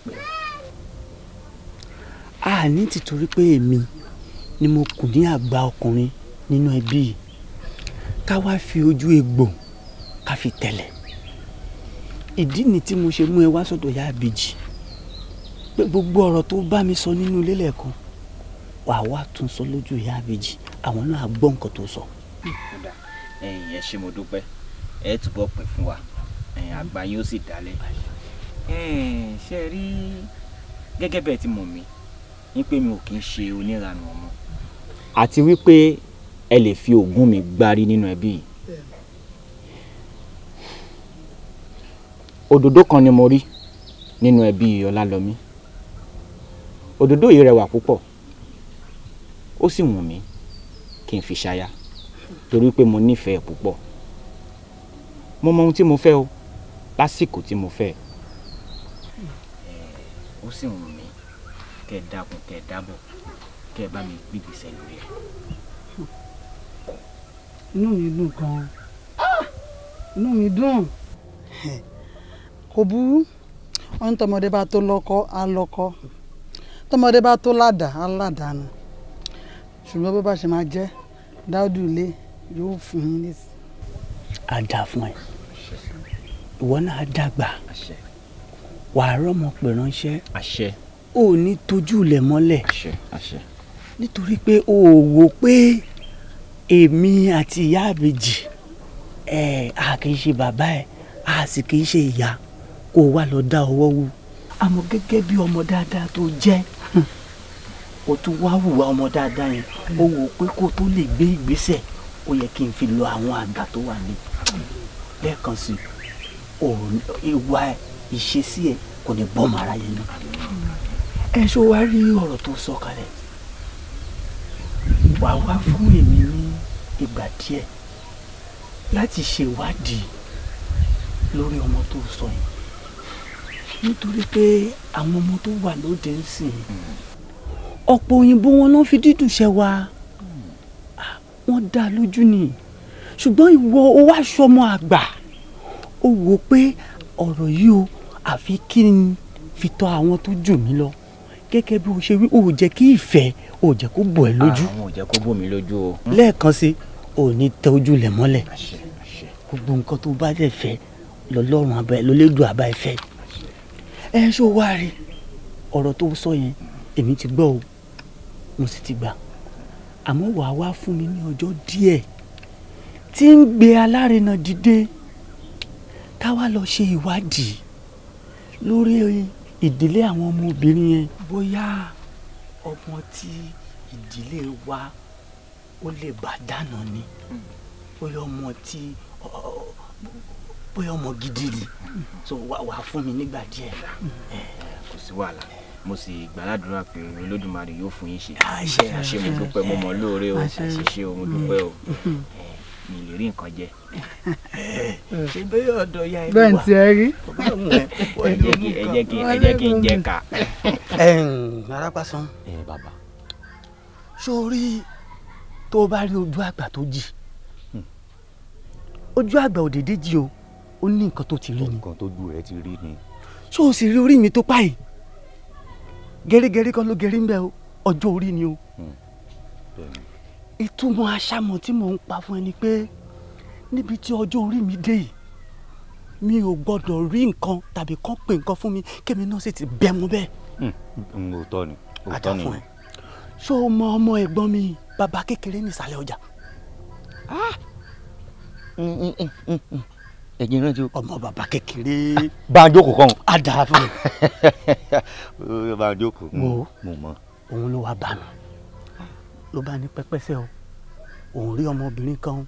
a ní tìtorí pé èmi ni mo kù ní àgbà ọkùnrin nínú ẹbí yìí ká wá fi ojú egbò ká fi tẹ̀lẹ̀ ìdí ni tí mo ṣe mú ẹ wá sọ́dọ̀ ìyá àbèjì pé gbogbo ọ̀rọ̀ tó bá mi sọ nínú ilé lẹ́ẹ̀kan wàá wá tún sọ lójú ìyá àbèjì àwọn náà gbọ́ nǹkan tó sọ. ẹ̀yin ẹ ṣé mo dúpẹ́ ẹ túbọ̀ pẹ́ fún wa àgbà yín sì dálẹ̀ ṣe rí gẹ́gẹ́ bẹ́ẹ̀ ti mọ̀ mí ní pé mi ò kì í ṣe oníranù ọmọ. àti wípé ẹ lè fi oògùn mi gbárí nínú ẹbí yìí. òdòdó kan ni mo rí nínú ẹbí ọlálọmí òdòdó yìí rẹwà púpọ̀ ó sì wù mí kí n fi ṣaya torí pé mo nífẹ̀ẹ́ púpọ̀ mo mọ ohun tí mo fẹ́ o lásìkò tí mo fẹ́. ó sì wù mí kẹ́ ẹ dákun kẹ́ ẹ dábọ̀ kẹ́ ẹ bá mi gbígbèsè lórí ẹ̀. inú mi dùn gan-an inú mi dùn kò burú ọ̀hún tọmọdé bá tó lọ́kọ á lọ́kọ tọmọdé bá tó ládàá á ládàá nù ṣùgbọ́n bó bá ṣe máa jẹ́ dáúdù ilé yóò fún yín lésì. a dà fún ẹ ìwọ náà dàgbà wàá rọmọ pè ránṣẹ́ ò ní tójú ilẹ̀ mọ́lẹ̀ nítorí pé o ò wò pé èmi àti ìyá àbèjì ẹ̀ a kì í ṣe bàbá ẹ̀ a sì kì í ṣe ìyá kó o wá lọ dá ọwọ́ wú àmọ́ gẹ́gẹ́ bí ọmọ dáadáa tó jẹ́ o tún wá hùwà ọmọ dáadáa yẹn o wò pé kó tó lè gbé ìgbésẹ̀ ó yẹ kí n fi lọ àwọn àgbà tó wà ní lẹ́ẹ̀kan sí ìwà ìṣesí ẹ kò ní bọ́ ọmọ aráyé náà ẹ ṣó wá rí ọ̀rọ̀ tó sọ kalẹ̀ wà wá fún èmi ní ìgbà díẹ̀ láti ṣèwádìí lórí ọmọ tó sọ yìí nítorí pé àwọn ọmọ tó wà lóde ń sìn ọ̀pọ̀ òyìnbó wọn ló ń fi dídùn ṣe wa wọ́n dá lójú ni ṣùgbọ́n ìwọ o wá ṣọmọ àgbà o wò pé ọ̀rọ̀ yìí o àfi kí n fi tọ́ àwọn tó jù mí lọ gẹ́gẹ́ bí o ṣe wí o ò jẹ́ kí ìfẹ́ o ò jẹ́ kó bò ẹ́ lójú. àwọn ah, ò jẹ́ kó bò mí lójú o. Hmm? lẹ́ẹ̀kan sí o ní tẹ lẹ̀ mọ́lẹ̀ gbogbo nǹkan tó bá dẹ̀ fẹ́ lọ́lọ́run abẹ́ lọ́lẹ́dùn àbá ẹ̀ fẹ́ ẹ ṣó wá rí ọ̀rọ̀ tó sọ yẹn èmi ti gbọ́ o mo sì ti gbà àmọ́ wàá wá fún mi ní ọjọ́ díẹ̀ tí ń gbé alárinà dìde táwa lọ ṣe ìwádìí lórí ìdílé àwọn ọmọbìnrin yẹn bóyá ọmọ tí ìdílé wa ó lè bà dànù ni bóyá ọmọ tí bóyá ọmọ gidi ni so wàá fún mi nígbà díẹ̀. kò sí wàhálà mo sì gbàdúrà pé olódùmarè yóò fún yín ṣe àṣẹ àṣẹ mo dúpẹ́ mo mọ̀ lóore o àṣẹ ṣe o mo dúpẹ́ o. Mm-hmm mi lè rí nǹkan jẹ. ṣe bẹ́ẹ̀ ọ̀dọ̀ ya ẹ wà bẹ́ẹ̀ ti ẹ rí. ẹ jẹ́ kí ẹ jẹ́ kí n jẹ ká. arápásán bàbá sórí tó o bá rí ojú àgbà tó jì hmm. ojú àgbà òdèdè jì o ó ní nǹkan tó ti rí ni. nǹkan tójú rẹ ti rí ni. ṣé o sì rí orí mi tó páyì gẹ́rígẹ́rí kan ló gẹ́rí ń bẹ́ ọjọ́ orí ni o. Hmm ìtumọ̀ aṣámọ̀ tí mò ń pa fún ẹ ni pé níbi tí ọjọ́ orí mi dé yìí mi ò gbọ́dọ̀ rí nǹkan tàbí kán pè nǹkan fún mi kémi náà sì ti bẹ́ mu bẹ́ẹ̀. Hmm, òótọ́ ni òótọ́ ni. ṣó o mọ ọmọ ẹ̀gbọ́n mi bàbá kékeré nísàlẹ̀ ọjà. ẹ̀jẹ̀ náà ti. ọmọ bàbá kékeré. banjo kò kàn. a dà á fún mi. banjo kò mọ. mo òun ló wá bá mi ló bá ní pẹ́pẹ́sẹ́ o òun rí ọmọbìnrin kan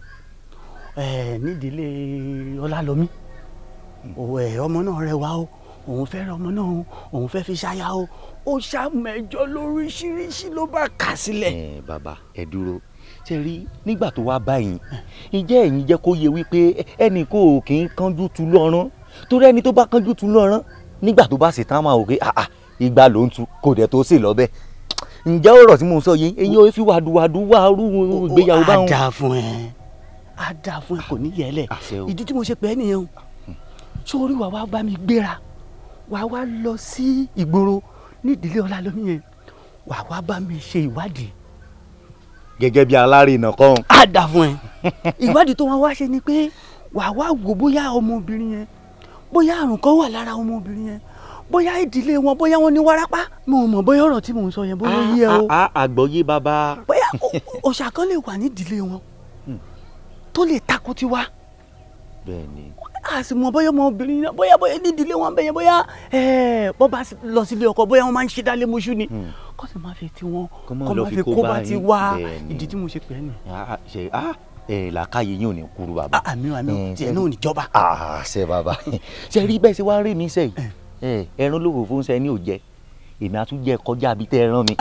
nídìílé ọlálọ́mí ọmọ náà rẹwà o òun fẹ́ ọmọ náà o òun fẹ́ fi ṣáyà o ó ṣàmẹjọ lóríṣiríṣi ló bá kà sílẹ̀. ẹ bàbá ẹ dúró ṣe rí nígbà tó wá báyìí ǹjẹ́ ẹ̀yin jẹ́ kó yẹ wípé ẹnì kò kì í kánjú tu lọ́rán torí ẹni tó bá kánjú tu lọ́rán nígbà tó bá ṣètàn máa wò pé àà ìgbà ló ń tu kò dẹ̀ tó sì lọ bẹ́ẹ̀ ǹjẹ́ ọ̀rọ̀ tí mò ń sọ yìí eyín ó fi wàdùwàdù wà rú ìgbéyàwó bá wọn. a dáa fún ẹ a dáa fún ẹ kò ní yẹlẹ ìdí tí mo ṣe pẹ́ nìyẹn o sórí wàá wá bá mi gbéra wàá wá lọ sí ìgboro nídìílé ọlá lómi yẹn wàá wá bá mi ṣe ìwádìí. gẹ́gẹ́ bí alárinà kan. a fún ẹ ìwádìí tó wọn wá ṣe ni pé wàá wá wò bóyá ọmọbìnrin yẹn bóyá àrùn kan wà lára ọmọbìnrin yẹn bóyá ìdílé wọn bóyá wọn ní wárápá mo mọ̀ bóyá ọ̀rọ̀ tí mò ń sọ yẹn bóyá yé ẹ ah, o. Ah, ah, àgbọ̀yé bàbá. bóyá òòṣà kan lè wà nídìílé wọn hmm. tó lè takò tiwa. bẹ́ẹ̀ni. a sì mọ̀ bóyá ọmọbìnrin náà bóyá bóyá nídìílé wọn bẹyẹ bóyá bọ́ bá lọ sílé ọkọ bóyá wọn máa ń ṣe dálé mọ́ṣú ni hmm. kó sì máa fi tiwọn kó máa fi kó bá ti wá ìdí tí mo ṣe pẹ́ nì làákàyè yín ò ní kúrú bàbá. àmì àmì tiẹ̀ náà ò ní jọba. àṣẹ bàbá ṣe rí bẹ́ẹ̀ ṣe wá rí mi sẹ́yìn eh. Eh, ẹran olówó fún sẹ ní òjẹ èmi àtúnjẹ kọjá bíi tẹ ẹran mi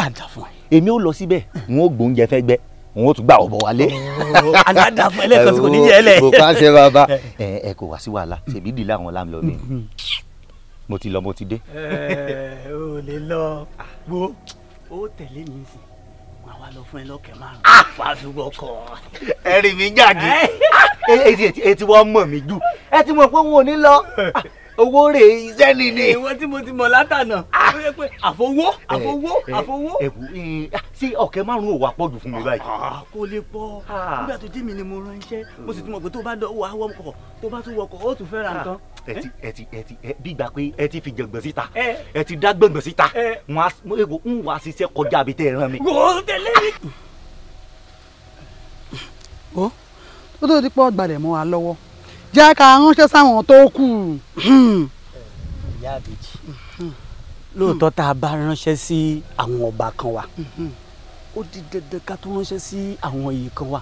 èmi ò lọ síbẹ̀ n ó gbóúnjẹ fẹ́ gbẹ́ n ó tún gbà ọ̀bọ̀ wálé. àdáda fún ẹlẹ́kọ̀ọ́sí kò ní yẹ ẹlẹ́. kò bá ṣe bàbá. ẹ kò wá sí wàhálà ṣèbí dì láwọn láàmì ọ̀dẹ mo ti lọ mo ti dé. ẹ ò lè lọ gbó ó tẹ̀lé mi sí màá wá lọ fún ẹ lọ́kẹ́ márùn-ún fàdúgbò kọ. ẹ̀rì mi jáde etí wọ́n mọ̀ mí jù ẹ ti mọ̀ pé wọn ò ní lọ ah! owó rè iṣẹ́ ni ni. ìwọ tí mo ti mọ̀ látànà ah. ó yẹ pé àfọwọ́ àfọwọ́ àfọwọ́. ẹ ẹ ṣé ọ̀kẹ́ márùn-ún ò wá pọ̀jù fún mi báyìí. Ah, ah, kò lè pọ̀ nígbà tó jẹ́ mi ni mo rán iṣẹ́ mo sì tún mọ̀ pé tó bá wà wọ́kọ̀ tó bá tún wọkọ̀ ó tún fẹ́ ra nǹkan. ẹ ti ẹ ti ẹ ti ẹ bí gbà pé ẹ ti fi jẹ̀gbọ̀n síta eh. ẹ ti dá gbẹ̀gbọ̀n síta eh. n wá ṣiṣẹ́ kọjá àbí tẹ́ ẹ rán mi. wò ó jẹ́ ká ránṣẹ́ sáwọn tó kù. Hmm. ìyá àbèjì lóòótọ́ tá a bá ránṣẹ́ sí àwọn ọba kan wa hmm. ó di dandan ká tó ránṣẹ́ sí àwọn iyì kan wa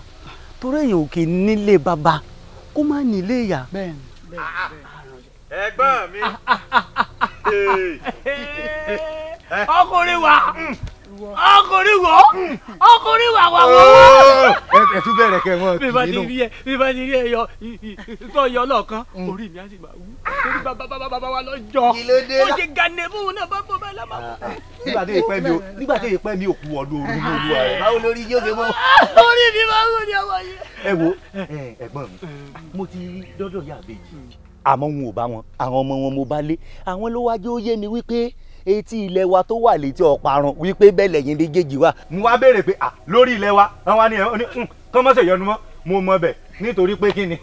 torí èèyàn ò kì í nílé bàbá kó má nílé ìyá. ẹ̀gbọ́n mi ọkùnrin wa. Hmm ọkùnrin wọ ọkùnrin hmm. wà wà wọ. ẹ tún bẹ̀rẹ̀ kẹ wọn kì í nù. bí bá ti rí ẹ yọ tó yọ lọ́ọ̀kan hmm. orí mi á sì máa wú torí bàbá bàbá bàbá wa lọ́jọ́ ó ṣe gànè fún un náà bá bọ́ bá lámà wọ. Ah, ah. nígbà tó yẹ pẹ́ mi ò nígbà tó yẹ pẹ́ mi ò kú ọdún orí mi olúwa rẹ̀ báwo lórí yóò ṣe mọ́. Ah, orí mi máa ń wò ní ọmọ yìí. ẹ wo ẹ̀gbọ́n mi mo ti dọ́dọ̀ yá àbèjì àmọ́ wọn ò bá wọn àwọn ọmọ wọn mo bá lé àwọn ló wájú ó yé mi wípé etí ilẹ̀ wa tó wà létí ọ̀parun wípé bẹ́ẹ̀ lẹ́yìn méjèèjì wa. mo wá béèrè pé lórí ilẹ̀ wa wọn wá ní ẹ kọ́ mọ́sẹ̀ yọnu mọ́ mo mọ bẹ̀ nítorí pé kí ni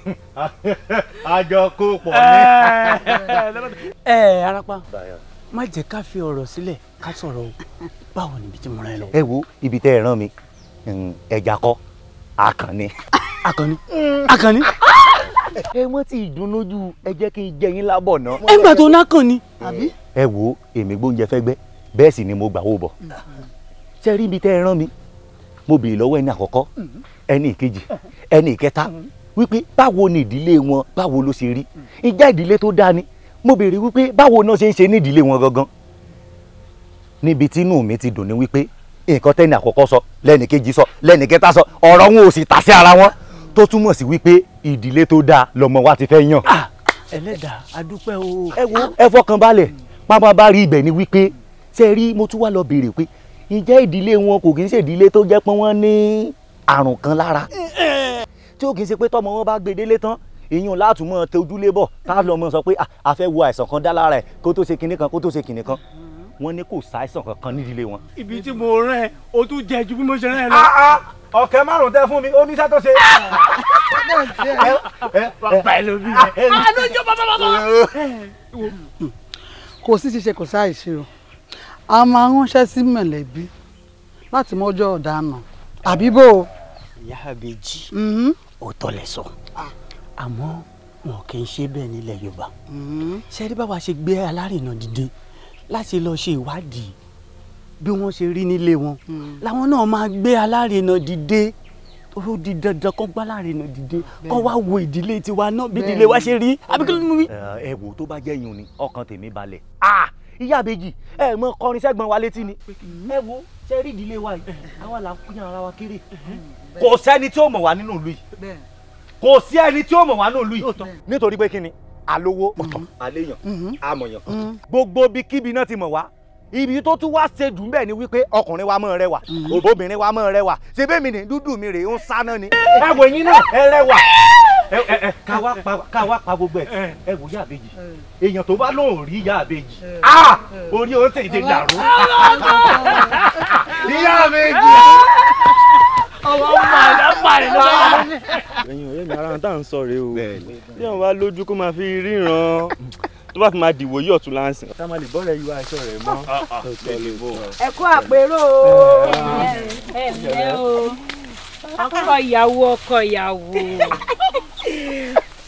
àjọ kó pọ̀ ní. ẹ arapa má jẹ́ ká fi ọ̀rọ̀ sílẹ̀ ká sọ̀rọ̀ o báwo ni ibi tí mo rán ẹ lọ. ẹ wo ibi tẹ́ ẹ rán mi ẹja kọ́ akànni. akànni akànni. ẹ mọ́ tí ìdùnnójú ẹ jẹ́ kí n jẹ yín lábọ̀ náà. ẹ gbà tó ná kàn ni. ẹ wo èmi gbóúnjẹ fẹ́ gbẹ́ bẹ́ẹ̀ sì ni mo gbà wò bọ̀ ṣe rí ibi tẹ́ ẹ rán mi mo bèèrè lọ́wọ́ ẹni àkọ́kọ́ ẹni ìkejì ẹni ìkẹta wípé báwo ni ìdílé wọn báwo ló ṣe rí ìjà ìdílé tó dáa ni mo bèèrè wípé báwo náà ṣe ń ṣe ní ìdílé wọn gangan níbi tí inú mi ti dùn ni wípé nǹkan tẹ́ni àkọ́kọ́ sọ lẹ́ni sọ lẹ́ni sọ ọ̀rọ̀ wọn ò sì tà sí ara wọn tó túmọ̀ sí wípé ìdílé tó dáa lọmọ wa ti fẹ́ yàn. Ah, ẹlẹ́dàá adúpẹ́ o. ẹ wo ẹ fọkàn balẹ̀ pápá bá rí ibẹ̀ ni wípé ṣe rí mo tún wá lọ béèrè pé ǹjẹ́ ìdílé wọn kò kì í ṣe ìdílé tó jẹ́ pé wọ́n ní àrùn kan lára tí ó kì í ṣe pé tọmọ wọn bá gbedele tán ìyún látùmọ̀ tójúlé bọ̀ táwọn ọmọ sọ pé ah, a fẹ́ wo àìsàn kan dá lára ẹ̀ kó tó ṣe kinní kan kó tó ṣe kinní kan wọ́n ní kò sáìsàn kankan nídìílé wọn. ibi tí mo rán ẹ o tún jẹ ju bí mo ṣe rán ẹ lọ. Ah, ah, ọ̀kẹ́ márùn-ún tẹ fún mi ó ní iṣẹ́ tó ṣe. bàbá ẹ ló bí ẹ. àánú ah, jọ bàbá bàbá. kò sí ṣíṣe kò sáà ìṣirò a máa ránṣẹ́ sí mẹ̀lẹ́bí láti mọ́jọ́ ọ̀daràn àbí bò ó. ìyá àbèjì mm-hmm. òótọ́ lẹ sọ àmọ́ wọn kì í ṣe bẹ́ẹ̀ nílẹ̀ yorùbá mm-hmm. ṣe é rí báwa ṣe gbé alárìnà dìde láti lọ ṣe ìwádìí bí wọ́n ṣe rí nílé wọn hmm. làwọn náà máa gbé alárinà dìde ó di dandan kó gbá alárinà dìde kó wá wo ìdílé tiwa náà bí ìdílé wa ṣe rí abíkú ló ń wí. ẹ wo tó bá jẹ́ yìí ni ọkàn tèmi balẹ̀ ìyá àbèjì ẹ mọ kọrin sẹgbọn wa létí ni ẹ wo ṣe rí ìdílé wa yìí àwa là ń kúnyà ara wa kéré hmm. kò sẹ́ni tí ó mọ̀ wá nínú ìlú yìí kò sí ẹni tí ó mọ̀ wá nínú ìlú nítorí pé kí ni alówó ọ̀tọ̀ mhm. aléyàn mhm. amọ̀yàn mhm. gbogbo ibikíbi náà ti mọ̀ wá ibi tó tún wá ṣe dùn bẹ́ẹ̀ ni wípé ọkùnrin wa máa rẹwà obìnrin wa máa rẹwà ṣe bẹ́ẹ̀ mi ní dúdú mi rèé ń sáná ni. ẹ wo yín náà ẹ rẹwà ká wá pa gbogbo ẹ ẹ wò yá àbejì èèyàn tó bá lóun rí yá àbejì orí òun tètè dàrú yá àbejì ẹ̀yin ọ̀rẹ́ mi ara tá à ń sọ rèé o bí wọn bá lójú kó máa fi ríran tó bá fi máa dìwò yí ọ̀tún láǹsì. ká má lè bọ́ọ̀rẹ̀ yíwá aṣọ rẹ̀ mọ́. Ah, ah, ah. ẹ kú àpérò ẹ ẹ o ọkọ ìyàwó ọkọ ìyàwó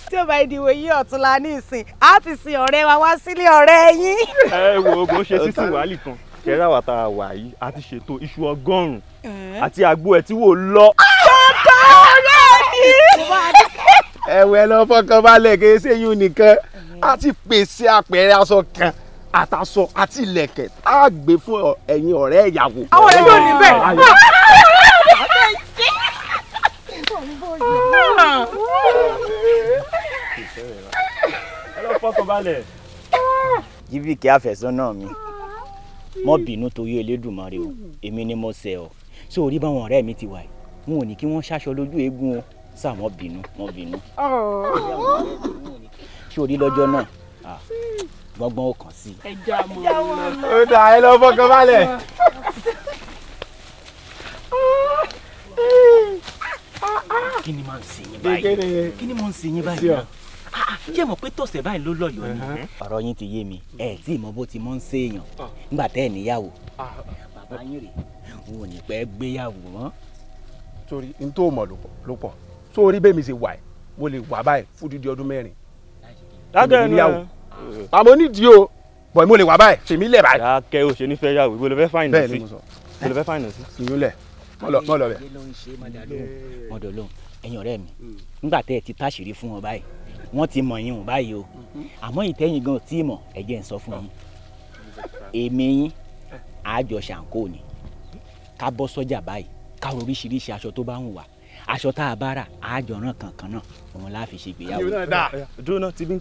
tí ó bá ìdìbò yí ọ̀tún la ní ìsìn á ti sin ọ̀rẹ́ wa wá sílé ọ̀rẹ́ yín. ẹ wo oògùn ṣe sísìn wàhálì kan kẹ́rẹ́ àwọn tá a a ti ṣètò iṣu ọgọ́rùn àti àgbo ẹ̀ tí wò lọ. ọ̀tọ̀ ọ̀rẹ́ mi. ẹ̀wẹ̀ lọ fọkàn kì í ṣe yún nìkan a ti pèsè àpẹẹrẹ aṣọ kan àtàṣọ àti ìlẹ̀kẹ̀ tá a gbé fún ẹ̀yin ọ̀rẹ́ ìyàwó. àwọn ọ̀rẹ́ yóò níbẹ̀. ẹ lọ fọkàn balẹ̀. jíbìkì àfẹ́sọ́nà mi mọ́ bínú torí Elédùmarè o èmi ni mo ṣẹ̀ ọ́ so orí báwọn ọ̀rẹ́ mi ti wà yìí n ò ní kí wọ́n ṣaṣọ lójú eégún o sáà mọ́ bínú mọ́ bínú sórí lọ́jọ́ náà gbọ́ngbọ́n ó kàn sí. ẹja mọ ọ ó ẹ lọ fọkàn balẹ̀. kí ni máa ń ṣe yín báyìí kí ni máa ń ṣe yín báyìí jẹ́ ah, ah, mọ̀ pé tọ̀sẹ̀ báyìí ló lọ́yọ̀ọ́ ni. ọ̀rọ̀ yín ti yé mi ẹ̀ tí ìmọ̀ bó ti mọ́ ń séèyàn ah. nígbà tẹ́ ẹ̀ níyàwó bàbá yín rèé n ò ní pẹ́ gbéyàwó mọ́. sórí n tó mọ̀ ló pọ̀ sórí bẹ́ẹ̀ mi ṣe wà ẹ́ mo lè wà báyìí fún dídí ọdún mẹ́rin. dákẹ́ ẹ̀ náà àmọ́ nídìí o bọ̀ mo lè wà báyìí fèmí lẹ̀ báyìí. dákẹ́ o ṣe ní yàwó ibo ló fẹ́ fáìnì sí ibo ló fẹ́ fáìnì sí. ìyún wọ́n ti mọ̀ yín o báyìí o mhm. àmọ́ ìtẹ́yìn gan tí mọ̀ ẹ jẹ́ ń sọ fún yín èmi yín àjọ ṣàǹkó ni ká bọ́ sọ́jà báyìí ká ro oríṣiríṣi aṣọ tó bá ń wà aṣọ tá a bá rà àjọ ràn kankan náà òun la fi ṣe ìgbéyàwó. dúró náà ti bí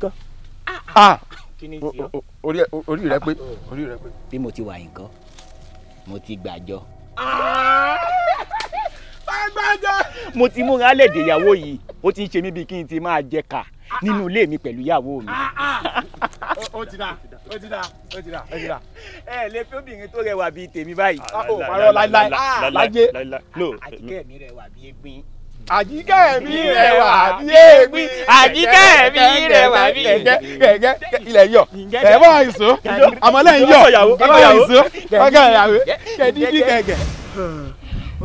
ah, ah. ah! nǹkan. orí rẹ pé orí rẹ pé. bí mo ti wà yín kan mo ti gbàjọ mo ti múra lẹ́dẹ̀ẹ́yàwó yìí ó ti ń ṣe mí bíi kí n ti máa jẹ kà nínú ilé mi pẹ̀lú ìyàwó mi. Ah, ah. ó ti da ó ti da ó ti da ó ti da. ẹ lè fi obìnrin tó rẹwà bíi tèmi báyìí. ó ah, oh, parọ́ láíláí láyé àtìkẹ́ mi rẹwà bíi egbin àjíkẹ́ mi rẹwà bí egbin àjíkẹ́ mi rẹwà bí gẹ́gẹ́ ilẹ̀ yọ ẹ̀wọ́ ìṣó àmọ́lẹ́yìn yọ ẹ̀wọ́ ìṣó ọgá ìyàwó kẹ́dídí gẹ́gẹ́. Hmm.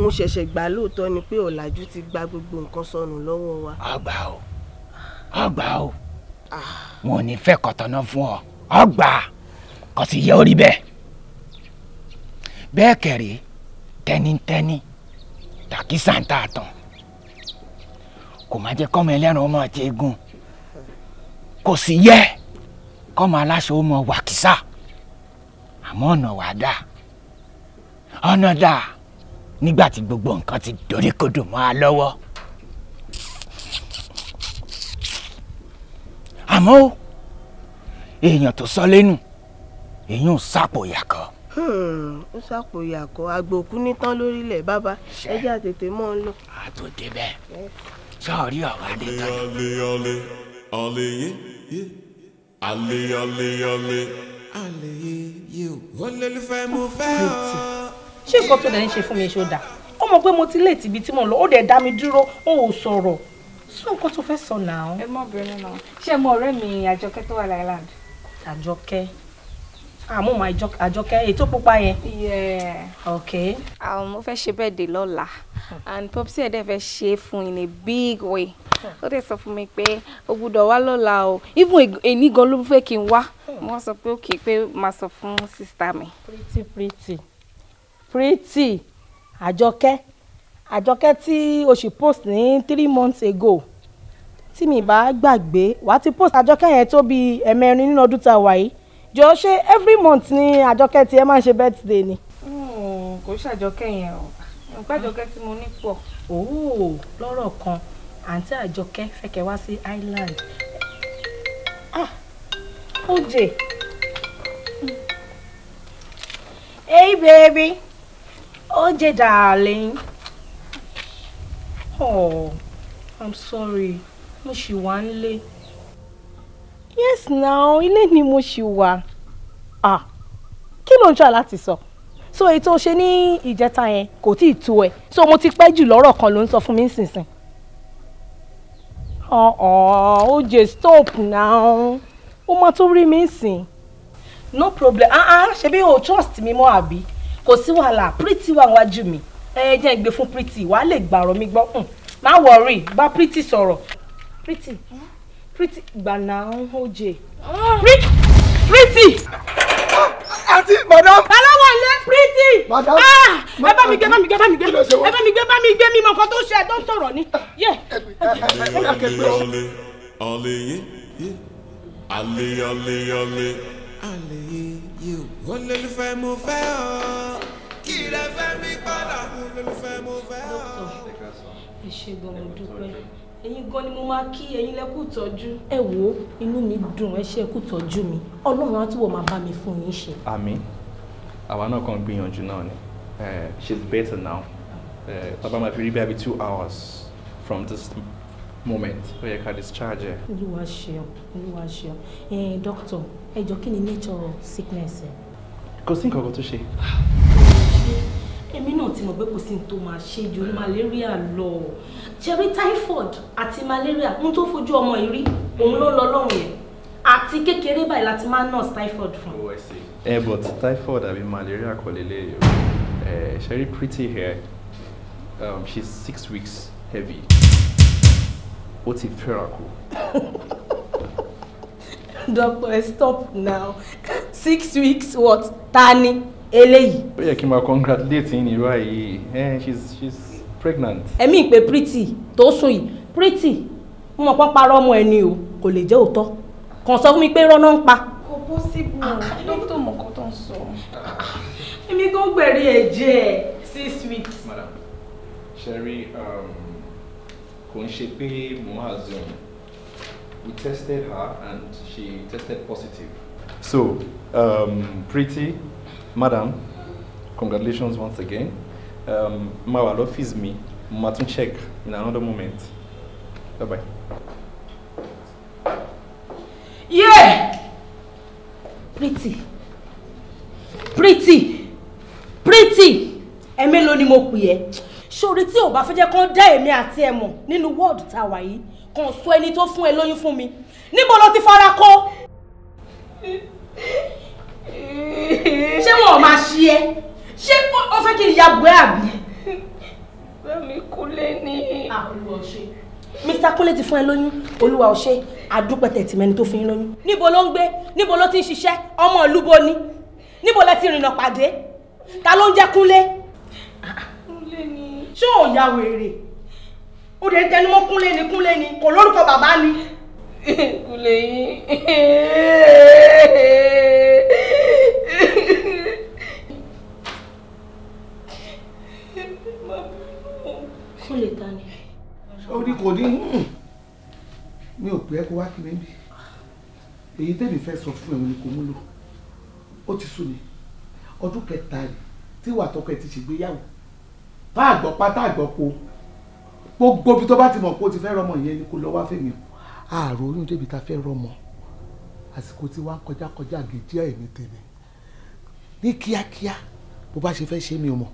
mo ṣẹ̀ṣẹ̀ gbà lóòótọ́ ni pé ọ̀làjú ti gba gbogbo nǹkan sọnù lọ́wọ́ wa. àgbà o ọgbà o wọn ò ní fẹ́ kọ̀tọ̀nà fún ọ ọgbà kò sì yẹ orí bẹ́ẹ̀ bẹ́ẹ̀ kẹ̀rẹ́ tẹ́nítẹ́ní tàkísà ń tà tán kò má jẹ́ kọ́mọ ẹlẹ́ran ọmọ ti gùn kò sì yẹ kọ́mọ aláṣọ ọmọ wàkísà àmọ́ ọ̀nà wà dà ọ̀nà dà nígbà tí gbogbo nǹkan ti dorí kodò mọ́ a lọ́wọ́. àmọ́ ó èèyàn tó sọ lẹ́nu èyí ò sápò yàkọ́. Hmm, ó sápò yàkọ́ àgbòkú nítán lórílẹ̀ bàbá ẹjẹ́ àtètè mọ́ ń lọ. a tó débẹ̀ sọ́ọ̀rí ọ̀wá dé tán. ọ̀lẹ́ ọ̀lẹ́ ọ̀lẹ́ yé yé ọ̀lẹ́ ọ̀lẹ́ ọ̀lẹ́ ọ̀lẹ́ yé yé o. olólùfẹ́ mo fẹ́ ọ. ṣé nǹkan tó dẹ̀ ń ṣe fún mi ṣó dáa ó mọ̀ pé mo ti léètì ibi tí mò ń lọ ó dẹ̀ dá mi dúró ó ò sọ̀rọ̀ sọ nǹkan tó fẹ́ sọ náà. ẹ má bẹ̀rẹ̀ náà ṣé ẹ mọ ọ̀rẹ́ mi àjọkẹ́ tó wà láìland. àjọkẹ́ àmú ah, ma àjọkẹ́ èyí tó pupa yẹn. ok. àwọn ah, mo fẹ́ ṣe birthday lọ́la and popsi ẹ̀ dẹ̀ fẹ́ ṣe fún in a big way ó dẹ̀ sọ fún mi pé o gbúdọ̀ wá lọ́la o even èní gan ló fẹ́ kí n wá wọ́n sọ pé òkè pé máa sọ fún sísítà mi. pretty pretty pretty àjọkẹ́ àjọkẹ́ tí o sì post ní three months ago tí mi bá gbàgbé wàá ti post àjọkẹ́ yẹn tó bíi ẹ̀mẹrin nínú ọdún tá a wà yìí jọ ṣé every month ni àjọkẹ́ tiẹ̀ máa ń ṣe birthday ni. Hmm, kò ṣàjọkẹ́ yẹn o nǹkan àjọkẹ́ tí mo ní pọ̀. òwò lọ́rọ̀ kan àǹtí àjọkẹ́ fẹ́kẹ̀ wá sí island. ó ah, jè. hey baby ó jè darling. Oh, I'm sorry. Mo ṣì wà nílé. Yes now, ilé ni mo ṣì wà. Ah, kí ló ń jà láti So ètò ṣe ní ìjẹta yẹn kò tí ì tó ẹ. So mo ti pẹ́ jù lọ́rọ̀ kan ló ń sọ fún mi nísinsìnyí. Ọ̀ọ́ ó jẹ́ stop now. O máa tó rí mi sìn. No problem. Ah ah, Sebi o trust mi mọ́ àbí? Kò sí wàhálà, pretty wa wájú mi ẹ jẹ́ ìgbé fún Pretty wàá lè gbàrọ̀ mi gbọ́ hmm, má wọrí bá Pretty sọ̀rọ̀ Pretty Pretty gbànà ń hoje Pretty. àti madam. aláwọ̀ ilé Pretty. madam ah, ẹ bá mi gbé bá mi gbé bá mi gbé ẹ bá mi gbé bá mi gbé mi mọ nǹkan tó ṣe ẹ tó ń sọ̀rọ̀ ni. ọ̀lẹ́ ọ̀lẹ́ yé yé àlè ọ̀lẹ́ ọ̀lẹ́. àlè yé yé o. olólùfẹ́ mo fẹ́ ọ kí lẹ fẹ́ mi padà olólùfẹ́ mo fẹ́ ọ. dókítà ẹ ṣe gan mo dúpẹ́ ẹ̀yin gan ni mo máa kí ẹ̀yin lẹ́kù tọ́jú. ẹ wo inú mi dùn ẹ ṣe kù tọ́jú mi ọlọ́run á túbọ̀ máa bá mi fún yín ṣe. àmín àwa náà kàn gbìyànjú náà ni she's better now bàbá máa fi rí bẹ́ẹ̀ two hours from this moment ó yẹ ká discharge ẹ. olúwa ṣeun olúwa ṣeun dókítà ẹ jọ kí ni nature sickness ẹ. kò sí nǹkan kan tó ṣe èmi náà ti mọ̀ pé kò sí ní tó máa ṣe ju malaria lọ jerry typhoid àti malaria ń tó fojú ọmọ yìí rí òun ló lọ lọ́hùn yẹn àti kékeré báyìí láti máa nurse typhoid fún. ẹ oh, eh, but typhoid àbí malaria kọ́ lélẹ́yìí o eh, ṣẹ́rí pretty hair um, she's six weeks heavy ó ti fẹ́ra kù. doctor stop now six weeks what ta eléyìí. ó yẹ kí n máa congratulate yín nírú àyè ẹ she's she's pregnant. ẹ̀mí ìpè pretty tó sùn yìí pretty mo mọ̀ pọ́ parọ́ ọmọ ẹni o kò lè jẹ́ òótọ́ kàn sọ fún mi pé rọ́nà ń pa. kò possible ah, ah, dókítà mọ̀ kó tó ń sọ. Ah, èmi kò gbẹ̀rí ẹ̀jẹ̀ six weeks. madam sherry um, kò ń ṣe pé mo hà zoom we tested her and she tested positive. so um, pretty Madam, congratulations once again. Um, my wife is me. Matun check in another moment. Bye bye. Yeah! Pretty. Pretty. Pretty. Ẹ̀mélòó ni mo pè ẹ́. Ṣorí tí ò bá fẹ́ jẹ́ kán dá èmi àti ẹ̀ mọ̀ nínú wọ́ọ̀dù tá a wà yìí, kàn sọ ẹni tó fún ẹ lóyún fún mi. Níbo lo ti fara kó? ṣé wọn ò máa ṣí ẹ ṣé o fẹ́ kí n ya bọ́ àbí. bẹ́ẹ̀ni kúlẹ̀ ni. Ah, olúwa ọ̀ṣẹ́. Mr. kúlẹ̀ ti fún ẹ lóyún olúwa ọ̀ṣẹ́ àdúpẹ̀tẹ̀ tìmẹ́ni tó fi ń lóyún. níbo ló ń gbé níbo ló ti ń ṣiṣẹ́ ọmọ ìlú bo ni níbo lẹ ti rìnà pàdé ta ló ń jẹ́ kúnlé. Ah, ah. kúnlé ni. ṣé ò ya wèrè o dẹ̀ tẹnumọ́ kúnlé ni kúnlé ni kò lórúkọ bàbá ni kùlé yín. kùlé ta ni. orí kò ní hmm, mi ò pé kó wá kí mi bí èyí tèmi fẹ́ sọ fún ẹ̀wọ̀n ni kò mú lò ó ti sùn ní ọdún kẹta rẹ̀ tí ìwà àtọkọ ẹ̀ ti ṣègbéyàwó tá àgbọ̀ pátá àgbọ̀ po gbogbo ibi tó bá ti mọ̀ pé ó ti fẹ́ rọmọ yẹn ni kò lọ wá fèmí o ààrò oyún débi tá a fẹ́ rọmọ àsìkò tí wàá kọjá kọjá gèjì ẹ̀mí tèmi ní kíákíá bó bá ṣe fẹ́ ṣe mi ò mọ̀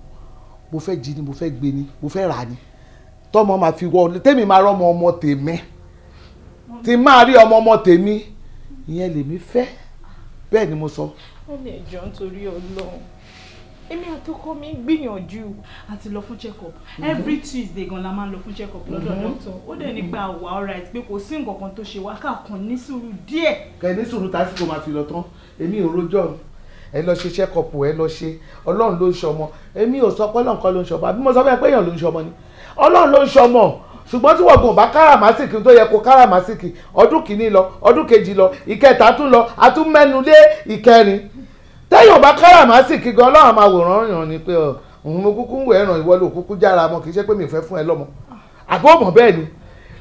mo fẹ́ jí ni mo fẹ́ gbé ni mo fẹ́ rà ni tọmọ máa fi wọ tèmi máa rọmọ ọmọ tèmi tí máa rí ọmọ ọmọ tèmi ìyẹn lèmi fẹ́ bẹ́ẹ̀ ni mo sọ. ó lè jọ nítorí Ọlọ́run èmi àtọkọ mi ń gbìyànjú àti lọ fún check up mhm. every tuesday gan la máa ń lọ fún check up lọ́dọ̀ mhm. doctor ó dẹ̀ ní pé mhm. a wà alright pé kò sí nǹkan kan tó ṣe wá káàkan ní sùúrù díẹ̀. kẹ ní sùúrù tásìkò máa fi lọ tán èmi ò rojọ́ ẹ lọ ṣe check up ẹ lọ ṣe ọlọ́run ló ń ṣọmọ èmi ò sọ pé ọlọ́run kọ́ ló ń ṣọmọ àbí mo sọ fẹ́ pé èèyàn ló ń ṣọmọ ni ọlọ́run ló ń ṣọmọ ṣùgbọ́n tí wọ̀gùn bá káràmásìkì tó yẹ kó káràmásìkì ọdún kìíní lọ ọdún kejì lọ ìkẹta tún lọ a ìkẹrin téèyàn bá kára màá sì kí gan ọlọ́run máa wòran yàn ni pé òun mo kúkú ń wẹ̀ ẹ̀ràn ìwọ ló kúkú jára mọ́ kì í ṣe pé mi fẹ́ fún ẹ lọ́mọ àbọ̀mọ̀ bẹ́ẹ̀ ni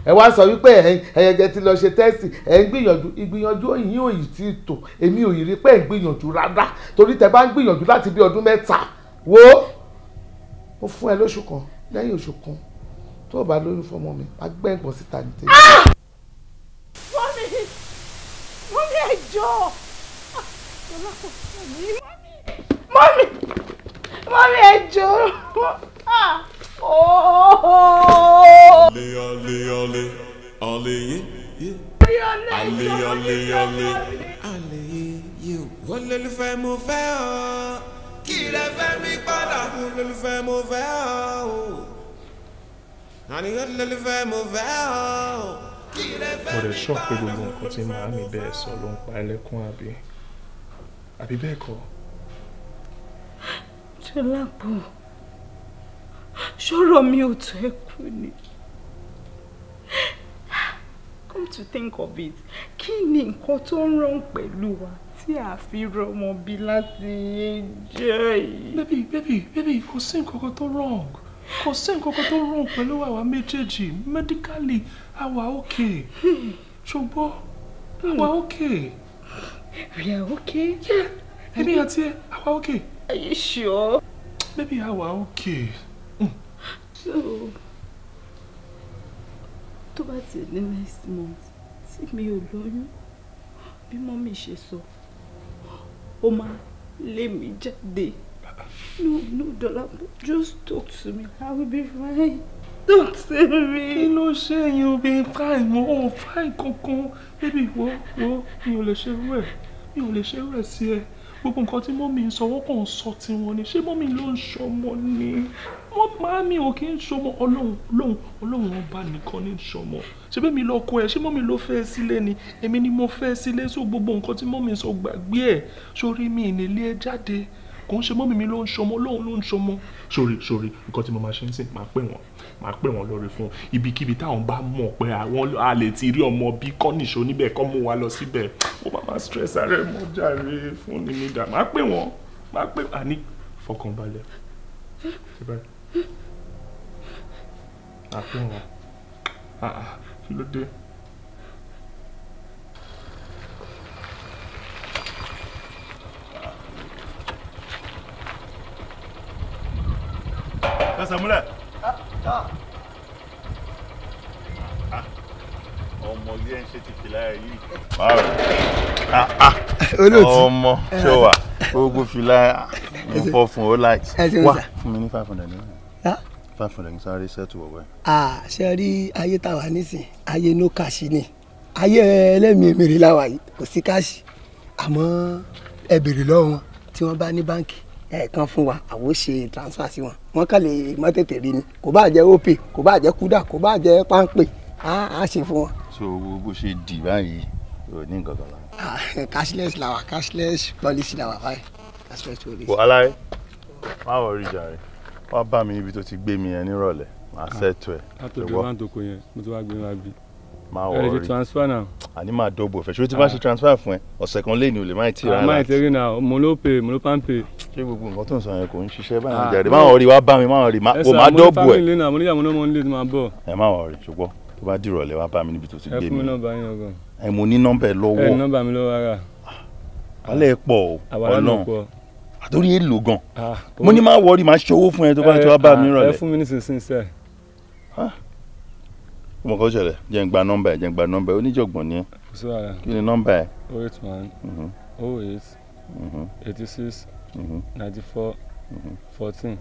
ẹ wá sọ wípé ẹyẹjẹ ti lọ ṣe tẹ́sì ẹ ń gbìyànjú ìgbìyànjú yín òyì tí tò èmi ò rí pé ẹ ń gbìyànjú rárá torí tẹ bá ń gbìyànjú láti bí ọdún mẹ́ta wo mo fún ẹ lóṣù kan lẹ́yìn oṣù kan tó o bá lóyún fọmọ mi má gbẹ́ ǹkan ní tèmi. Ah! mọ́mí mọ́mí ẹ̀jọ̀ mọ́mí mọ́mí ẹ jọ̀ọ́. Olé Ali, Ali, Ali, Ali, yé. Olé olé olé olé yé yé o. Olólùfẹ́ mo fẹ́ ọ́. Kí lẹ fẹ́ mi padà? Olólùfẹ́ mo fẹ́ ọ́. Àní olólùfẹ́ mo fẹ́ ọ́. Kí lẹ fẹ́ mi padà? Mo lè ṣọ́ọ̀pù gbogbo nǹkan tí màámi bẹ́ẹ̀ sọ ló ń pa ẹlẹ́kún àbí àbí bẹ́ẹ̀ kọ́. Ṣọlápò ṣọ́rọ̀ mi ò tó ẹ kú ni come to think of it kí ni nǹkan tó ń rán pẹ̀lú wa tí a fi rọmọ bí láti jẹ́ yìí. bébì bébì kò sí nǹkan tó wrong kò sí nǹkan tó wrong pẹ̀lú àwa méjèèjì medically àwa okay hmm. ṣùgbọ́n hmm. àwa okay. Hmm. We are okay. Yeah. Baby, and Auntie, are okay? Are you sure? Baby, are okay? Mm. So, to bá the next month, tí me alone. lóyún, bí mọ́mí ṣe sọ, ó máa lé mi No, no, darling. just talk to me. I will be fine. Don't say me. Kí ló ṣe yín o bí fáìn mo ò fáìn kankan bébí wo wo mi ò lè ṣe irú ẹ̀ mi ò lè ṣe irú ẹ̀ sí ẹ gbogbo nǹkan tí mọ́mí ń sọ wọ́n kàn ń sọ tiwọn ni ṣé mọ́mí ló ń ṣọmọ ni wọ́n máa mi ò kí ń ṣọmọ ọlọ́run ọlọ́run ọlọ́run ọba nìkan ní ṣọmọ ṣé bẹ́ẹ̀ mi lọ kọ ẹ ṣé mọ́mí ló fẹ́ sílé ni èmi ni mo fẹ́ sílé so gbogbo nǹkan tí mọ́mí sọ gbàgbé ẹ̀ sórí mi ìnílé ẹ jáde kò ń ṣe mọ́mí mi ló ń ṣọmọ ọlọ́run ló ń ṣọmọ sórí sórí nǹkan tí mo máa ṣe ń sìn máa pè wọ́n máa pè wọ́n lórí fún ibikíbi táwọn bá mọ̀ pé àwọn a lè ti rí ọmọ bí kọ́nìṣó níbẹ̀ kọ́ mú wa lọ síbẹ̀ ó máa máa stress ara ẹ̀ mọ́ jàre fún ni mi dà máa pè wọ́n máa pè wọ́n àní fọkànbalẹ̀ máa pè wọ́n ah, ah, kí ló Stop. Ah, ah. ọmọ ilé ẹ̀ ń ṣe ti fìlà ẹ̀ yìí. báwo ah, ọmọ ṣọwà gbogbo fìlà ń fọ fún ọ láì wá fún mi ní five hundred naira five hundred naira sáré ṣẹ́ẹ̀tù wọ̀wẹ́. ṣe rí ayé táwa nísìn ayé no cash ni ayé ẹlẹ́mìí mèrè láwa yìí kò sí káàṣì àmọ́ ẹ bèrè lọ́wọ́ wọn tí wọ́n bá ní báǹkì ẹ̀ẹ̀kan eh, fún wa àwo ṣe transfer sí wọn wọn kàn lè mọ tètè rí ni kò bá jẹ opay kò bá jẹ kuda kò bá jẹ panpe á á ṣe fún wọn. so owó bó ṣe dì báyìí ò ní nǹkan kan lára. Ah, eh, cashless la wa cashless policy la wa báyìí cashless policy. wàhálà ẹ má wọ orí jàre wàá bá mi níbi tó ti gbé mi yẹn nírọ̀lẹ́ màá ṣètò ah, ẹ̀. látọ̀dọ̀ máa ń doko yẹn mo ti wá gbé wá bí máa wọ rí transfer náà. àní máa dọ́gbọ̀ fẹ́ ṣé o ti bá ṣe ah. transfer fún ẹ ọ̀sẹ̀ kan lẹ́yìn o lè má ti rà ah, láti. àmọ́ ìtẹ́rí náà mo ló pè mo ló pa ń pè. ṣé gbogbo nǹkan tó ń sọ yẹn kò ń ṣiṣẹ́ báyìí ah, jàre máa rí wá bá mi máa rí o máa dọ́gbọ̀ ẹ. ẹ sà mo ní fámìlì náà mo ní máa bọ̀. ẹ má wọ̀ rí ṣùgbọ́n tó bá dìrọ̀lẹ́ wá bá mi níbi tó ti gbé mi. ẹ fún mi nọ́mbà yín ọgàn mo kọ́ ṣẹlẹ̀ jẹ́ gba nọ́mbà jẹ́ gba nọ́mbà oníjọ̀gbọ̀n ni ẹ́ kí ni nọ́mbà ẹ̀. oh eight one mhm. oh eight mhm. eighty six mhm. ninety four fourteen.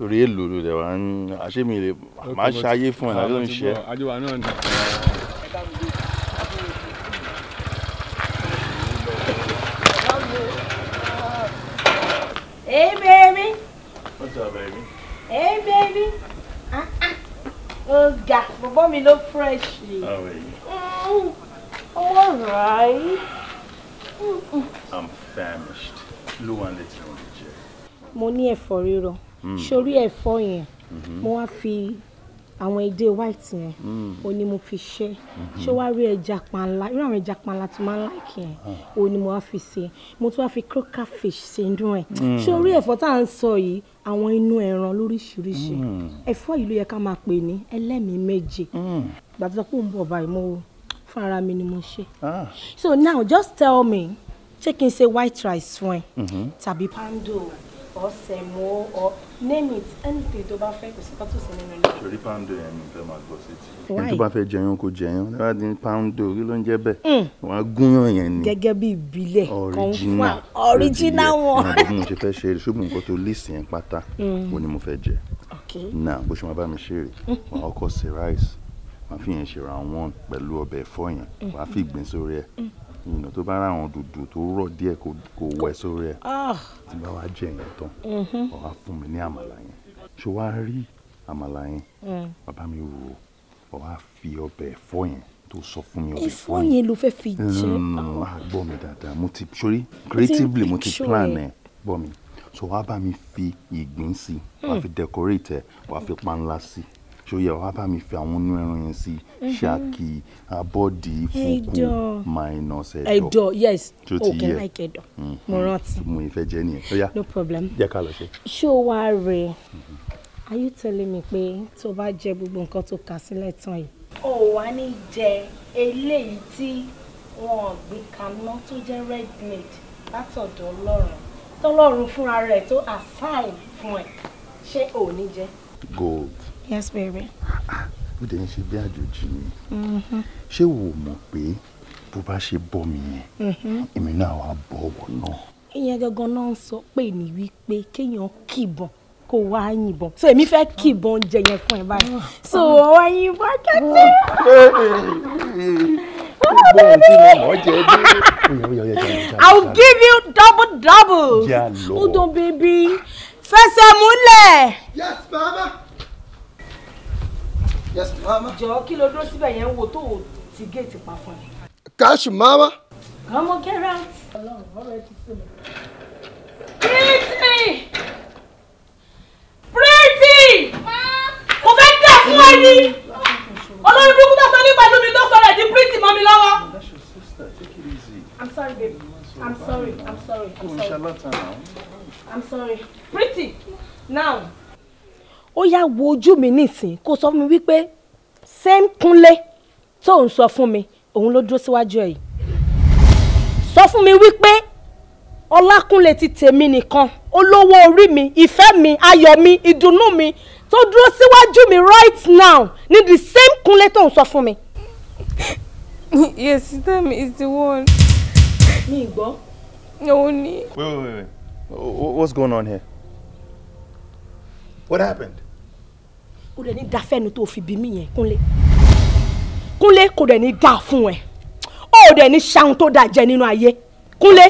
lórí èlò ló dẹ̀ wá ń àṣẹ́mi rè máa ṣayé fún ẹ̀ lájọ́ ṣe. àjọwà náà ni. Hey baby. What's up baby? Hey baby. Oh Ọ̀gá, bọ̀bọ́ mi ló fresh. How oh, are Mm, I'm oh, all right. Mm -mm. I'm famished. Ló wà létí oúnjẹ. Mo ní ẹ̀fọ́ rírọ̀. Sórí mm. ẹ̀fọ́ yẹn, mm-hmm. mo wá fi àwọn èdè white yẹn o hmm. ni mo fi ṣe hmm. ṣé wàá rí ẹja panla irú àwọn ẹja panla tí máa ń láìkì yẹn o hmm. ni mo wá fi ṣe mo tún wá fi croaker fish ṣe ń dún ẹ ṣé orí ẹ̀fọ́ tá à ń sọ yìí àwọn inú ẹran lóríṣiríṣi ẹ̀fọ́ yìí ló yẹ ká máa pè ní ẹlẹ́mìí méje gbàdúrà pé òun bọ̀ báyìí mo fún ara mi ni mo ṣe ah. so now just tell me ṣé kí n ṣe white rice fún ẹ mm-hmm. tàbí pando or semo or name it anything tó bá fẹ́ kò sí kọ́tù sí nínú ilé. torí pàǹdò yẹn mi fẹ́ máa gbọ́ sí ti. ẹni tó bá fẹ́ jẹun kò jẹun ní wàá dín pàǹdò orí ló ń jẹ́ bẹ́ẹ̀ hmm. wọ́n á gúnyàn yẹn ni. gẹ́gẹ́ bí ìbílẹ̀ original original wọn. bí mo ṣe fẹ́ ṣe ṣùgbọ́n nǹkan tó list yẹn pátá wo hmm. ni mo fẹ́ jẹ. náà bó ṣe máa bá mi ṣe rè wọ́n á kọ́ sí rice wọ́n á fi yẹn ṣe round one pẹ̀lú ọbẹ̀ ẹ̀fọ́ yẹn wọ́n hmm. á fi ìgbín sórí ẹ̀ yìnyín tó bá ráwọn dòdò tó rọ̀ díẹ̀ kò wẹ sórí ẹ̀ ah. tí bá wàá jẹ yẹn tán ó mm-hmm. fún mi ní àmàlà yẹn ṣó wá rí àmàlà yẹn mm. bàbá mi rò ó fi ọbẹ̀ ẹ̀fọ́ yẹn tó sọ fún mi ọbẹ̀ ẹ̀fọ́ yẹn ló fẹ́ fi jẹ mm, ah. gbọ́ mi dáadáa mo ti sori creatively mo ti plan ẹ̀ gbọ́ mi so wàá bá mi fi ìgbín sí wàá mm. fi decorate ẹ̀ wàá fi panla sí. Si ṣòye wàá bá mi fi àwọn inú ẹran yẹn sí mhm. ṣáàkì abọ́dì fúnkù minus ẹ̀dọ̀ ẹ̀dọ̀ yes òkè oh, like ẹ̀dọ̀ mhm. mo rántí mo ìfẹ́ jẹ́ nìyẹn ó no problem jẹ́ ká lọ ṣe. ṣé wá rè é mhm. are you telling me pé tó bá jẹ gbogbo nǹkan tó kà sílẹ̀ tán yìí. ó wá ní jẹ eléyìí tí wọn gbé kaná tó jẹ red meat látọ̀dọ̀ ọlọ́run tọ́lọ́run fúnra rẹ̀ tó assign fún ẹ̀ ṣé ò ní jẹ. gold yes baby. ó dẹ̀ ṣe bí àjòjì ni mm-hmm. ṣé wò ó mọ̀ pé bó bá ṣe bọ́ mi yẹn mm-hmm. èmi náà wàá bọ́ ọ̀wọ̀ náà. ìyẹn gangan náà ń sọ pé ní wípé kéèyàn kìbọn kó wá yìnbọn so èmi fẹ́ kìbọn jẹ fún ẹ báyìí so wá yìnbọn kẹtẹ. I'll give you double double. Yeah, Hold on, baby. Fẹsẹ̀ múlẹ̀. Yes, mama yes mama. jọ̀ọ́ kí ló dúró síbẹ̀ yẹn wo tó o ti géètì pa fún mi. cash mama. ọmọ gerald. ọlọ́run ọ̀rọ̀ ẹ ti sùn mí. pretty pretty mo fẹ́ dà fún ẹ ní olórí dúkú tó sọ nípa lómi tó sọ rẹ̀ di pretty mọ́ mi lọ́wọ́. i'm sorry babe. i'm sorry i'm sorry i'm sorry i'm sorry pretty now ó yá wo ojú mi nísìn kó sọ fún mi wípé same kúnlé tó ń sọ fún mi òun ló dúró síwájú ẹ̀ yìí sọ fún mi wípé ọlákúnlé ti tèmi nìkan olówó orí mi ìfẹ́ mi ayọ̀ mi ìdùnnú mi tó dúró síwájú mi right now ní the same kúnlé tó ń sọ fún mi. yes sister mi is the one. mi gbọ́. òun ni. wait wait wait what's going on here. What happened? Kò dẹ̀ ní da fẹ́nu tó fi bí mi yẹn, Kúnlé. Kúnlé kò dẹ̀ ní da fún ẹ. Ó dẹ̀ ní ṣahun tó da jẹ nínú ayé. Kúnlé.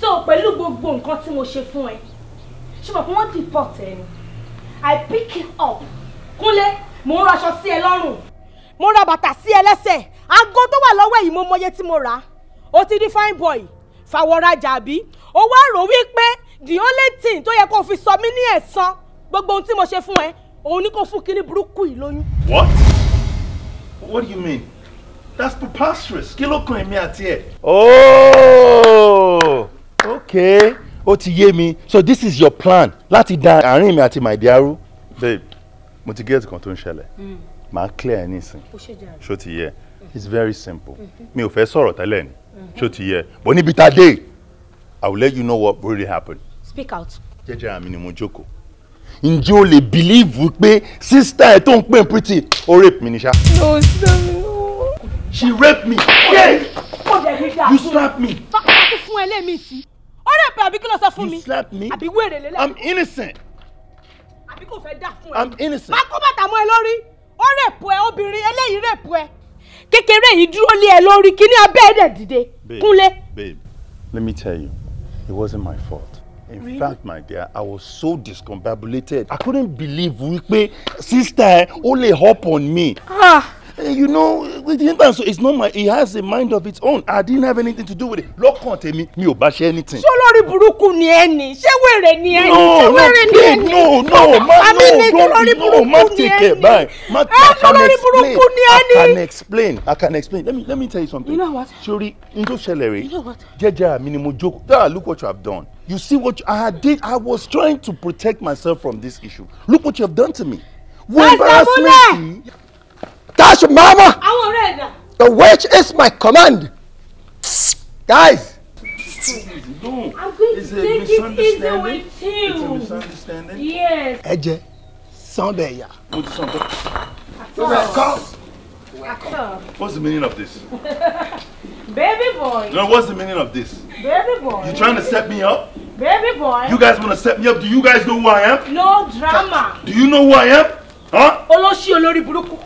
So pẹ̀lú gbogbo nǹkan tí mo ṣe fún ẹ, ṣé mo pé wọ́n deport ẹ ni? I pick you up. Kúnlé, mo ń raṣọ sí ẹ lọ́rùn. Mo ra bàtà sí ẹ lẹ́sẹ̀. Aago tó wà lọ́wọ́ yìí mo mọye tí mo rà O ti di fine boy. Fàwọ̀rajà àbí? O wá rò wípé the only thing tó yẹ kó fi sọ mí ní ẹ̀san gbogbo ohun tí mo ṣe fún ẹ òun ni kò fún kíní burúkú yìí lóyún. what what do you mean that's preposterous kí ló kan èmi àti ẹ. ooo oh! okay ó ti yé mi so this is your plan láti dá àárín mi àti màìdíárú. babe mo ti gẹ́ẹ̀tì kan tó ń ṣẹlẹ̀ hmm. màá clear ẹ nísìn ṣó ti yẹ it's very simple hmm. mi ò fẹ́ sọ̀rọ̀ tẹ́lẹ̀ ni hmm. ṣó ti yẹ but níbi tá a dé i will let you know what really happened. speak out. jẹ́jẹ́ mi ni mo jókòó ǹjẹ́ o lè believe wípé sísítà ẹ̀ tó ń pè pretty ó rape mi ní no stop me. she rape me. yes you slap me. bákan tó fún ẹlẹ́mìí sí ọ̀rẹ́ bẹ àbí kí ló sọ fún mi. you slap me. àbí wèrè lélẹ̀. i'm innocent. àbí kò fẹ́ dà fún ẹ. i'm innocent. má kó bàtà mọ́ ẹ lórí ó rèpù ẹ obìnrin eléyìí rèpù ẹ kékeré yìí dúró lé ẹ lórí kíní abẹ́ ẹ̀ dìde kúnlẹ̀. babe let me tell you it wasn't my fault in really? fact my dear i was so discombobulated i couldn't believe wípé sister ó lè hop on me. ah Eh, you know nígbà so it's not my he has a mind of its own i didn't have anything to do with it lọ́kàn tèmi mi ò bá ṣe anything. ṣé olórí burúkú ni ẹ ní ṣé wèrè ni ẹ ní ṣé wèrè ni ẹ ní no no ma no don't no ma take it bye ma eh, i can explain i can explain i can explain let me let me tell you something. you know what. sori n tó ṣẹlẹ̀ rẹ̀ jẹ́jẹ́ mi ni mo joke. dara look what you have done you see what you, i did i was trying to protect myself from this issue look what you have done to me. wo embarrassment yìí. That's mama. Àwọn ọ̀rẹ́ ẹ̀dá. The witch is my command. Guys. No, I'm going to take it easy with you. It's a misunderstanding. Yes. Ẹ jẹ́ Sunday ẹ̀yà. What's the meaning of this? Baby boy. No, what's the meaning of this? Baby boy. You trying to set me up? Baby boy. You guys want to set me up? Do you guys know who I am? No drama. Do you know who I am? Huh? Olóṣì olórí burúkú.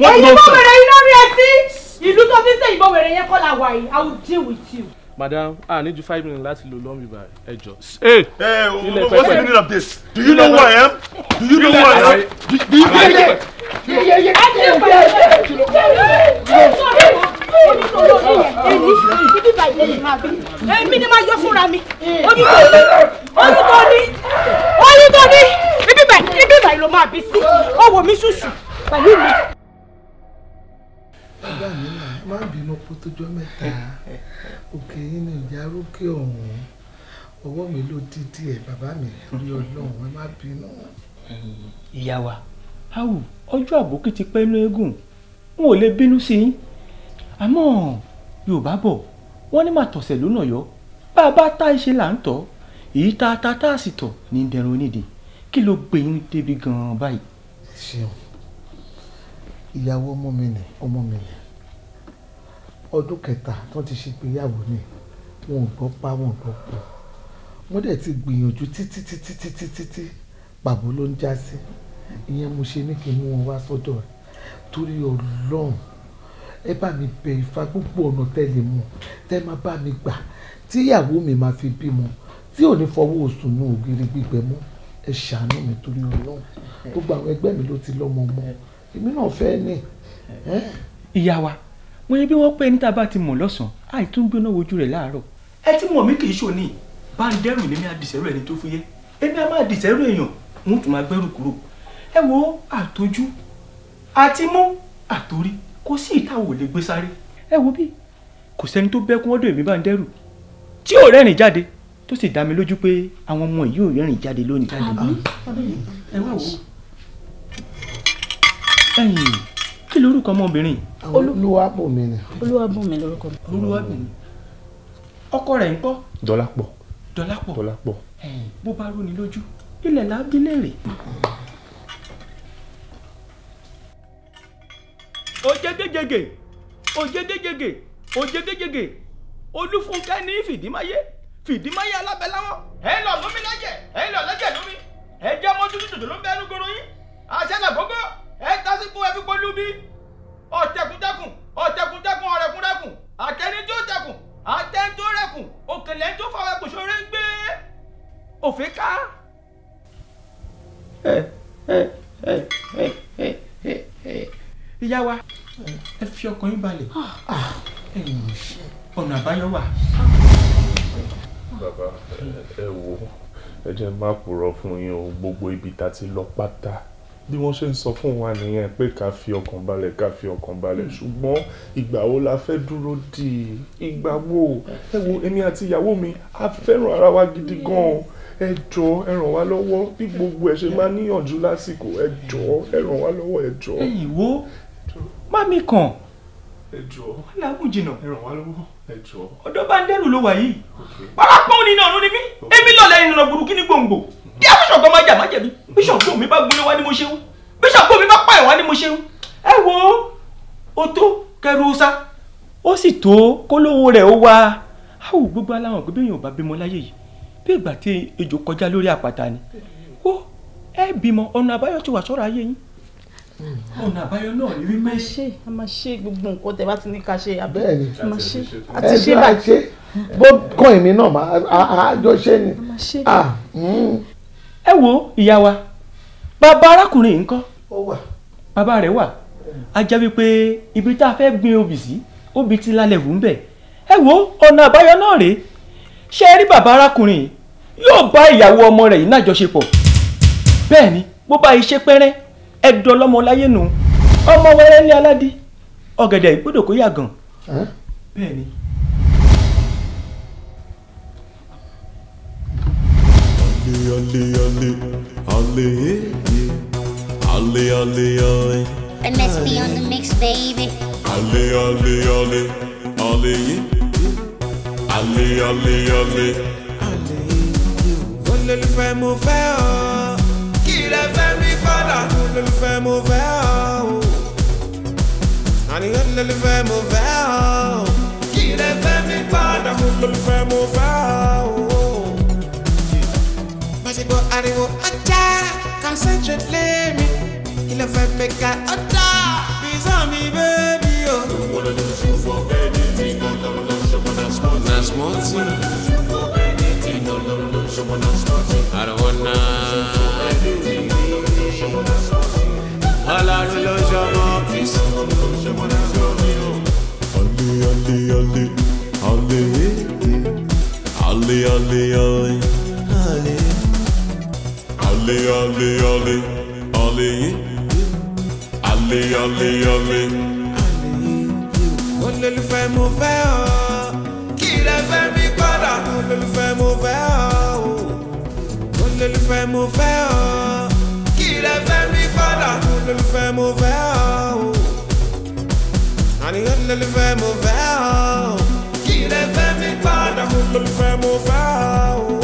You know lọ sọ. ẹyin bọ́wẹ̀rẹ̀ iná rí you ìlú tó fi ń sẹ́yìn bọ́wẹ̀rẹ̀ yẹn kọ́ la wà yìí I will deal with you. madam I need you five minutes láti lo long river ẹ jọ. ee what's the meaning of this do you know who I am do you know who I am do you know who I am. Èmi ni máa yọ fúnra mi. Orí tó ní, orí tó ní, orí tó ní, ibi báyìí ló máa bí sí. Ó wò mí ṣùṣù pẹ̀lú mi nígbà mìíràn má bínú kó tójọ́ mẹ́ta òkè yín ni ìyá rókè ọ̀hún ọwọ́ mi ló dídí ẹ̀ bàbá mi rí ọlọ́run ẹ má bínú. ìyá wa awù ọjọ́ àbókí ti pẹ́ lóògùn n ò lè bínú sí i àmọ́ yorùbá bọ̀ wọ́n ní màtọ̀sẹ̀ lónà yọ bá a bá tá ìṣe là ń tọ́ èyí tá ta tá a sì tọ̀ ní dẹrun onídìí kí ló gbẹ̀yìn débi gan-an báyìí. ṣeun ìyàwó ọmọ mi nì ọmọ mi nì ọdún kẹta tí wọ́n ti ṣègbéyàwó ni wọn ò gbọ́ pa wọn ò gbọ́ pọ̀ wọ́n dẹ̀ ti gbìyànjú títí títí títí títí pàbó ló ń já sí ìyẹn mo ṣe ní kí n mú wọn wá sọ́dọ̀ rẹ̀ torí ọlọ́run ẹ bá mi bẹ Ifá gbogbo ọ̀nà tẹ́lẹ̀ mu tẹ́ ma bá mi gbà tíyàwó mi máa fi bímọ tí ò ní fọwọ́ òsùn ní ògiri gbígbẹ mọ́ ẹ ṣàánú mi torí ọlọ́run gbogbo àwọn ẹgbẹ́ mi ló ti lọ́mọ mọ́ èmi náà fẹ́ ni. ìyá wa mo ní bí wọ́n pẹ́ níta bá ti mọ̀ lọ́sàn-án àì tún gbóná wojú rẹ̀ láàárọ̀. ẹ ti mọ̀ mí kì í ṣòní bá ń dẹ́rù ní mi àdìsẹ́rù ẹni tó fúyẹ́ èmi á máa dìsẹ́rù èèyàn ń tún máa gbẹ́rù kúrò ẹ wo àtọ́jú àti mú àtòrí kò sí ìtawò lè gbé sáré ẹ wo bí kò sẹ́ni tó bẹ́kún ọdún èmi bá ń dẹ́rù tí ò rẹ́rìn jáde tó sì dá mi lójú pé àwọn ọmọ yìí ò rẹ́rìn jáde lónìí. ẹ wá wo ẹ̀yìn kí lorúkọ ọmọbìnrin. olúwàbùnmi ni. olúwàbùnmi lorúkọ mi. olúwàbùnmi ọkọ rẹ̀ ńkọ́. dọ́lápọ̀. dọ́lápọ̀. dọ́lápọ̀. bó bá rú ni lójú ilẹ̀ la bí léèrè. òjegejege òjegejege òjegejege olúfúnkẹ́ ní fìdímáyé fìdímáyé alábẹ́láwọ́. ẹ lọ lómi lẹ́jẹ̀ ẹ lọ lẹ́jẹ̀ lómi ẹ jẹ́ mọ́tò tuntun ló ń bẹ́ẹ́ nú goro yín àṣẹ làgógó ẹ tásìkò ẹ fi polú bí ọ̀tẹ̀kùntẹ̀kùn ọ̀tẹ̀kùntẹ̀kùn ọ̀rẹ̀kùnrẹ̀kùn àtẹni tó tẹkùn àtẹni tó rẹkùn òkèlè tó fọwọ́ ẹkùn ṣoore ń gbé òfin ká. ìyá wa ẹ fi ọkàn yín balẹ̀ ah. ọ̀nà àbáyọ wà. bàbá ẹ wo ẹ jẹ́ máa purọ́ fún yín o gbogbo ibi tá a ti lọ pátá bí wọ́n ṣe ń sọ fún wa nìyẹn pé ká fi ọkàn balẹ̀ ká fi ọkàn balẹ̀ hmm. ṣùgbọ́n ìgbà wo la fẹ́ dúró di ìgbà wo ẹ wo èmi àti ìyàwó mi a fẹ́ràn ara wa gidi gan ẹ jọ ẹ ràn wá lọ́wọ́ bí gbogbo ẹ ṣe máa níyànjú lásìkò ẹ jọ ẹ ràn wá lọ́wọ́ ẹ jọ. ẹyìn wo má mi kàn ẹ jìnnà ọ̀dọ́ bá ń dẹ́rù ló wà yìí. pálápọ̀ nínú ọ̀run ni mí èmi lọ́lẹ̀ ìrìnà burúkú ní gbòǹgbò bí abíṣọ̀gbọ́ máa jà má jẹ̀bi bíṣọ̀gbọ́ mi bá gúnlé wá ní mo ṣeun bíṣọ̀gbọ́ mi bá pààyàn wá ní mo ṣeun ẹ wo o tó kẹrù ọsà ó sì tó kólówó rẹ̀ ó wá àwọn gbogbo aláwọn gbogbo èèyàn ò bá bímọ láyé yìí bí ìgbà tí ejò kọjá lórí àpáta ni ó ẹ bímọ ọ̀nà àbáyọ ti wà sọ́ra ayé yín hmm. ọ̀nà àbáyọ náà ni wípé. a máa ṣe a máa ṣe gbogbo nǹkan tẹ bá ti ní ká ṣe àbẹ a máa ṣe a ti ṣe báyìí. bó kọ́ èmi náà máa àjọṣe ni. a máa ṣe. Ah, hmm ẹ wo ìyá wa bàbá arákùnrin yìí ń bàbá rẹ̀ wà a jẹ́ wípé ibi tá a fẹ́ gbin obì sí obì ti lálẹ́ wù ń bẹ̀ ẹ wo ọ̀nà àbáyọ náà rèé ṣé ẹ rí bàbá arákùnrin yìí yóò bá ìyàwó ọmọ rẹ̀ yìí nájọṣepọ̀ bẹ́ẹ̀ ni bó bá iṣẹ́ pẹ́rẹ́ ẹ̀dùn ọlọ́mọ láyé nù ọmọ wẹrẹ ní aládìí ọ̀gẹ̀dẹ̀ ìgbódò kó yàgàn bẹ́ẹ̀ ni. allez, allez, allez, allez, allez, allez. But let's be on the mix, baby. Allez, allez, allez, allez, allez, allez, allez. On ne le fait mauvais, oh. Qu'il est fait mi bala. On ne le fait mauvais, oh. On ne le fait mauvais, oh. Qu'il est fait I ariwo ọcha concentrate lemi ilẹ̀ fẹ́ pé ká ọjà bizan mi bẹ́ẹ̀bi o. علي علي علي علي علي علي علي olólùfẹ́ mo fẹ́ ọ kí lè fẹ́ mi padà olólùfẹ́ mo fẹ́ ọ olólùfẹ́ mo fẹ́ ọ kí lè fẹ́ mi padà olólùfẹ́ mo fẹ́ ọ àní olólùfẹ́ mo fẹ́ ọ kí lè fẹ́ mi padà olólùfẹ́ mo fẹ́ ọ.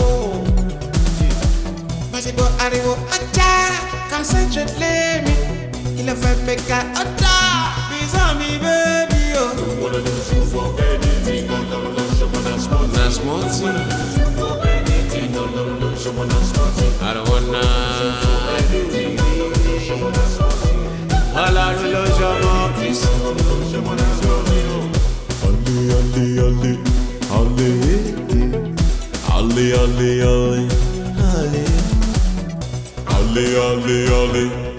ezigbo ariwo ọcha concentrate lemi ilé fẹ́ pé ká ọjà bizọ́ mi bébí o. Na smoothie. I don't wanna. Ọlọ́run ló ṣọmọ kìsì. Ọlẹ́ ọlẹ́ ọlẹ́ ọlẹ́ ọlẹ́ ọlẹ́ ọlẹ́ ọlẹ́. Ollie, Ollie, Ollie.